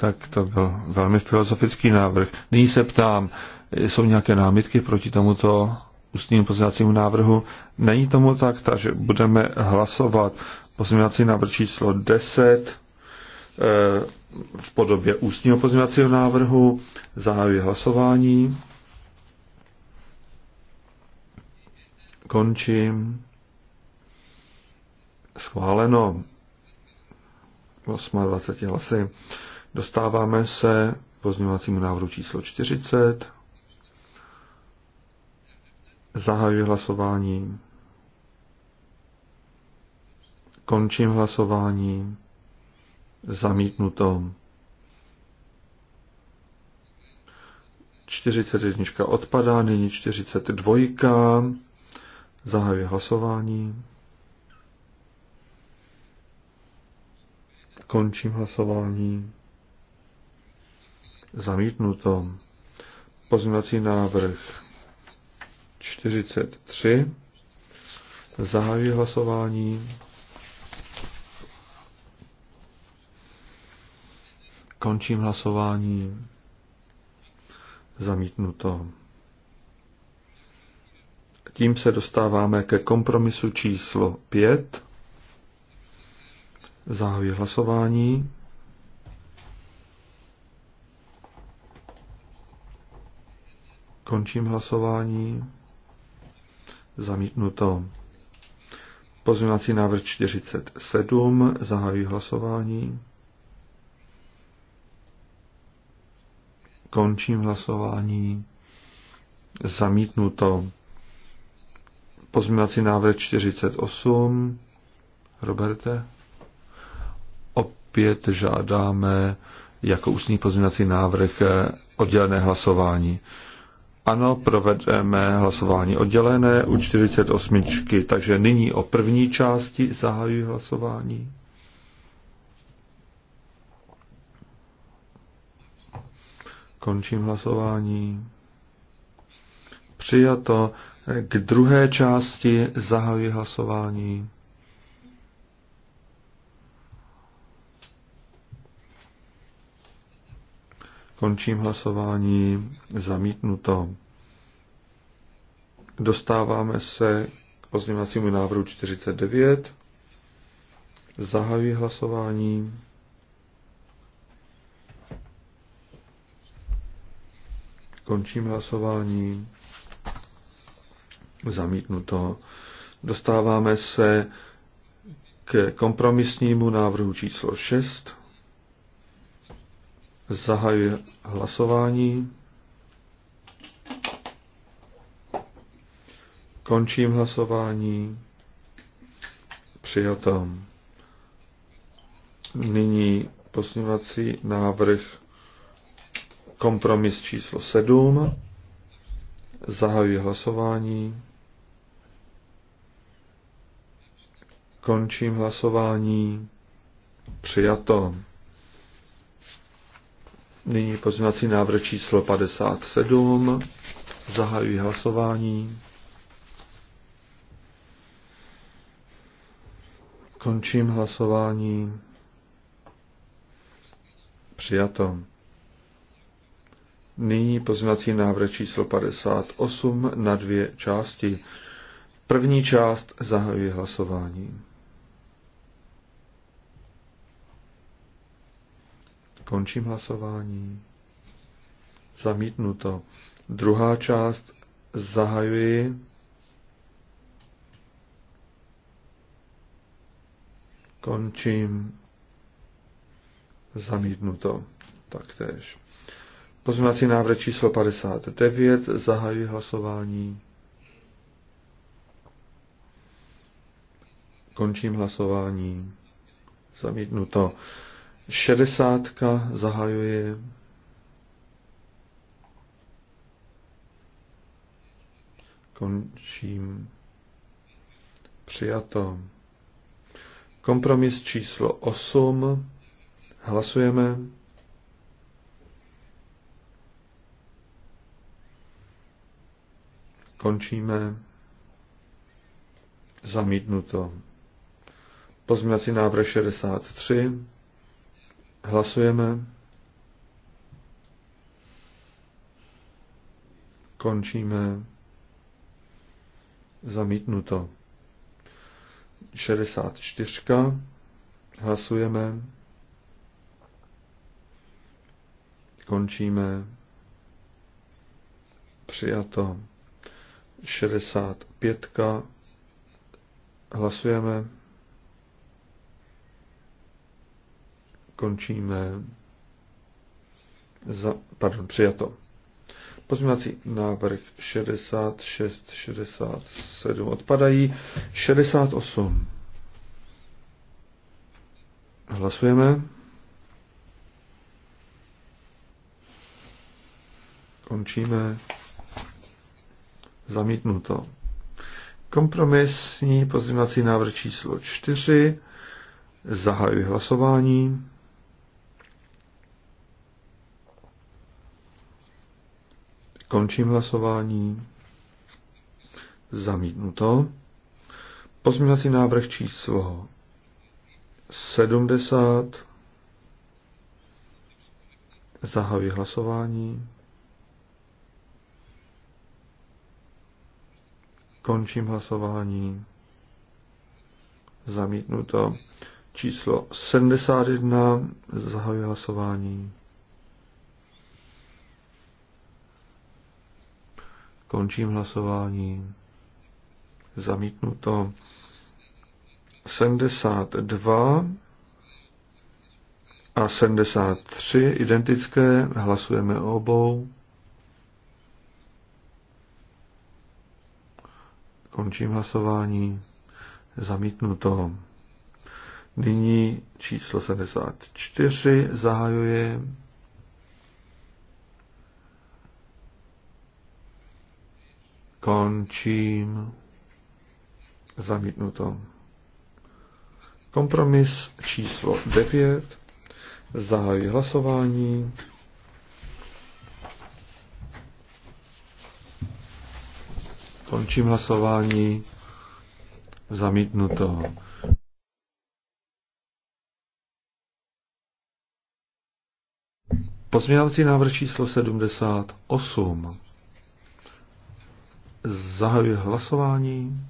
Tak to byl velmi filozofický návrh. Nyní se ptám, jsou nějaké námitky proti tomuto ústnímu pozměňovacímu návrhu? Není tomu tak, takže budeme hlasovat pozměňovací návrh číslo 10 eh, v podobě ústního pozměňovacího návrhu. Zahajuji hlasování. Končím. Schváleno. 28 hlasy. Dostáváme se k pozměňovacímu návrhu číslo 40. Zahajuji hlasování. Končím hlasování. Zamítnuto. 41 odpadá, nyní 42. Zahajuji hlasování. Končím hlasování. Zamítnuto. Pozměňovací návrh 43. Zahajuji hlasování. Končím hlasování. Zamítnuto. Tím se dostáváme ke kompromisu číslo 5. Zahajuji hlasování. Končím hlasování. Zamítnuto. Pozměňovací návrh 47. Zahajuji hlasování. Končím hlasování. Zamítnuto. Pozměňovací návrh 48. Roberte. Opět žádáme jako ústní pozměňovací návrh oddělené hlasování. Ano, provedeme hlasování oddělené u 48. Takže nyní o první části zahajuji hlasování. Končím hlasování. Přijato. K druhé části zahajuji hlasování. Končím hlasování. Zamítnuto. Dostáváme se k pozměňovacímu návrhu 49. Zahajuji hlasování. Končím hlasování. Zamítnuto. Dostáváme se k kompromisnímu návrhu číslo 6. Zahajuji hlasování. Končím hlasování. Přijato. Nyní posněvací návrh kompromis číslo 7. Zahajuji hlasování. Končím hlasování. Přijato. Nyní pozměňovací návrh číslo 57. Zahajuji hlasování. Končím hlasování. Přijato. Nyní pozměňovací návrh číslo 58 na dvě části. První část zahajuji hlasování. Končím hlasování. Zamítnuto. Druhá část zahajuji. Končím. Zamítnuto. Taktéž. Pozměňovací návrh číslo 59. Zahajuji hlasování. Končím hlasování. Zamítnuto šedesátka zahajuje Končím. Přijato. Kompromis číslo 8. Hlasujeme. Končíme. Zamítnuto. Pozměňovací návrh 63. Hlasujeme. Končíme. Zamítnuto. 64. Hlasujeme. Končíme. Přijato. 65. Hlasujeme. končíme za, pardon, přijato. Pozměňovací návrh 66, 67 odpadají. 68. Hlasujeme. Končíme. Zamítnuto. Kompromisní pozměňovací návrh číslo 4. Zahajuji hlasování. Končím hlasování. Zamítnuto. Pozměňovací návrh číslo 70. Zahajuji hlasování. Končím hlasování. Zamítnuto. Číslo 71. Zahajuji hlasování. Končím hlasování. Zamítnuto. 72 a 73 identické. Hlasujeme o obou. Končím hlasování. Zamítnuto. Nyní číslo 74 zahajuje. Končím. Zamítnuto. Kompromis číslo 9. Zahajuji hlasování. Končím hlasování. Zamítnuto. Pozměňovací návrh číslo 78. Zahajuji hlasování.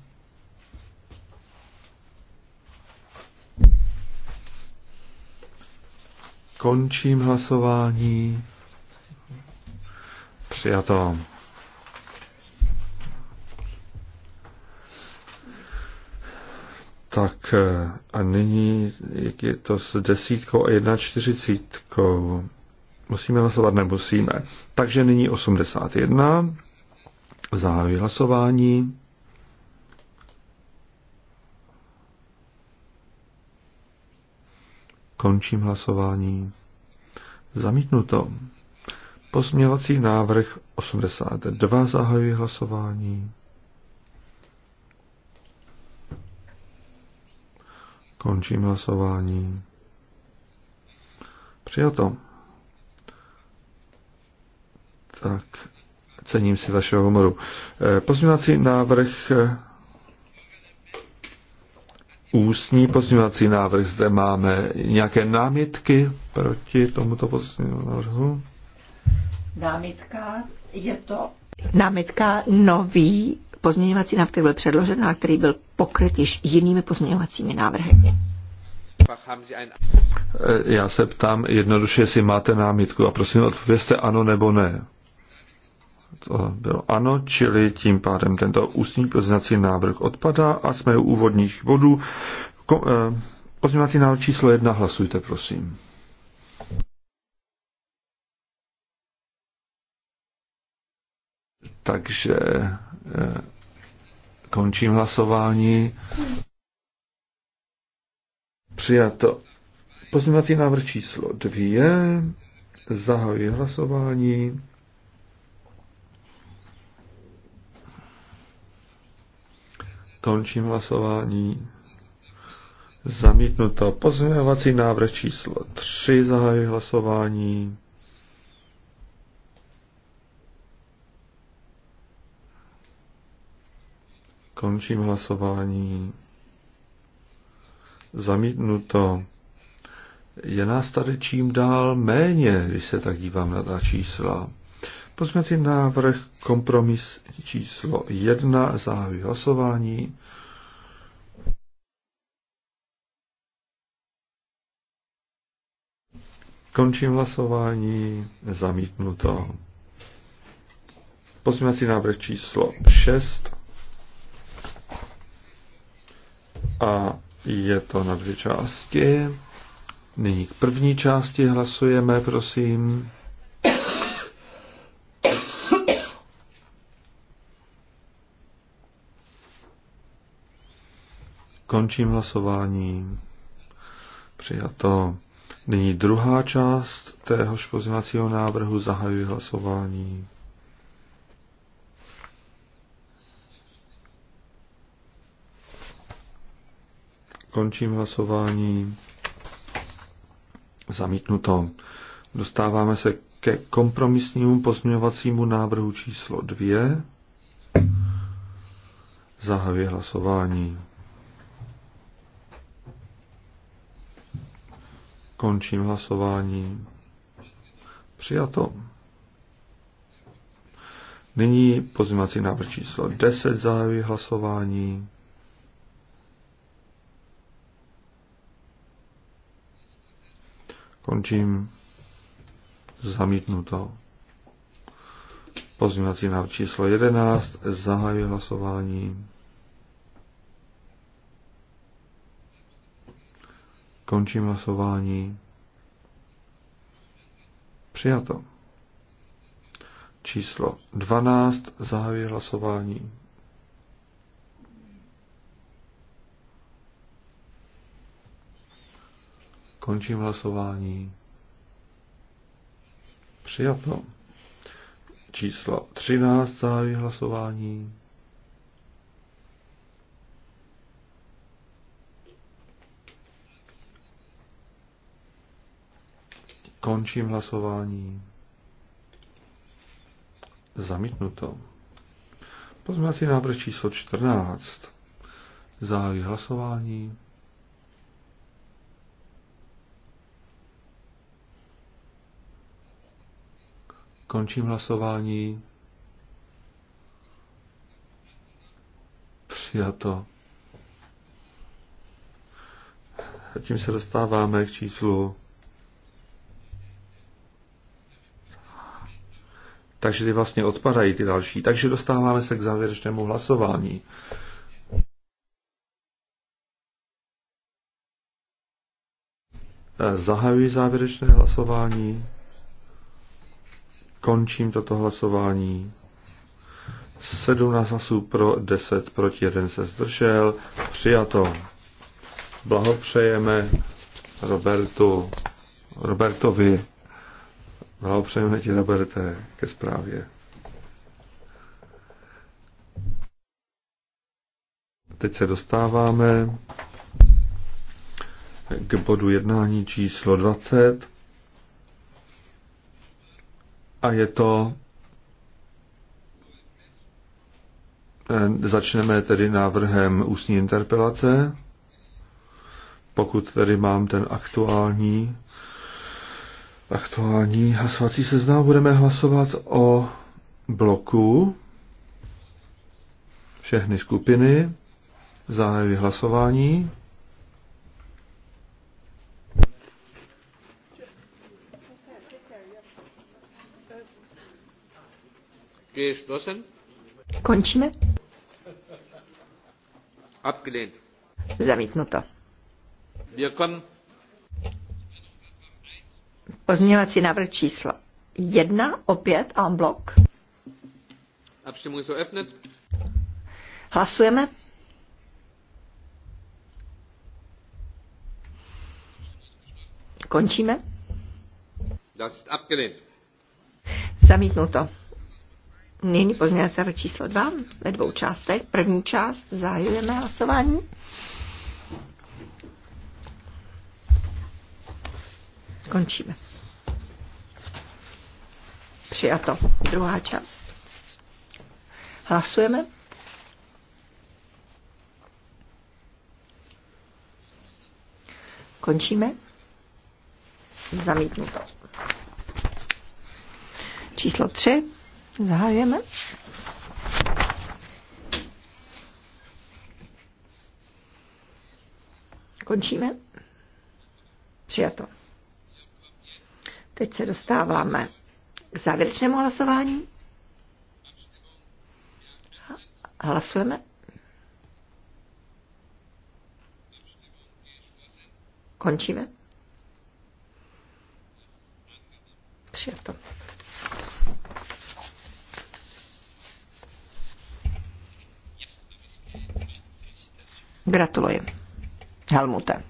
Končím hlasování. Přijato. Tak eh, a nyní je to s desítkou a jedna čtyřicítkou. Musíme hlasovat, nemusíme. Takže nyní 81. Zahajuji hlasování. Končím hlasování. Zamítnuto. Posměvací návrh 82 zahajuji hlasování. Končím hlasování. Přijato. Tak Cením si vašeho humoru. Eh, pozměňovací návrh eh, ústní pozměňovací návrh. Zde máme nějaké námitky proti tomuto pozměňovacímu návrhu? Námitka je to... Námitka nový pozměňovací návrh, který byl předložen a který byl pokryt již jinými pozměňovacími návrhy. Eh, já se ptám jednoduše, jestli máte námitku a prosím, odpovězte ano nebo ne to bylo ano, čili tím pádem tento ústní pozměňovací návrh odpadá a jsme u úvodních bodů. Ko, eh, pozměňovací návrh číslo jedna, hlasujte prosím. Takže eh, končím hlasování. Přijato. Pozměňovací návrh číslo dvě. Zahajuji hlasování. Končím hlasování. Zamítnuto. Pozměňovací návrh číslo 3. Zahajuji hlasování. Končím hlasování. Zamítnuto. Je nás tady čím dál méně, když se tak dívám na ta čísla. Pozměňovací návrh kompromis číslo 1 zahájí hlasování. Končím hlasování, zamítnuto. Pozměňovací návrh číslo 6 a je to na dvě části. Nyní k první části hlasujeme, prosím. Končím hlasování. Přijato. Nyní druhá část téhož pozvacího návrhu zahajuji hlasování. Končím hlasování. Zamítnuto. Dostáváme se ke kompromisnímu pozměňovacímu návrhu číslo 2. Zahajuji hlasování. Končím hlasování. Přijato. Nyní pozměňovací návrh číslo 10 zahajuji hlasování. Končím zamítnuto. Pozměňovací návrh číslo 11 zahajuji hlasování. Končím hlasování. Přijato. Číslo 12. Zahajuji hlasování. Končím hlasování. Přijato. Číslo 13. Zahajuji hlasování. Končím hlasování. Zamítnuto. Pozměňovací návrh číslo 14. Zahájí hlasování. Končím hlasování. Přijato. A tím se dostáváme k číslu takže ty vlastně odpadají ty další. Takže dostáváme se k závěrečnému hlasování. Eh, zahajuji závěrečné hlasování. Končím toto hlasování. 17 hlasů pro, 10 proti, 1 se zdržel. Přijato. Blahopřejeme Robertu, Robertovi. Blahopřejeme ti, naberete ke zprávě. Teď se dostáváme k bodu jednání číslo 20 a je to eh, Začneme tedy návrhem ústní interpelace. Pokud tedy mám ten aktuální aktuální hlasovací seznam. Budeme hlasovat o bloku všechny skupiny. Zahajuji hlasování. Končíme. Abgelehnt. Zamítnuto. Wir Pozměňovací návrh číslo 1, opět en bloc. Hlasujeme. Končíme. Das ist abgelehnt. Zamítnuto. Nyní pozměňovací návrh číslo 2 ve dvou částech. První část zahajujeme hlasování. Končíme. Přijato. Druhá část. Hlasujeme. Končíme. Zamítnuto. Číslo tři. Zahajujeme. Končíme. Přijato. Teď se dostáváme k závěrečnému hlasování. Hlasujeme. Končíme. Přijato. Gratuluji. Helmute.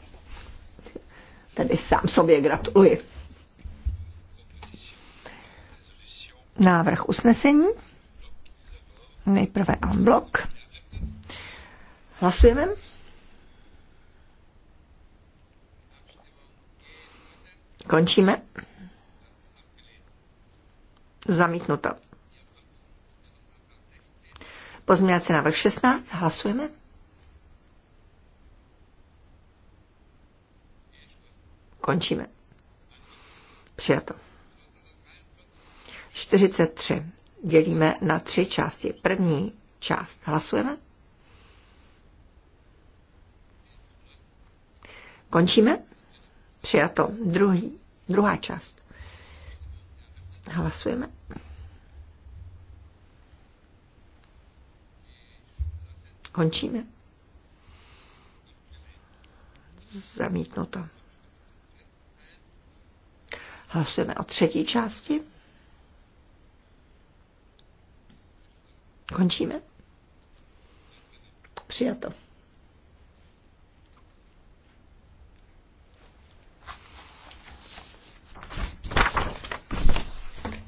Tedy sám sobě gratuluji. návrh usnesení. Nejprve unblock. Hlasujeme. Končíme. Zamítnuto. Pozměňovací návrh 16. Hlasujeme. Končíme. Přijato. 43 dělíme na tři části. První část hlasujeme. Končíme. Přijato. Druhý, druhá část. Hlasujeme. Končíme. Zamítnuto. Hlasujeme o třetí části. Končíme. Přijato.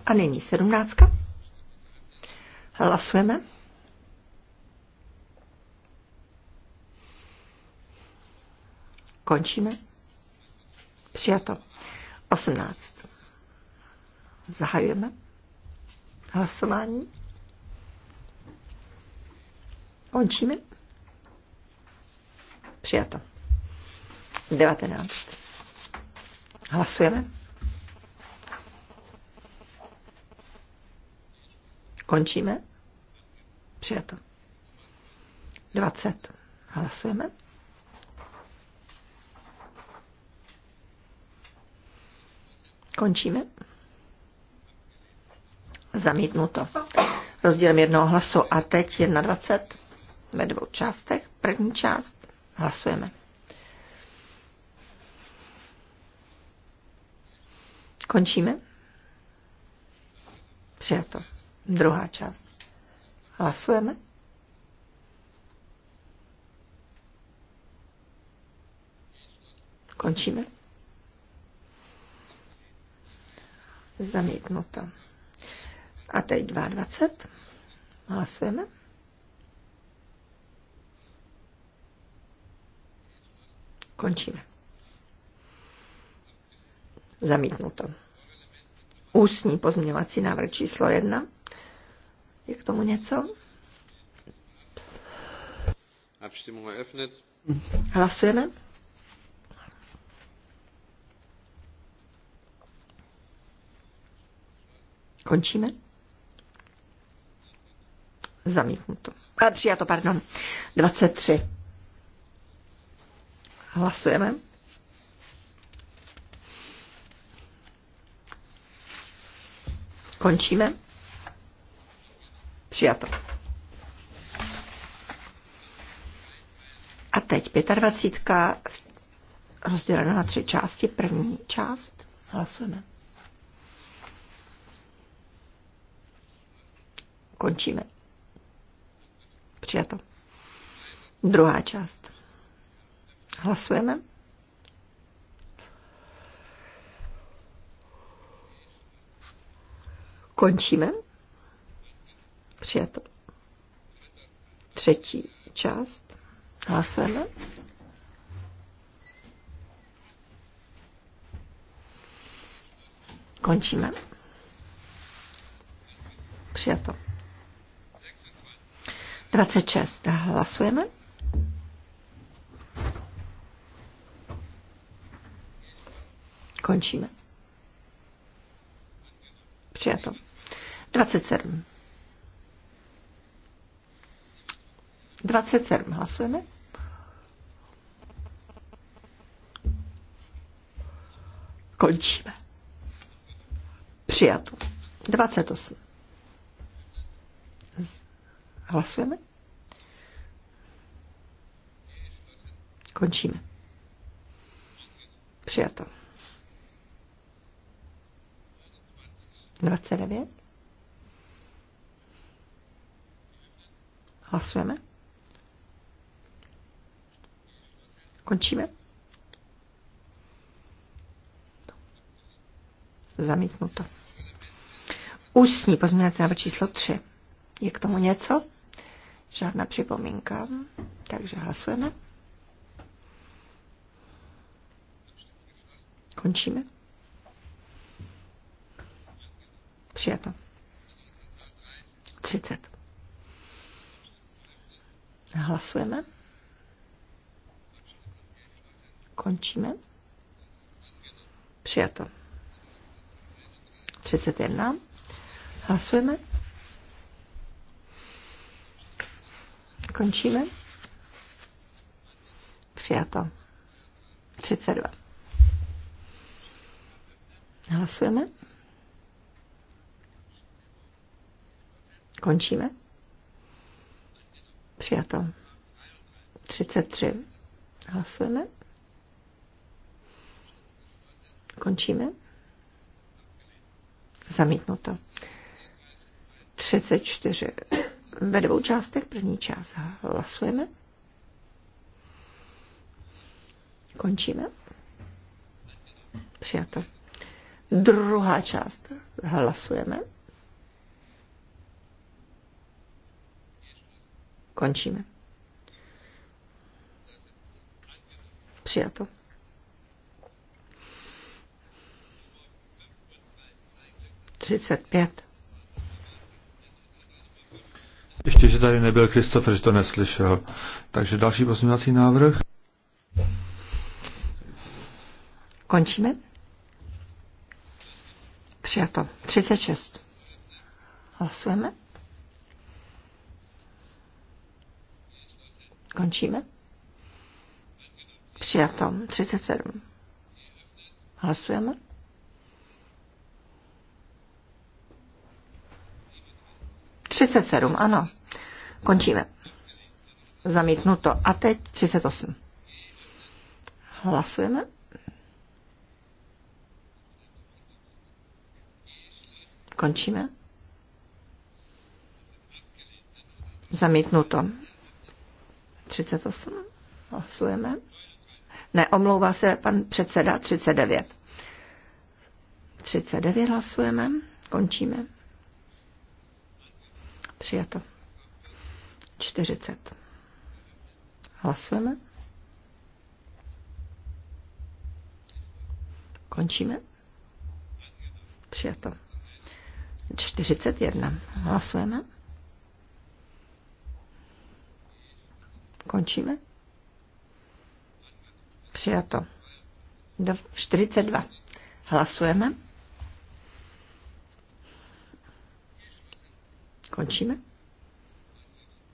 A nyní sedmnáctka. Hlasujeme. Končíme. Přijato. Osmnáct. Zahajujeme hlasování. Končíme. Přijato. 19. Hlasujeme. Končíme. Přijato. 20. Hlasujeme. Končíme. Zamítnuto. Rozdílem jednoho hlasu. A teď 21 ve dvou částech. První část hlasujeme. Končíme. Přijato. Druhá část. Hlasujeme. Končíme. Zamítnuto. A teď 22. Hlasujeme. Končíme. to. Ústní pozměňovací návrh číslo jedna. Je k tomu něco? Hlasujeme. Končíme. Zamítnuto. A eh, přijato, pardon. 23. Hlasujeme. Končíme. Přijato. A teď 25. rozdělena na tři části. První část. Hlasujeme. Končíme. Přijato. Druhá část. Hlasujeme. Končíme. Přijato. Třetí část. Hlasujeme. Končíme. Přijato. 26. Hlasujeme. Končíme. Přijato. 27. 27 hlasujeme. Končíme. Přijato. 28. Hlasujeme. Končíme. Přijato. 29. Hlasujeme. Končíme. Zamítnuto. Ústní pozměňovací návrh číslo 3. Je k tomu něco? Žádná připomínka. Takže hlasujeme. Končíme. Přijato. 30. Hlasujeme. Končíme. Přijato. 31. Hlasujeme. Končíme. Přijato. 32. Hlasujeme. Končíme. Přijato. 33. Hlasujeme. Končíme. Zamítnuto. 34. Ve dvou částech první část hlasujeme. Končíme. Přijato. Druhá část hlasujeme. Končíme. Přijato. Třicet pět. Ještě, že tady nebyl Kristofer, že to neslyšel. Takže další pozměňovací návrh. Končíme. Přijato. 36. Hlasujeme. Končíme. Přijato. 37. Hlasujeme. Třicet sedm, ano. Končíme. Zamítnuto. A teď osm. Hlasujeme. Končíme. Zamítnuto. 38. Hlasujeme. Ne, omlouvá se pan předseda 39. 39 hlasujeme. Končíme. Přijato. 40. Hlasujeme. Končíme. Přijato. 41. Hlasujeme. Končíme. Přijato. Do 42. Hlasujeme. Končíme.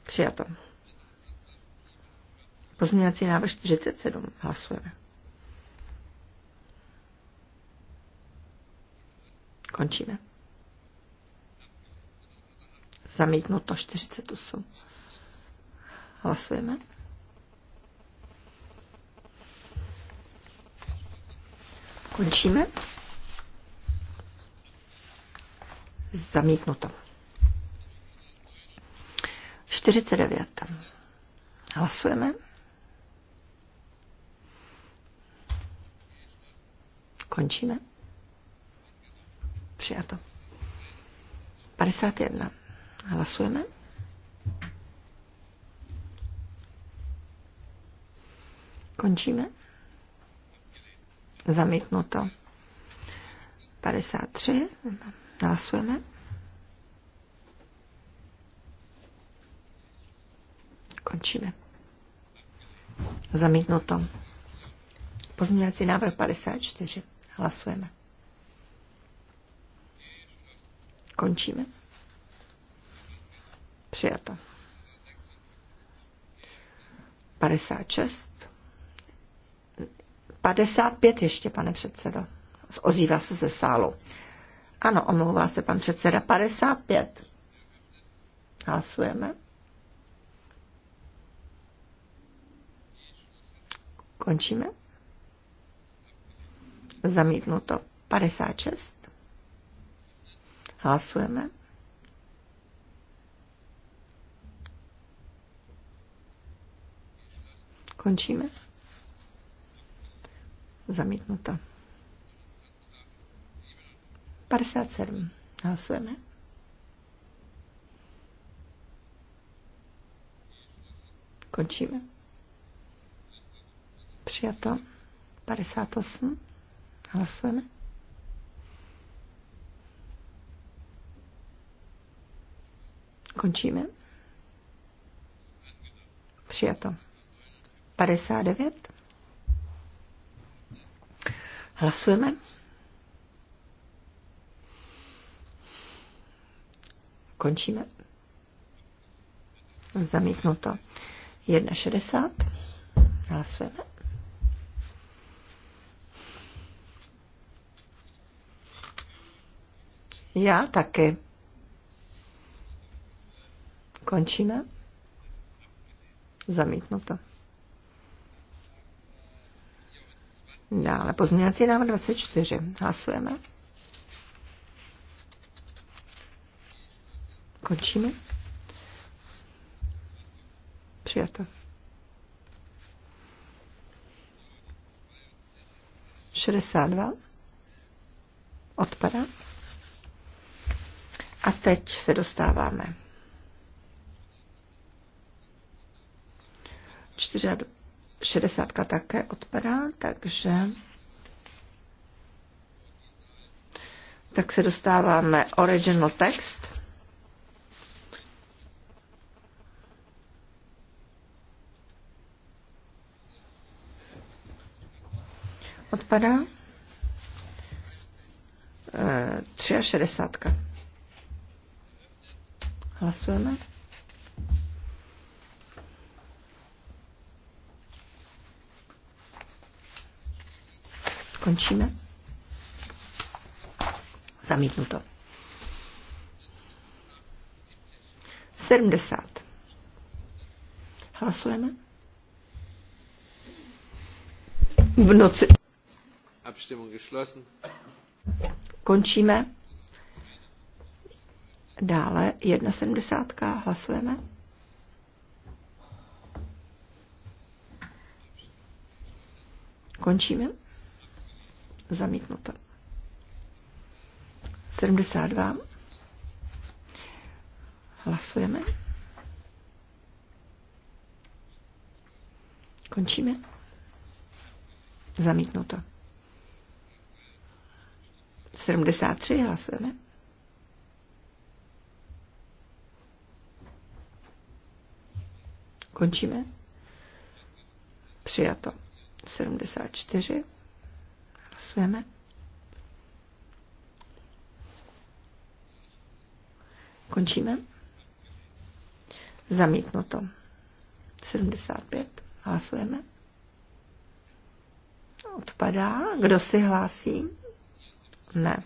Přijato. Pozměňovací návrh 47. Hlasujeme. Končíme. Zamítnuto 48. Hlasujeme. Končíme. Zamítnuto. 49. Hlasujeme. Končíme. Přijato. 51. Hlasujeme. Končíme. Zamítnuto. 53. Hlasujeme. Končíme. Zamítnuto. Pozměňovací návrh 54. Hlasujeme. Končíme. Přijato. 56. 55 ještě, pane předsedo. Ozývá se ze sálu. Ano, omlouvá se pan předseda. 55. Hlasujeme. Končíme. Zamítnuto. 56. Hlasujeme. Končíme. Zamítnuto. 57. Hlasujeme. Končíme. Přijato. 58. Hlasujeme. Končíme. Přijato. 59. Hlasujeme. Končíme. Zamítnuto. 1,60. Hlasujeme. Já taky. Končíme. Zamítnuto. Dále pozměňovací návrh 24. Hlasujeme. Končíme. Přijato. 62. Odpada. A teď se dostáváme. 4, 60 také odpadá, takže tak se dostáváme original text. Odpadá. E, šedesátka. Hlasujeme. Končíme. Zamítnuto. 70. Hlasujeme. V noci. Abstimmung geschlossen. Končíme. Dále 1,70. Hlasujeme. Končíme. Zamítnuto. 72. Hlasujeme. Končíme. Zamítnuto. 73 hlasujeme. Končíme. Přijato. 74. Hlasujeme. Končíme. Zamítnuto. 75. Hlasujeme. Odpadá. Kdo si hlásí? Ne.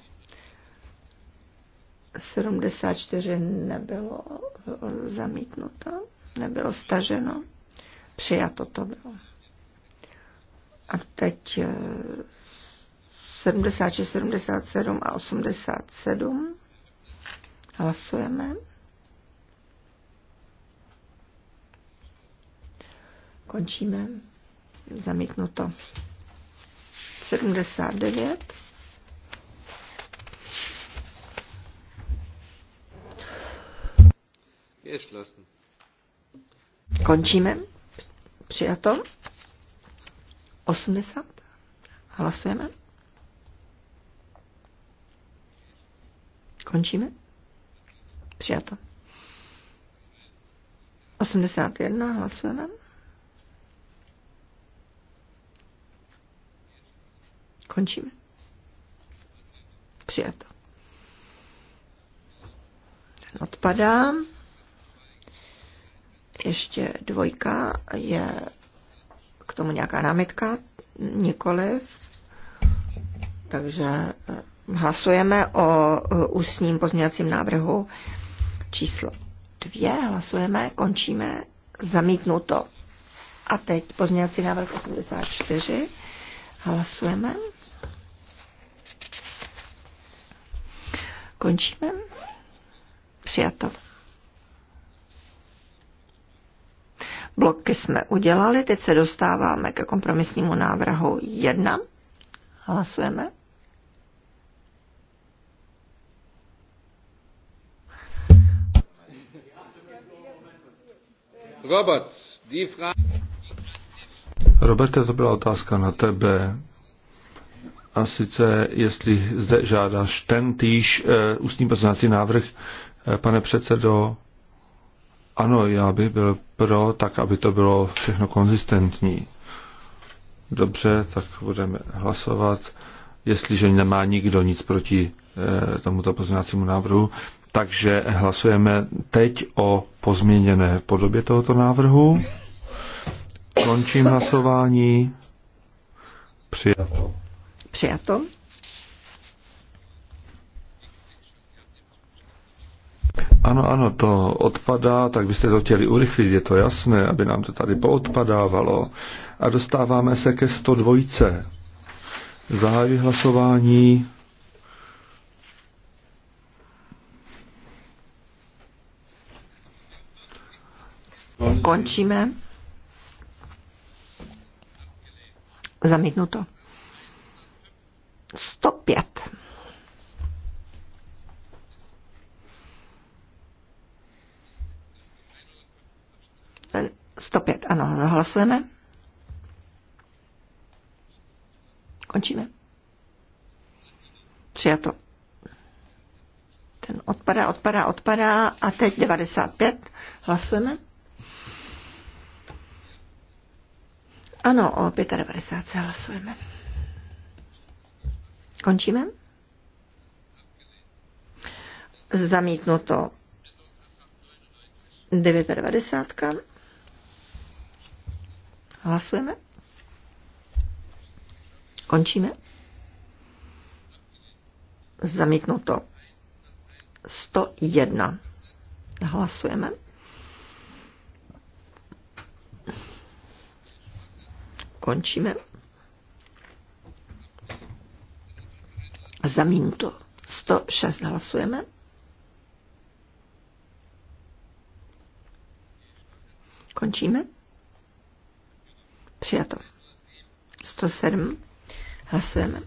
74 nebylo eh, zamítnuto, nebylo staženo. Přijato to bylo. A teď eh, 76, 77 a 87. Hlasujeme. Končíme. Zamítnuto. 79. Geschlossen. Končíme. Přijato. 80. Hlasujeme. Končíme. Přijato. 81 hlasujeme. Končíme. Přijato. Ten odpadá. Ještě dvojka je k tomu nějaká námitka? Nikoliv. Takže eh, Hlasujeme o ústním pozměňovacím návrhu číslo dvě. Hlasujeme, končíme, zamítnuto. A teď pozměňovací návrh 84. Hlasujeme. Končíme. Přijato. Bloky jsme udělali, teď se dostáváme ke kompromisnímu návrhu 1. Hlasujeme. Robert, Roberte, to byla otázka na tebe. A sice, jestli zde žádáš ten týž uh, ústní poznávací návrh, uh, pane předsedo, ano, já bych byl pro, tak aby to bylo všechno konzistentní. Dobře, tak budeme hlasovat. Jestliže nemá nikdo nic proti e, tomuto pozměňovacímu návrhu, takže hlasujeme teď o pozměněné podobě tohoto návrhu. Končím hlasování. Přijato. Přijato. Ano, ano, to odpadá, tak byste to chtěli urychlit, je to jasné, aby nám to tady poodpadávalo. A dostáváme se ke 102. Zahájí hlasování. Končíme. Zamítnuto. 105. Stopět, 105, ano, zahlasujeme. Končíme. Přijato. Ten odpadá, odpadá, odpadá a teď 95. Hlasujeme. Ano, o 95 se hlasujeme. Končíme? Zamítnuto 99. Hlasujeme? Končíme? Zamítnuto 101. Hlasujeme? Končíme. Za minutu 106 hlasujeme. Končíme. Přijato. 107. Hlasujeme.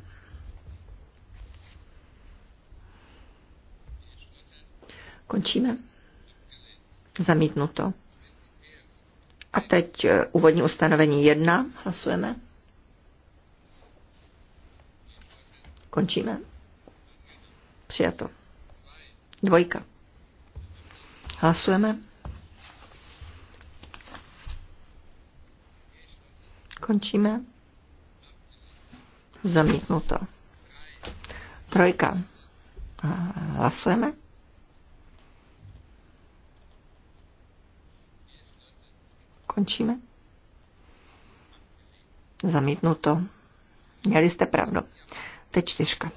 Končíme. Zamítnuto. A teď eh, úvodní ustanovení 1. Hlasujeme. Končíme. Přijato. Dvojka. Hlasujeme. Končíme. Zamítnuto. Trojka. Hlasujeme. Končíme. to. Měli jste pravdu. Teď čtyřka.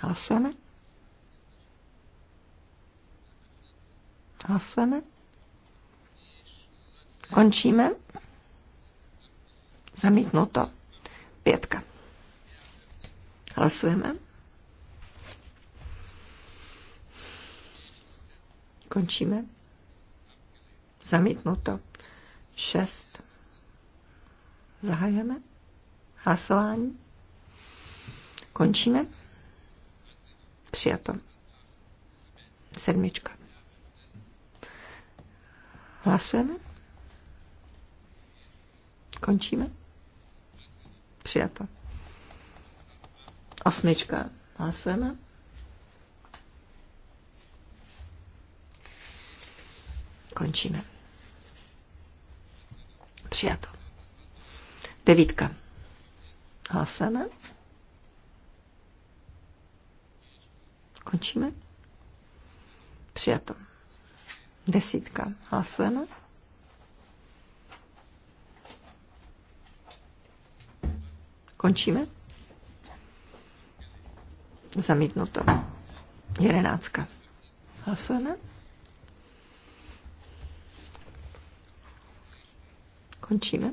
Hlasujeme. Hlasujeme. Končíme. Zamítnu to. Pětka. Hlasujeme. Končíme. Zamítnuto. šest. Zahajujeme. Hlasování. Končíme. Přijato. Sedmička. Hlasujeme. Končíme. Přijato. Osmička. Hlasujeme. Končíme. Přijato. Devítka. Hlasujeme. Končíme. Přijato. Desítka. Hlasujeme. Končíme. Zamítnuto. Jedenáctka. Hlasujeme. Končíme.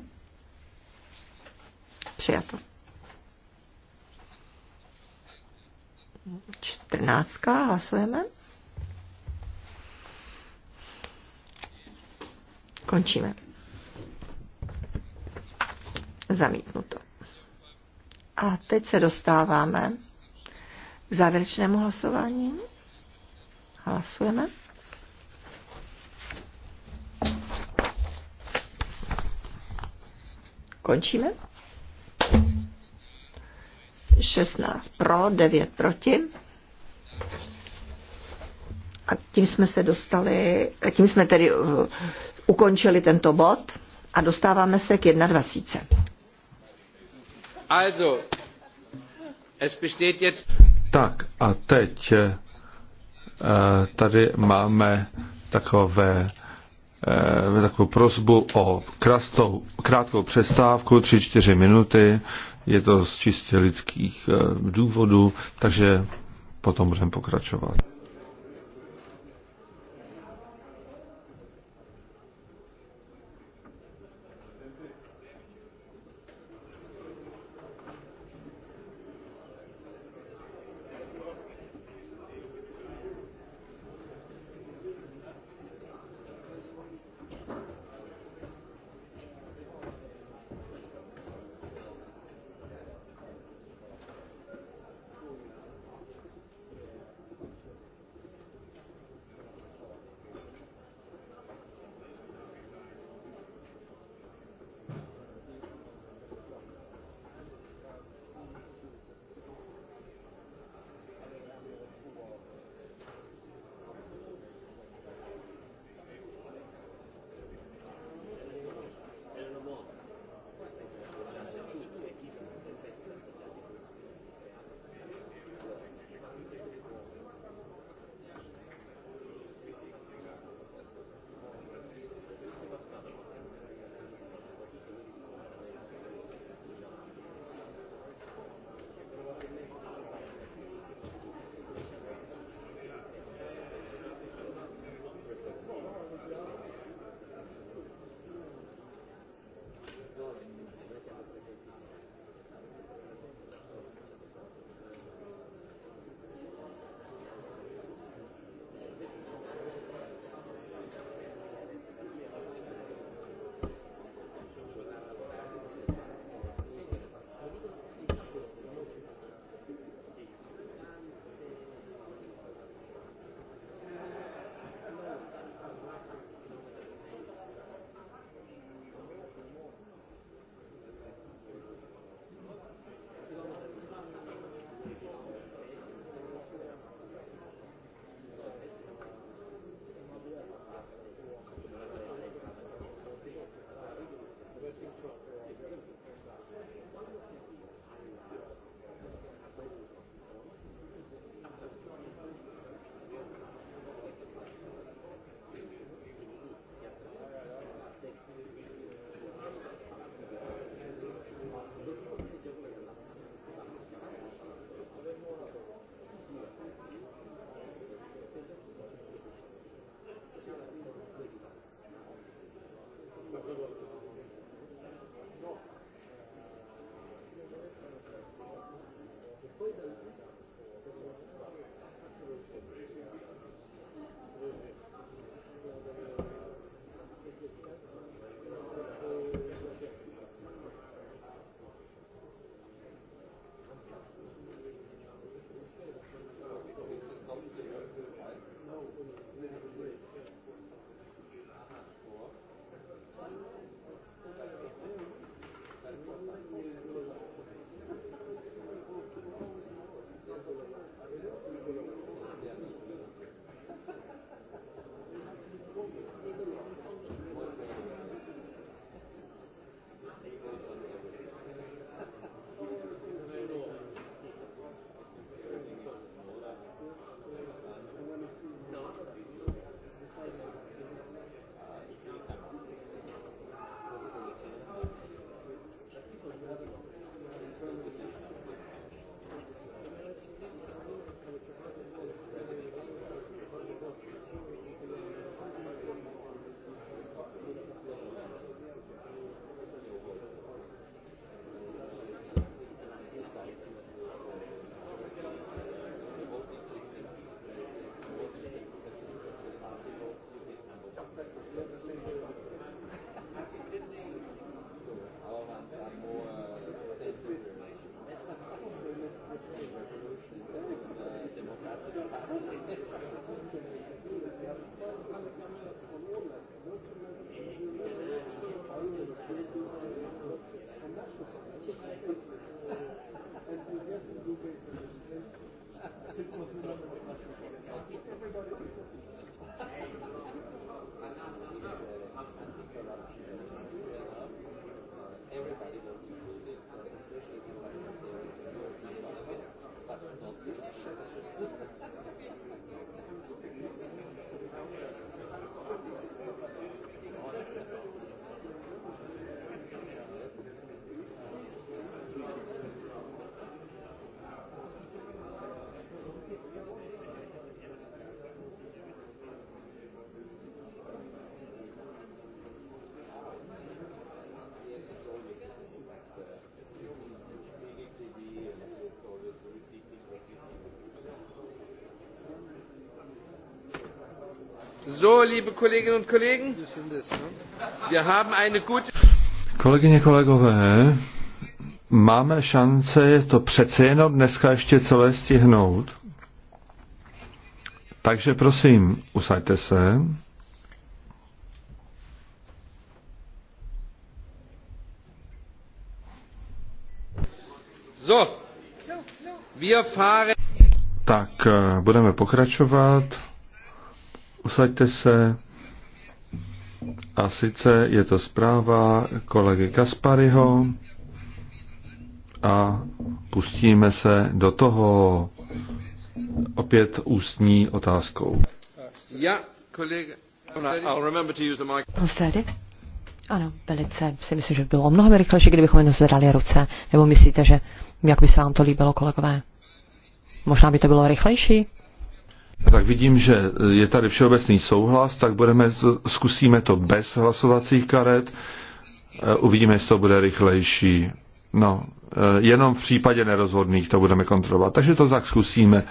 Přijato. Čtrnáctka, hlasujeme. Končíme. Zamítnuto. A teď se dostáváme k závěrečnému hlasování. Hlasujeme. Končíme. 16 pro, 9 proti. A tím jsme se dostali, tím jsme tedy uh, ukončili tento bod a dostáváme se k 21. Also, es besteht jetzt... Tak a teď uh, tady máme takové Eh, takovou prosbu o krastou, krátkou přestávku, 3-4 minuty, je to z čistě lidských eh, důvodů, takže potom budeme pokračovat. Kolegyně, kolegové, máme šance to přece jenom dneska ještě celé stihnout. Takže prosím, usaďte se. So, wir fahren... Tak, eh, budeme pokračovat usaďte se. A sice je to zpráva kolegy Kaspariho a pustíme se do toho opět ústní otázkou. Ja, kolega. Ano, velice. Si myslím, že bylo mnohem rychlejší, kdybychom jenom zvedali ruce. Nebo myslíte, že jak by se vám to líbilo, kolegové? Možná by to bylo rychlejší? Tak vidím, že je tady všeobecný souhlas, tak budeme, zkusíme to bez hlasovacích karet. Eh, uvidíme, jestli to bude rychlejší. No, eh, jenom v případě nerozhodných to budeme kontrolovat. Takže to tak zkusíme.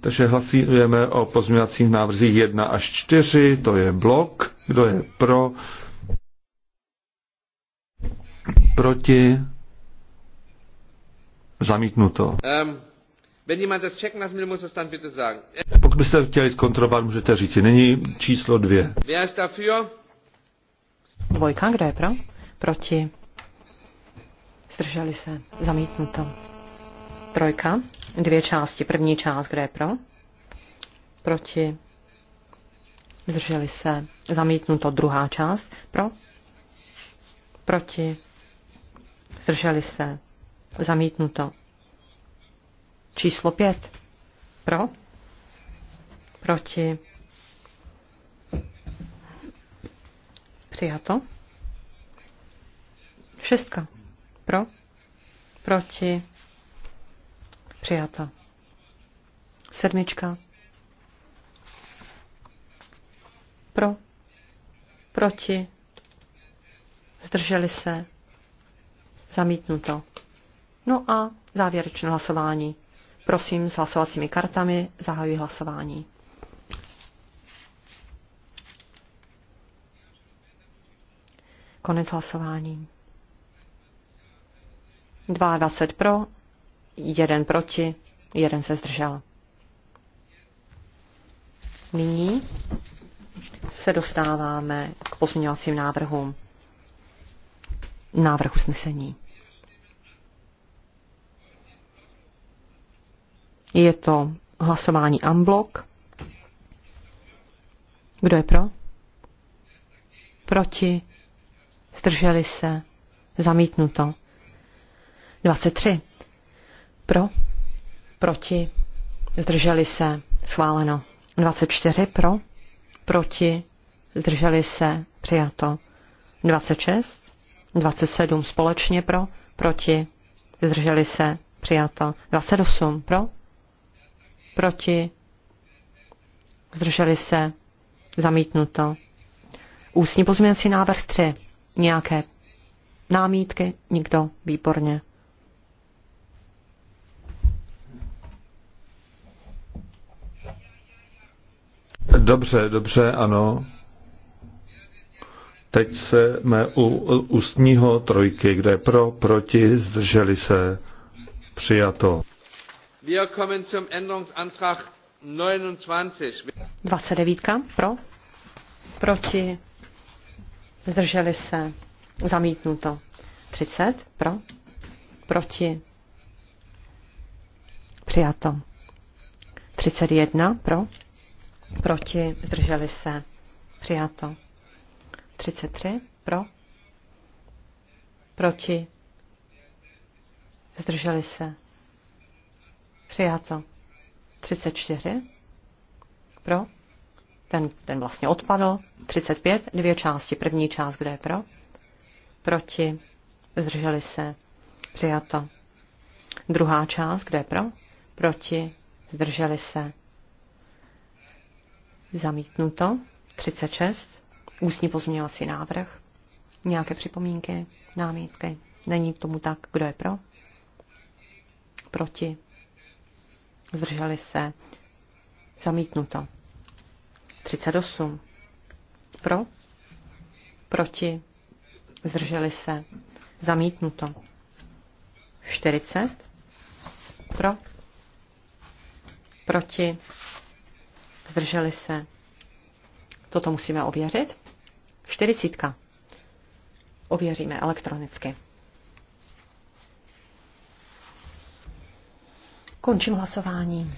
Takže hlasujeme o pozměňovacích návrzích 1 až 4, to je blok, kdo je pro, proti, zamítnuto. Um. Pokud byste chtěli zkontrolovat, můžete říct. není číslo dvě. Dvojka, kdo je pro? Proti. Zdrželi se. Zamítnuto. Trojka. Dvě části. První část, kdo je pro? Proti. Zdrželi se. Zamítnuto. Druhá část. Pro? Proti. Zdrželi se. Zamítnuto. Číslo pět. Pro? Proti? Přijato. Šestka. Pro? Proti? Přijato. Sedmička. Pro? Proti? Zdrželi se? Zamítnuto. No a závěrečné hlasování. Prosím s hlasovacími kartami zahajuji hlasování. Konec hlasování. 22 pro, 1 proti, 1 se zdržel. Nyní se dostáváme k pozměňovacím návrhům. Návrh usnesení. Je to hlasování unblock. Kdo je pro? Proti? Zdrželi se? Zamítnuto. 23. Pro? Proti? Zdrželi se? Schváleno. 24. Pro? Proti? Zdrželi se? Přijato. 26. 27 společně pro, proti, zdrželi se, přijato. 28 pro, proti, zdrželi se, zamítnuto. Ústní pozměňovací návrh 3. Nějaké námítky? Nikdo? Výborně. Dobře, dobře, ano. Teď jsme u ústního trojky, kde pro, proti, zdrželi se, přijato. Wir kommen zum Änderungsantrag 29. 29. Pro? Proti? Zdrželi se? Zamítnuto. 30. Pro? Proti? Přijato. 31. Pro? Proti? Zdrželi se? Přijato. 33. Pro? Proti? Zdrželi se? Přijato. 34. Pro. Ten, ten vlastně odpadl. 35. Dvě části. První část, kde je pro. Proti. Zdrželi se. Přijato. Druhá část, kde je pro. Proti. Zdrželi se. Zamítnuto. 36. Ústní pozměňovací návrh. Nějaké připomínky, námítky. Není k tomu tak, kdo je pro? Proti zdrželi se, zamítnuto. 38. Pro, proti, zdrželi se, zamítnuto. 40. Pro, proti, zdrželi se. Toto musíme ověřit. 40. Ověříme elektronicky. Končím hlasování.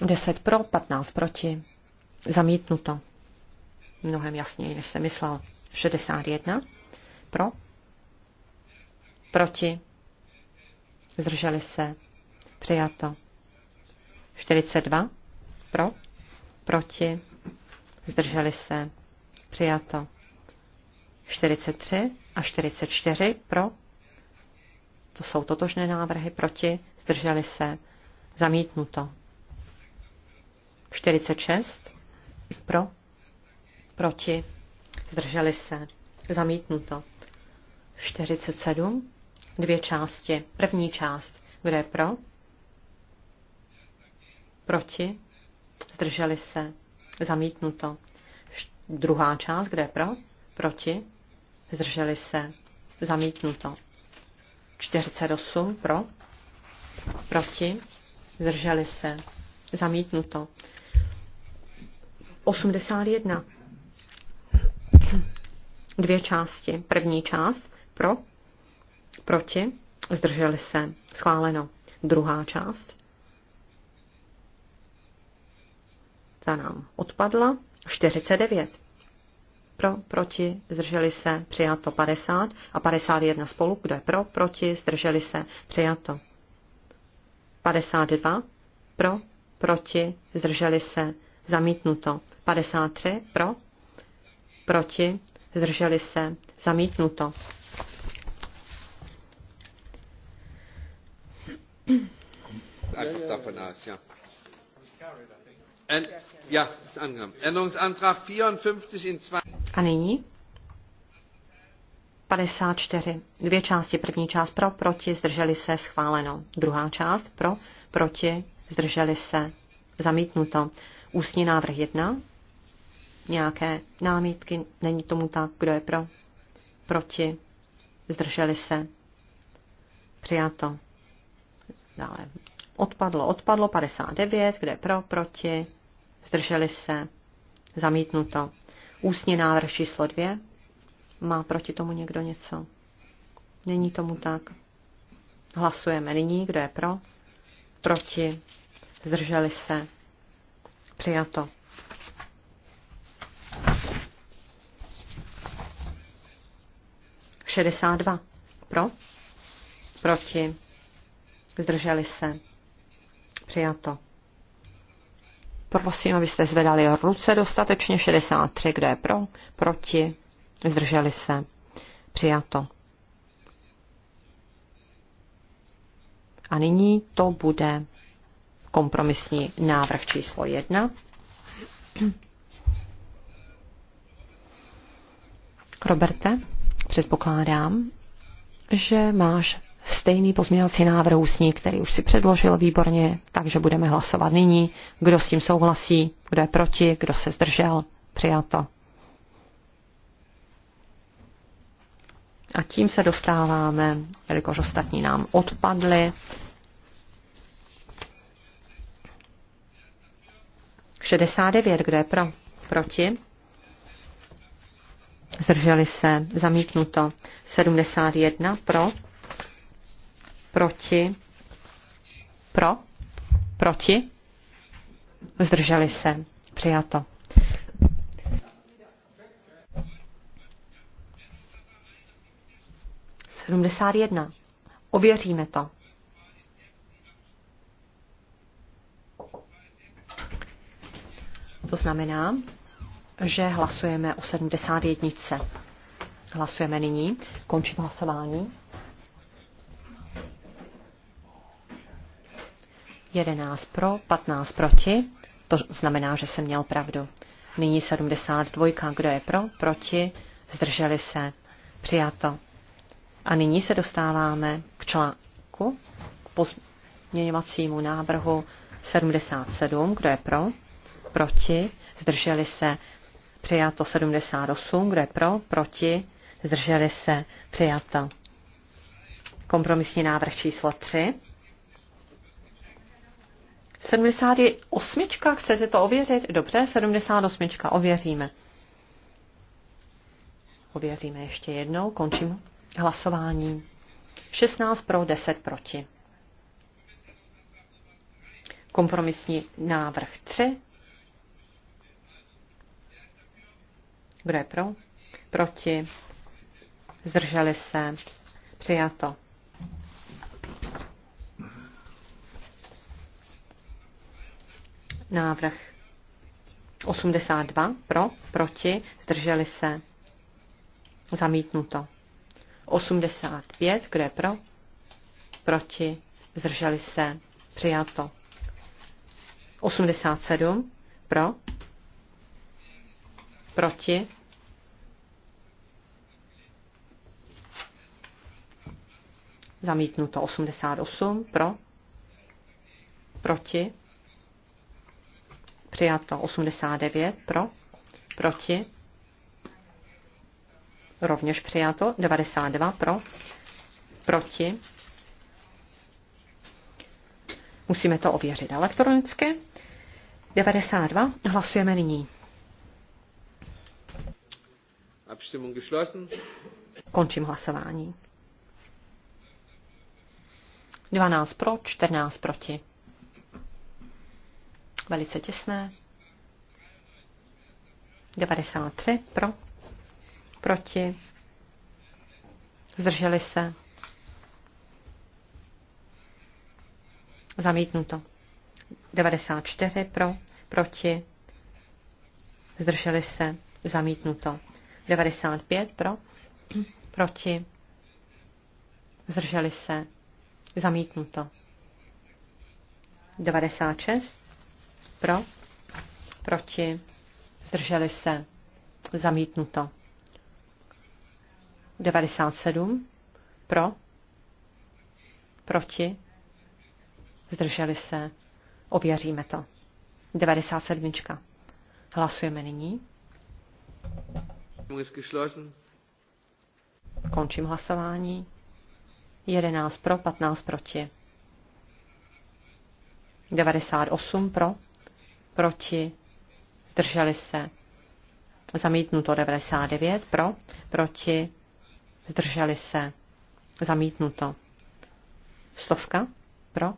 10 pro, 15 proti. Zamítnuto. Mnohem jasněji, než jsem myslel. 61 pro, proti, zdrželi se, přijato. 42 pro, proti, zdrželi se, přijato. 43 a 44 pro, to jsou totožné návrhy proti, zdrželi se, zamítnuto. 46 pro, proti, zdrželi se, zamítnuto. 47, dvě části. První část, kdo je pro, proti, zdrželi se, zamítnuto. Druhá část, kde je pro, proti, zdrželi se, zamítnuto. 48 pro, Proti? Zdrželi se. Zamítnuto. 81. Dvě části. První část pro, proti, zdrželi se, schváleno. Druhá část, ta nám odpadla, 49. Pro, proti, zdrželi se, přijato 50 a 51 spolu, kdo je pro, proti, zdrželi se, přijato. 52 pro, proti, zdrželi se, zamítnuto. 53 pro, proti, zdrželi se, zamítnuto. A nyní 54. Dvě části. První část pro, proti, zdrželi se, schváleno. Druhá část pro, proti, zdrželi se, zamítnuto. Ústní návrh 1. Nějaké námitky, není tomu tak, kdo je pro, proti, zdrželi se, přijato. Dále odpadlo, odpadlo 59, kde pro, proti, zdrželi se, zamítnuto. Ústní návrh číslo 2, má proti tomu někdo něco? Není tomu tak. Hlasujeme nyní, kdo je pro, proti, zdrželi se, přijato. Šedesát dva. Pro? Proti. Zdrželi se. Přijato. Prosím, abyste zvedali ruce dostatečně. 63, kdo je pro? Proti zdrželi se, přijato. A nyní to bude kompromisní návrh číslo jedna. Roberte, předpokládám, že máš stejný pozměňovací návrh ústní, který už si předložil výborně, takže budeme hlasovat nyní. Kdo s tím souhlasí, kdo je proti, kdo se zdržel, přijato. A tím se dostáváme, jelikož ostatní nám odpadly. 69, kdo je pro? Proti? Zdrželi se, zamítnuto. 71, pro? Proti? Pro? Proti? Zdrželi se, přijato. 71. Ověříme to. To znamená, že hlasujeme o 71. Hlasujeme nyní. Končím hlasování. 11 pro, 15 proti. To znamená, že jsem měl pravdu. Nyní 72. Kdo je pro? Proti. Zdrželi se. Přijato. A nyní se dostáváme k článku, k pozměňovacímu návrhu 77, kdo je pro, proti, zdrželi se, přijato 78, kdo je pro, proti, zdrželi se, přijato. Kompromisní návrh číslo 3. 78. Chcete to ověřit? Dobře, 78. Ověříme. Ověříme ještě jednou. Končím hlasování. 16 pro, 10 proti. Kompromisní návrh 3. Kdo je pro? Proti? Zdrželi se? Přijato. Návrh 82 pro, proti, zdrželi se, zamítnuto. 85, kdo je pro? Proti? Zdrželi se? Přijato. 87, pro? Proti? Zamítnuto 88, pro? Proti? Přijato 89, pro? Proti? rovněž přijato, 92 pro, proti. Musíme to ověřit elektronicky. 92, hlasujeme nyní. Abstimmung geschlossen. Končím hlasování. 12 pro, 14 proti. Velice těsné. 93 pro, proti, zdrželi se, zamítnuto. 94 pro, proti, zdrželi se, zamítnuto. 95 pro, proti, zdrželi se, zamítnuto. 96 pro, proti, zdrželi se, zamítnuto. 97. Pro? Proti? Zdrželi se? Ověříme to. 97. Hlasujeme nyní. Končím hlasování. 11 pro, 15 proti. 98 pro, proti, zdrželi se. Zamítnuto 99 pro, proti, zdrželi se, zamítnuto. Stovka pro,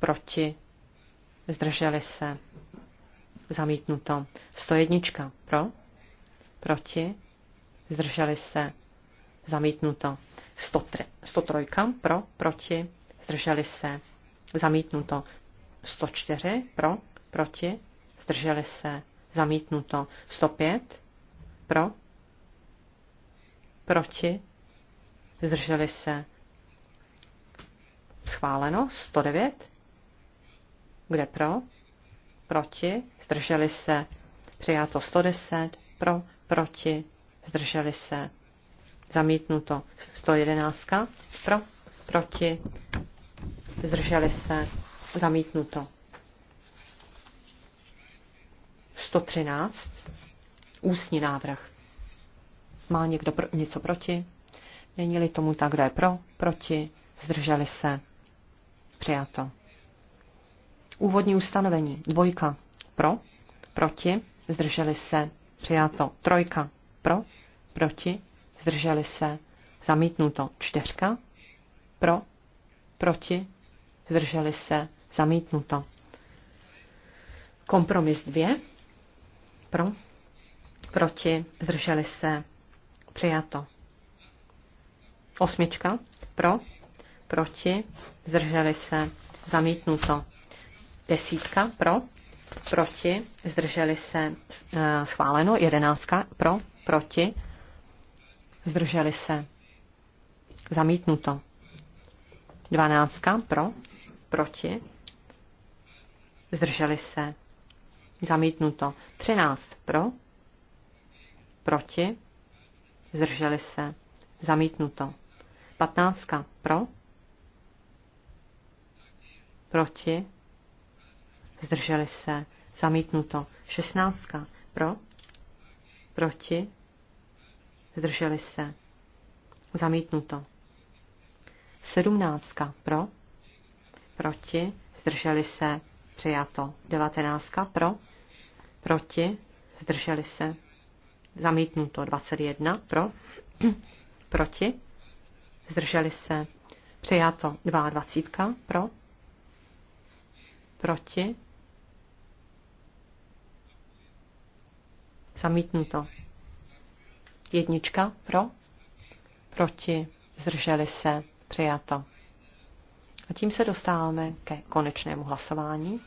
proti, zdrželi se, zamítnuto. jednička pro, proti, zdrželi se, zamítnuto. sto trojka pro, proti, zdrželi se, zamítnuto. čtyři pro, proti, zdrželi se, zamítnuto. pět pro, proti, zdrželi se. Schváleno 109. Kde pro? Proti. Zdrželi se. Přijato 110. Pro. Proti. Zdrželi se. Zamítnuto 111. Pro. Proti. Zdrželi se. Zamítnuto. 113. Ústní návrh. Má někdo pro, něco proti? Není-li tomu tak, kdo je pro, proti, zdrželi se, přijato. Úvodní ustanovení. Dvojka. Pro. Proti. Zdrželi se. Přijato. Trojka. Pro. Proti. Zdrželi se. Zamítnuto. Čtyřka. Pro. Proti. Zdrželi se. Zamítnuto. Kompromis dvě. Pro. Proti. Zdrželi se. Přijato. Osmička. Pro. Proti. Zdrželi se. Zamítnuto. Desítka. Pro. Proti. Zdrželi se. Eh, schváleno. Jedenáctka. Pro. Proti. Zdrželi se. Zamítnuto. Dvanáctka. Pro. Proti. Zdrželi se. Zamítnuto. Třináct. Pro. Proti zdrželi se, zamítnuto. Patnáctka pro, proti, zdrželi se, zamítnuto. Šestnáctka pro, proti, zdrželi se, zamítnuto. Sedmnáctka pro, proti, zdrželi se, přijato. Devatenáctka pro, proti, zdrželi se, Zamítnuto 21 pro, proti, zdrželi se, přijato 22 pro, proti, zamítnuto. Jednička pro, proti, zdrželi se, přijato. A tím se dostáváme ke konečnému hlasování.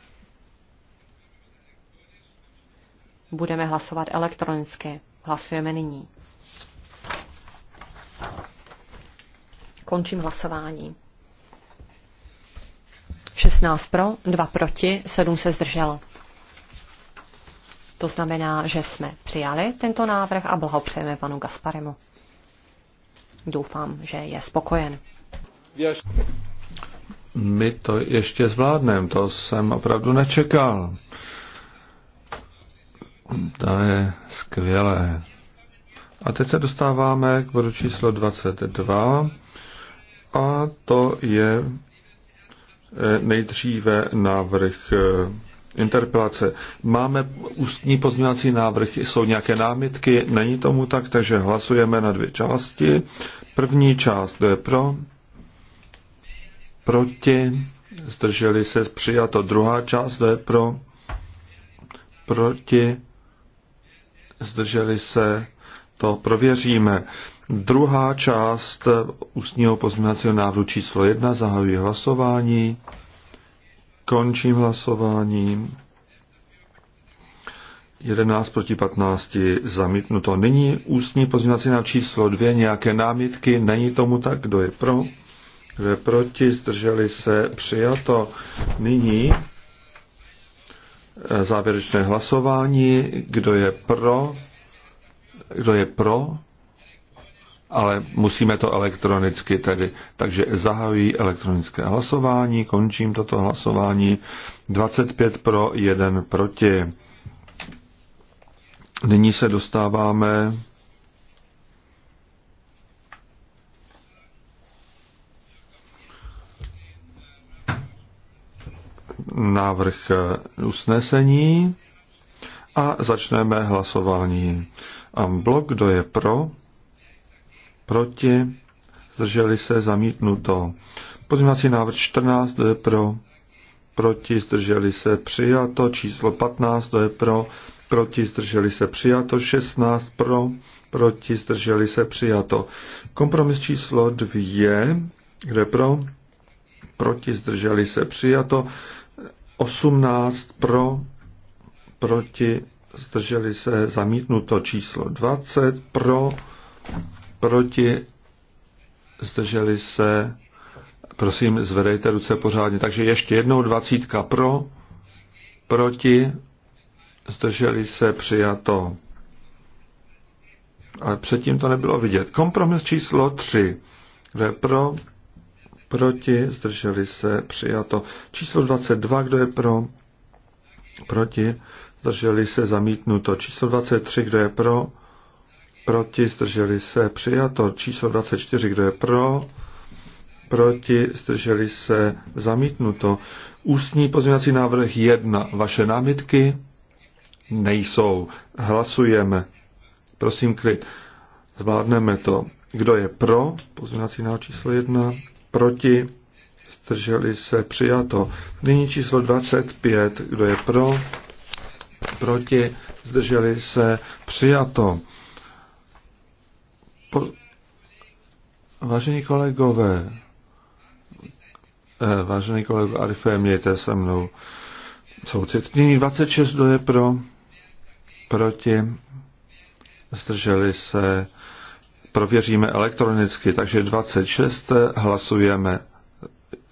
Budeme hlasovat elektronicky. Hlasujeme nyní. Končím hlasování. 16 pro, 2 proti, 7 se zdrželo. To znamená, že jsme přijali tento návrh a blahopřejeme panu Gasparemu. Doufám, že je spokojen. My to ještě zvládneme, to jsem opravdu nečekal. Hm, to je skvělé. A teď se dostáváme k bodu číslo 22 a to je eh, nejdříve návrh eh, interpelace. Máme ústní pozměňovací návrh, jsou nějaké námitky, není tomu tak, takže hlasujeme na dvě části. První část, to je pro, proti, zdrželi se přijato. Druhá část, to je pro, proti, zdrželi se, to prověříme. Druhá část ústního pozměňovacího návrhu číslo 1 zahajuje hlasování. Končím hlasování. 11 proti 15 zamítnuto. Nyní ústní pozměňovací návrh číslo 2, nějaké námitky, není tomu tak, kdo je pro, kdo je proti, zdrželi se, přijato. Nyní závěrečné hlasování, kdo je pro, kdo je pro, ale musíme to elektronicky tedy. Takže zahajují elektronické hlasování, končím toto hlasování. 25 pro, 1 proti. Nyní se dostáváme návrh eh, usnesení a začneme hlasování. Amblok, kdo je pro, proti, zdrželi se, zamítnuto. Pozměňovací návrh 14, kdo je pro, proti, zdrželi se, přijato. Číslo 15, kdo je pro, proti, zdrželi se, přijato. 16, pro, proti, zdrželi se, přijato. Kompromis číslo 2, kde pro, proti, zdrželi se, přijato. 18 pro, proti, zdrželi se zamítnuto číslo 20 pro, proti, zdrželi se, prosím, zvedejte ruce pořádně. Takže ještě jednou 20 pro, proti, zdrželi se přijato. Ale předtím to nebylo vidět. Kompromis číslo 3, je pro, proti, zdrželi se, přijato. Číslo 22, kdo je pro, proti, zdrželi se, zamítnuto. Číslo 23, kdo je pro, proti, zdrželi se, přijato. Číslo 24, kdo je pro, proti, zdrželi se, zamítnuto. Ústní pozměňovací návrh 1. Vaše námitky nejsou. Hlasujeme. Prosím klid. Zvládneme to. Kdo je pro pozměňovací návrh číslo 1? proti, zdrželi se, přijato. Nyní číslo 25, kdo je pro, proti, zdrželi se, přijato. Po... Vážení kolegové, eh, vážený kolego Arife, mějte se mnou soucit. Nyní 26, kdo je pro, proti, zdrželi se, prověříme elektronicky, takže 26 hlasujeme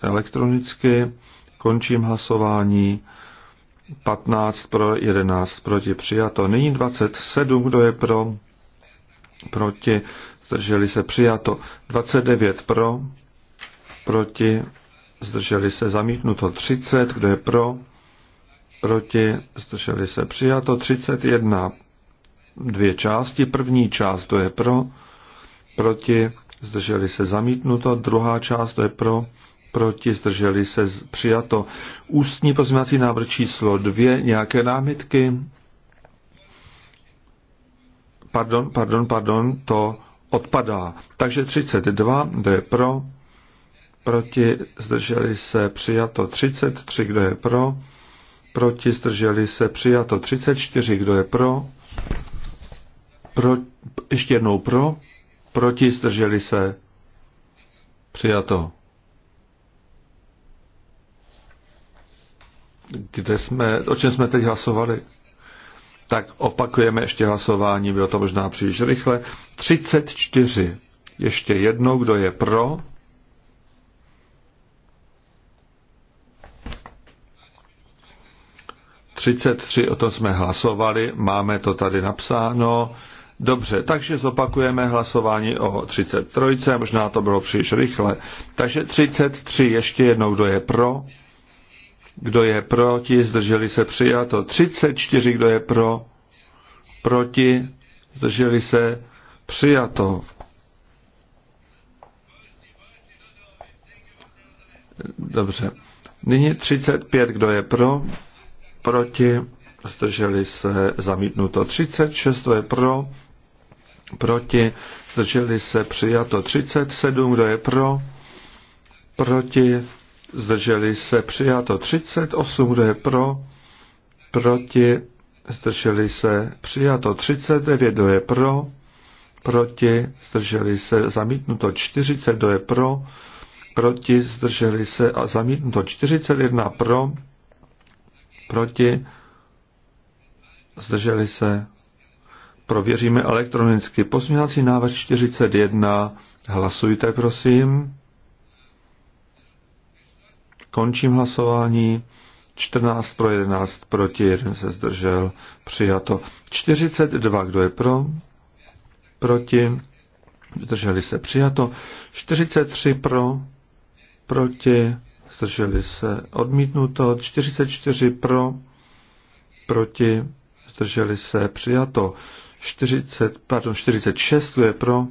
elektronicky, končím hlasování, 15 pro, 11 proti, přijato. Nyní 27, kdo je pro, proti, zdrželi se, přijato. 29 pro, proti, zdrželi se, zamítnuto. 30, kdo je pro, proti, zdrželi se, přijato. 31, dvě části, první část, kdo je pro, proti, zdrželi se zamítnuto, druhá část to je pro, proti, zdrželi se přijato. Ústní pozměňovací návrh číslo dvě, nějaké námitky? Pardon, pardon, pardon, to odpadá. Takže 32, kdo je pro, proti, zdrželi se přijato 33, kdo je pro, proti, zdrželi se přijato 34, kdo je pro, pro ještě jednou pro, proti, zdrželi se, přijato. Kde jsme, o čem jsme teď hlasovali? Tak opakujeme ještě hlasování, bylo to možná příliš rychle. 34. Ještě jednou, kdo je pro? Třicet tři, o to jsme hlasovali, máme to tady napsáno. Dobře, takže zopakujeme hlasování o 33, možná to bylo příliš rychle. Takže 33, ještě jednou, kdo je pro, kdo je proti, zdrželi se přijato. 34, kdo je pro, proti, zdrželi se přijato. Dobře. Nyní 35, kdo je pro, proti, zdrželi se zamítnuto 36, kdo je pro, proti, zdrželi se přijato 37, kdo je pro, proti, zdrželi se přijato 38, kdo je pro, proti, zdrželi se přijato 39, kdo je pro, proti, zdrželi se zamítnuto 40, kdo je pro, proti, zdrželi se a zamítnuto 41 pro, proti, zdrželi se prověříme elektronicky. Pozměňovací návrh 41. Hlasujte, prosím. Končím hlasování. 14 pro 11 proti, jeden se zdržel, přijato. 42, kdo je pro? Proti, zdrželi se, přijato. 43 pro, proti, zdrželi se, odmítnuto. 44 pro, proti, zdrželi se, přijato. 40, pardon, 46, kdo je pro,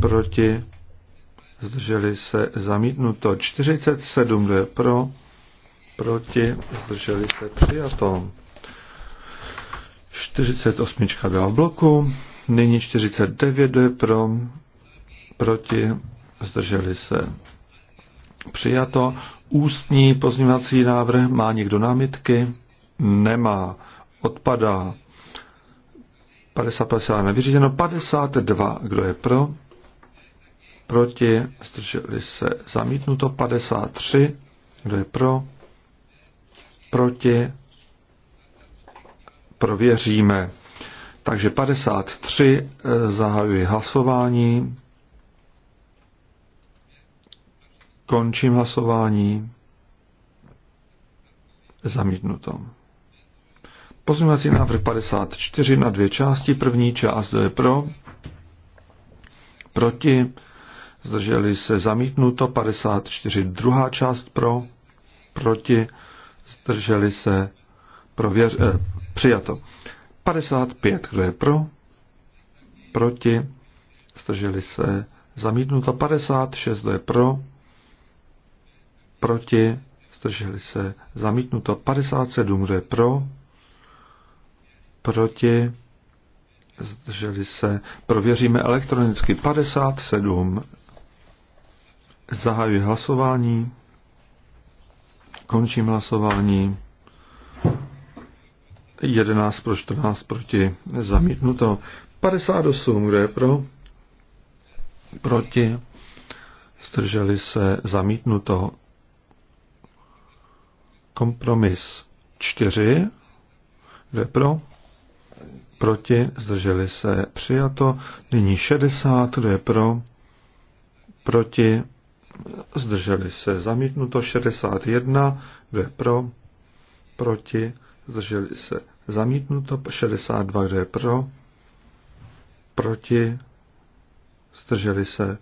proti, zdrželi se zamítnuto. 47, kdo je pro, proti, zdrželi se přijato. 48 byla v bloku, nyní 49, kdo je pro, proti, zdrželi se přijato. Ústní pozměňovací návrh, má někdo námitky? Nemá. Odpadá. 50, 50 vyřízeno. 52, kdo je pro? Proti, zdrželi se zamítnuto. 53, kdo je pro? Proti, prověříme. Takže 53 eh, zahajuji hlasování. Končím hlasování. Zamítnuto. Pozměňovací návrh 54 na dvě části. První část je pro, proti, zdrželi se zamítnuto. 54 druhá část pro, proti, zdrželi se prověř, eh, přijato. 55, kdo je pro, proti, zdrželi se zamítnuto. 56, kdo je pro, proti, zdrželi se zamítnuto. 57, kdo je pro, proti, zdrželi se, prověříme elektronicky 57. Zahajuji hlasování, končím hlasování. 11 pro 14 proti, zamítnuto. 58, kdo je pro? Proti, zdrželi se, zamítnuto. Kompromis 4, kdo je pro? proti, zdrželi se, přijato. Nyní 60, kdo je pro, proti, zdrželi se, zamítnuto. 61, kdo je pro, proti, zdrželi se, zamítnuto. 62, kdo je pro, proti, zdrželi se,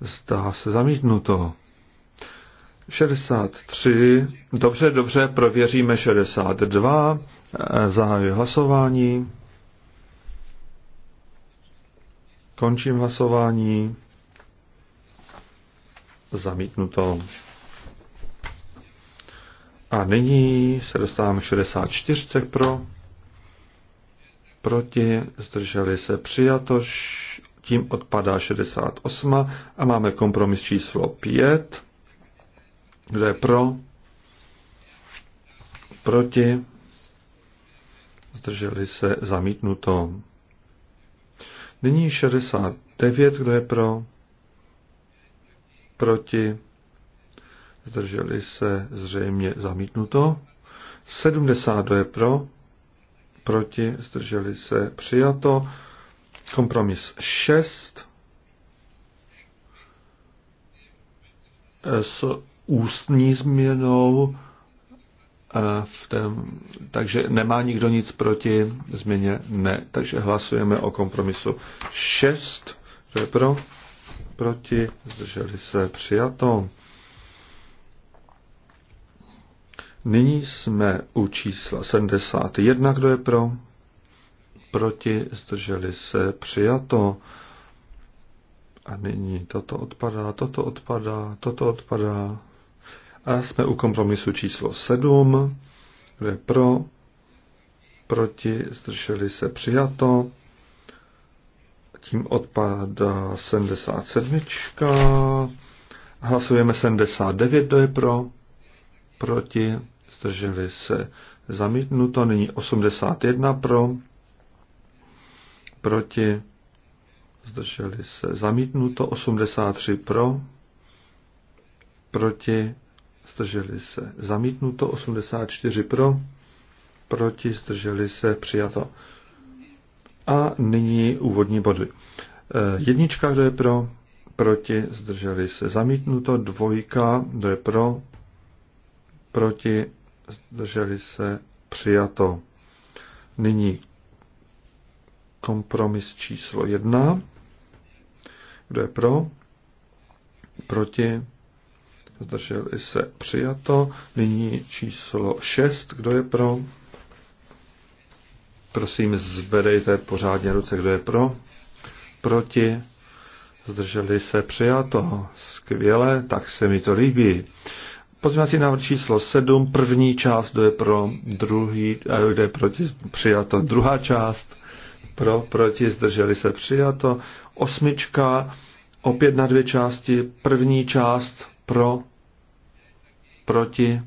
zdá se zamítnuto. 63, dobře, dobře, prověříme 62, Eh, zahajuji hlasování. Končím hlasování. Zamítnuto. A nyní se dostáváme 64 pro. Proti zdrželi se přijato, tím odpadá 68 a máme kompromis číslo 5. Kdo je pro? Proti zdrželi se zamítnuto. Nyní 69, kdo je pro, proti, zdrželi se zřejmě zamítnuto. 70, kdo je pro, proti, zdrželi se přijato. Kompromis 6. S ústní změnou v tém, takže nemá nikdo nic proti změně? Ne. Takže hlasujeme o kompromisu 6. To je pro? Proti? Zdrželi se? Přijato. Nyní jsme u čísla 71. Kdo je pro? Proti? Zdrželi se? Přijato. A nyní toto odpadá, toto odpadá, toto odpadá. A jsme u kompromisu číslo 7. Kdo je pro? Proti? Zdrželi se? Přijato. Tím odpadá 77. Hlasujeme 79, kdo je pro? Proti? Zdrželi se? Zamítnuto. Nyní 81 pro? Proti? Zdrželi se? Zamítnuto. 83 pro? Proti? zdrželi se. Zamítnuto 84 pro, proti, zdrželi se, přijato. A nyní úvodní body. E, jednička, kdo je pro, proti, zdrželi se. Zamítnuto dvojka, kdo je pro, proti, zdrželi se, přijato. Nyní kompromis číslo jedna. Kdo je pro? Proti? zdrželi se přijato. Nyní číslo 6, kdo je pro? Prosím, zvedejte pořádně ruce, kdo je pro? Proti? Zdrželi se přijato. Skvěle, tak se mi to líbí. Pozměňovací návrh číslo 7, první část, kdo je pro, druhý, eh, kdo je proti, přijato, druhá část, pro, proti, zdrželi se přijato, osmička, opět na dvě části, první část pro, proti,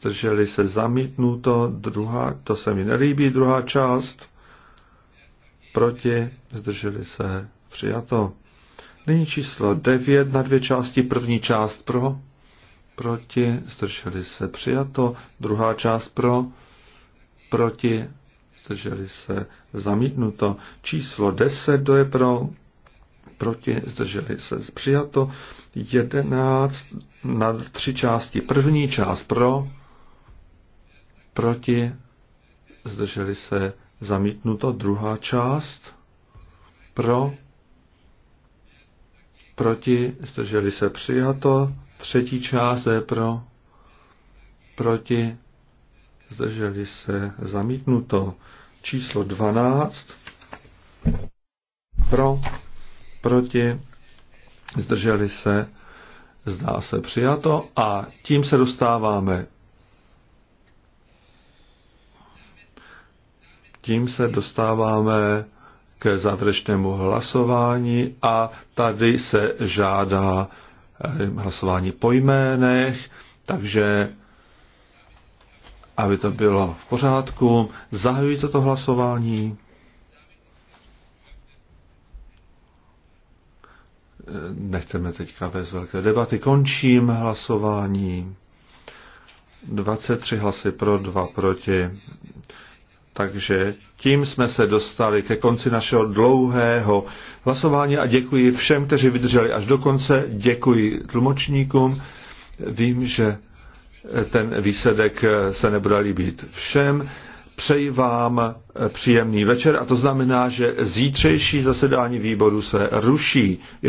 zdrželi se zamítnuto, druhá, to se mi nelíbí, druhá část, proti, zdrželi se přijato. Nyní číslo 9 na dvě části, první část pro, proti, zdrželi se přijato, druhá část pro, proti, zdrželi se zamítnuto. Číslo 10, to je pro, proti, zdrželi se přijato, 11 na tři části. První část pro, proti, zdrželi se zamítnuto, druhá část pro, proti, zdrželi se přijato, třetí část je pro, proti, zdrželi se zamítnuto. Číslo 12 pro, proti, zdrželi se, zdá se přijato a tím se dostáváme tím se dostáváme k závěrečnému hlasování a tady se žádá eh, hlasování po jménech, takže aby to bylo v pořádku, zahajuji toto hlasování. nechceme teďka vést velké debaty. Končím hlasování. 23 hlasy pro, 2 proti. Takže tím jsme se dostali ke konci našeho dlouhého hlasování a děkuji všem, kteří vydrželi až do konce. Děkuji tlumočníkům. Vím, že ten výsledek se nebude líbit všem. Přeji vám příjemný večer a to znamená, že zítřejší zasedání výboru se ruší. Ještě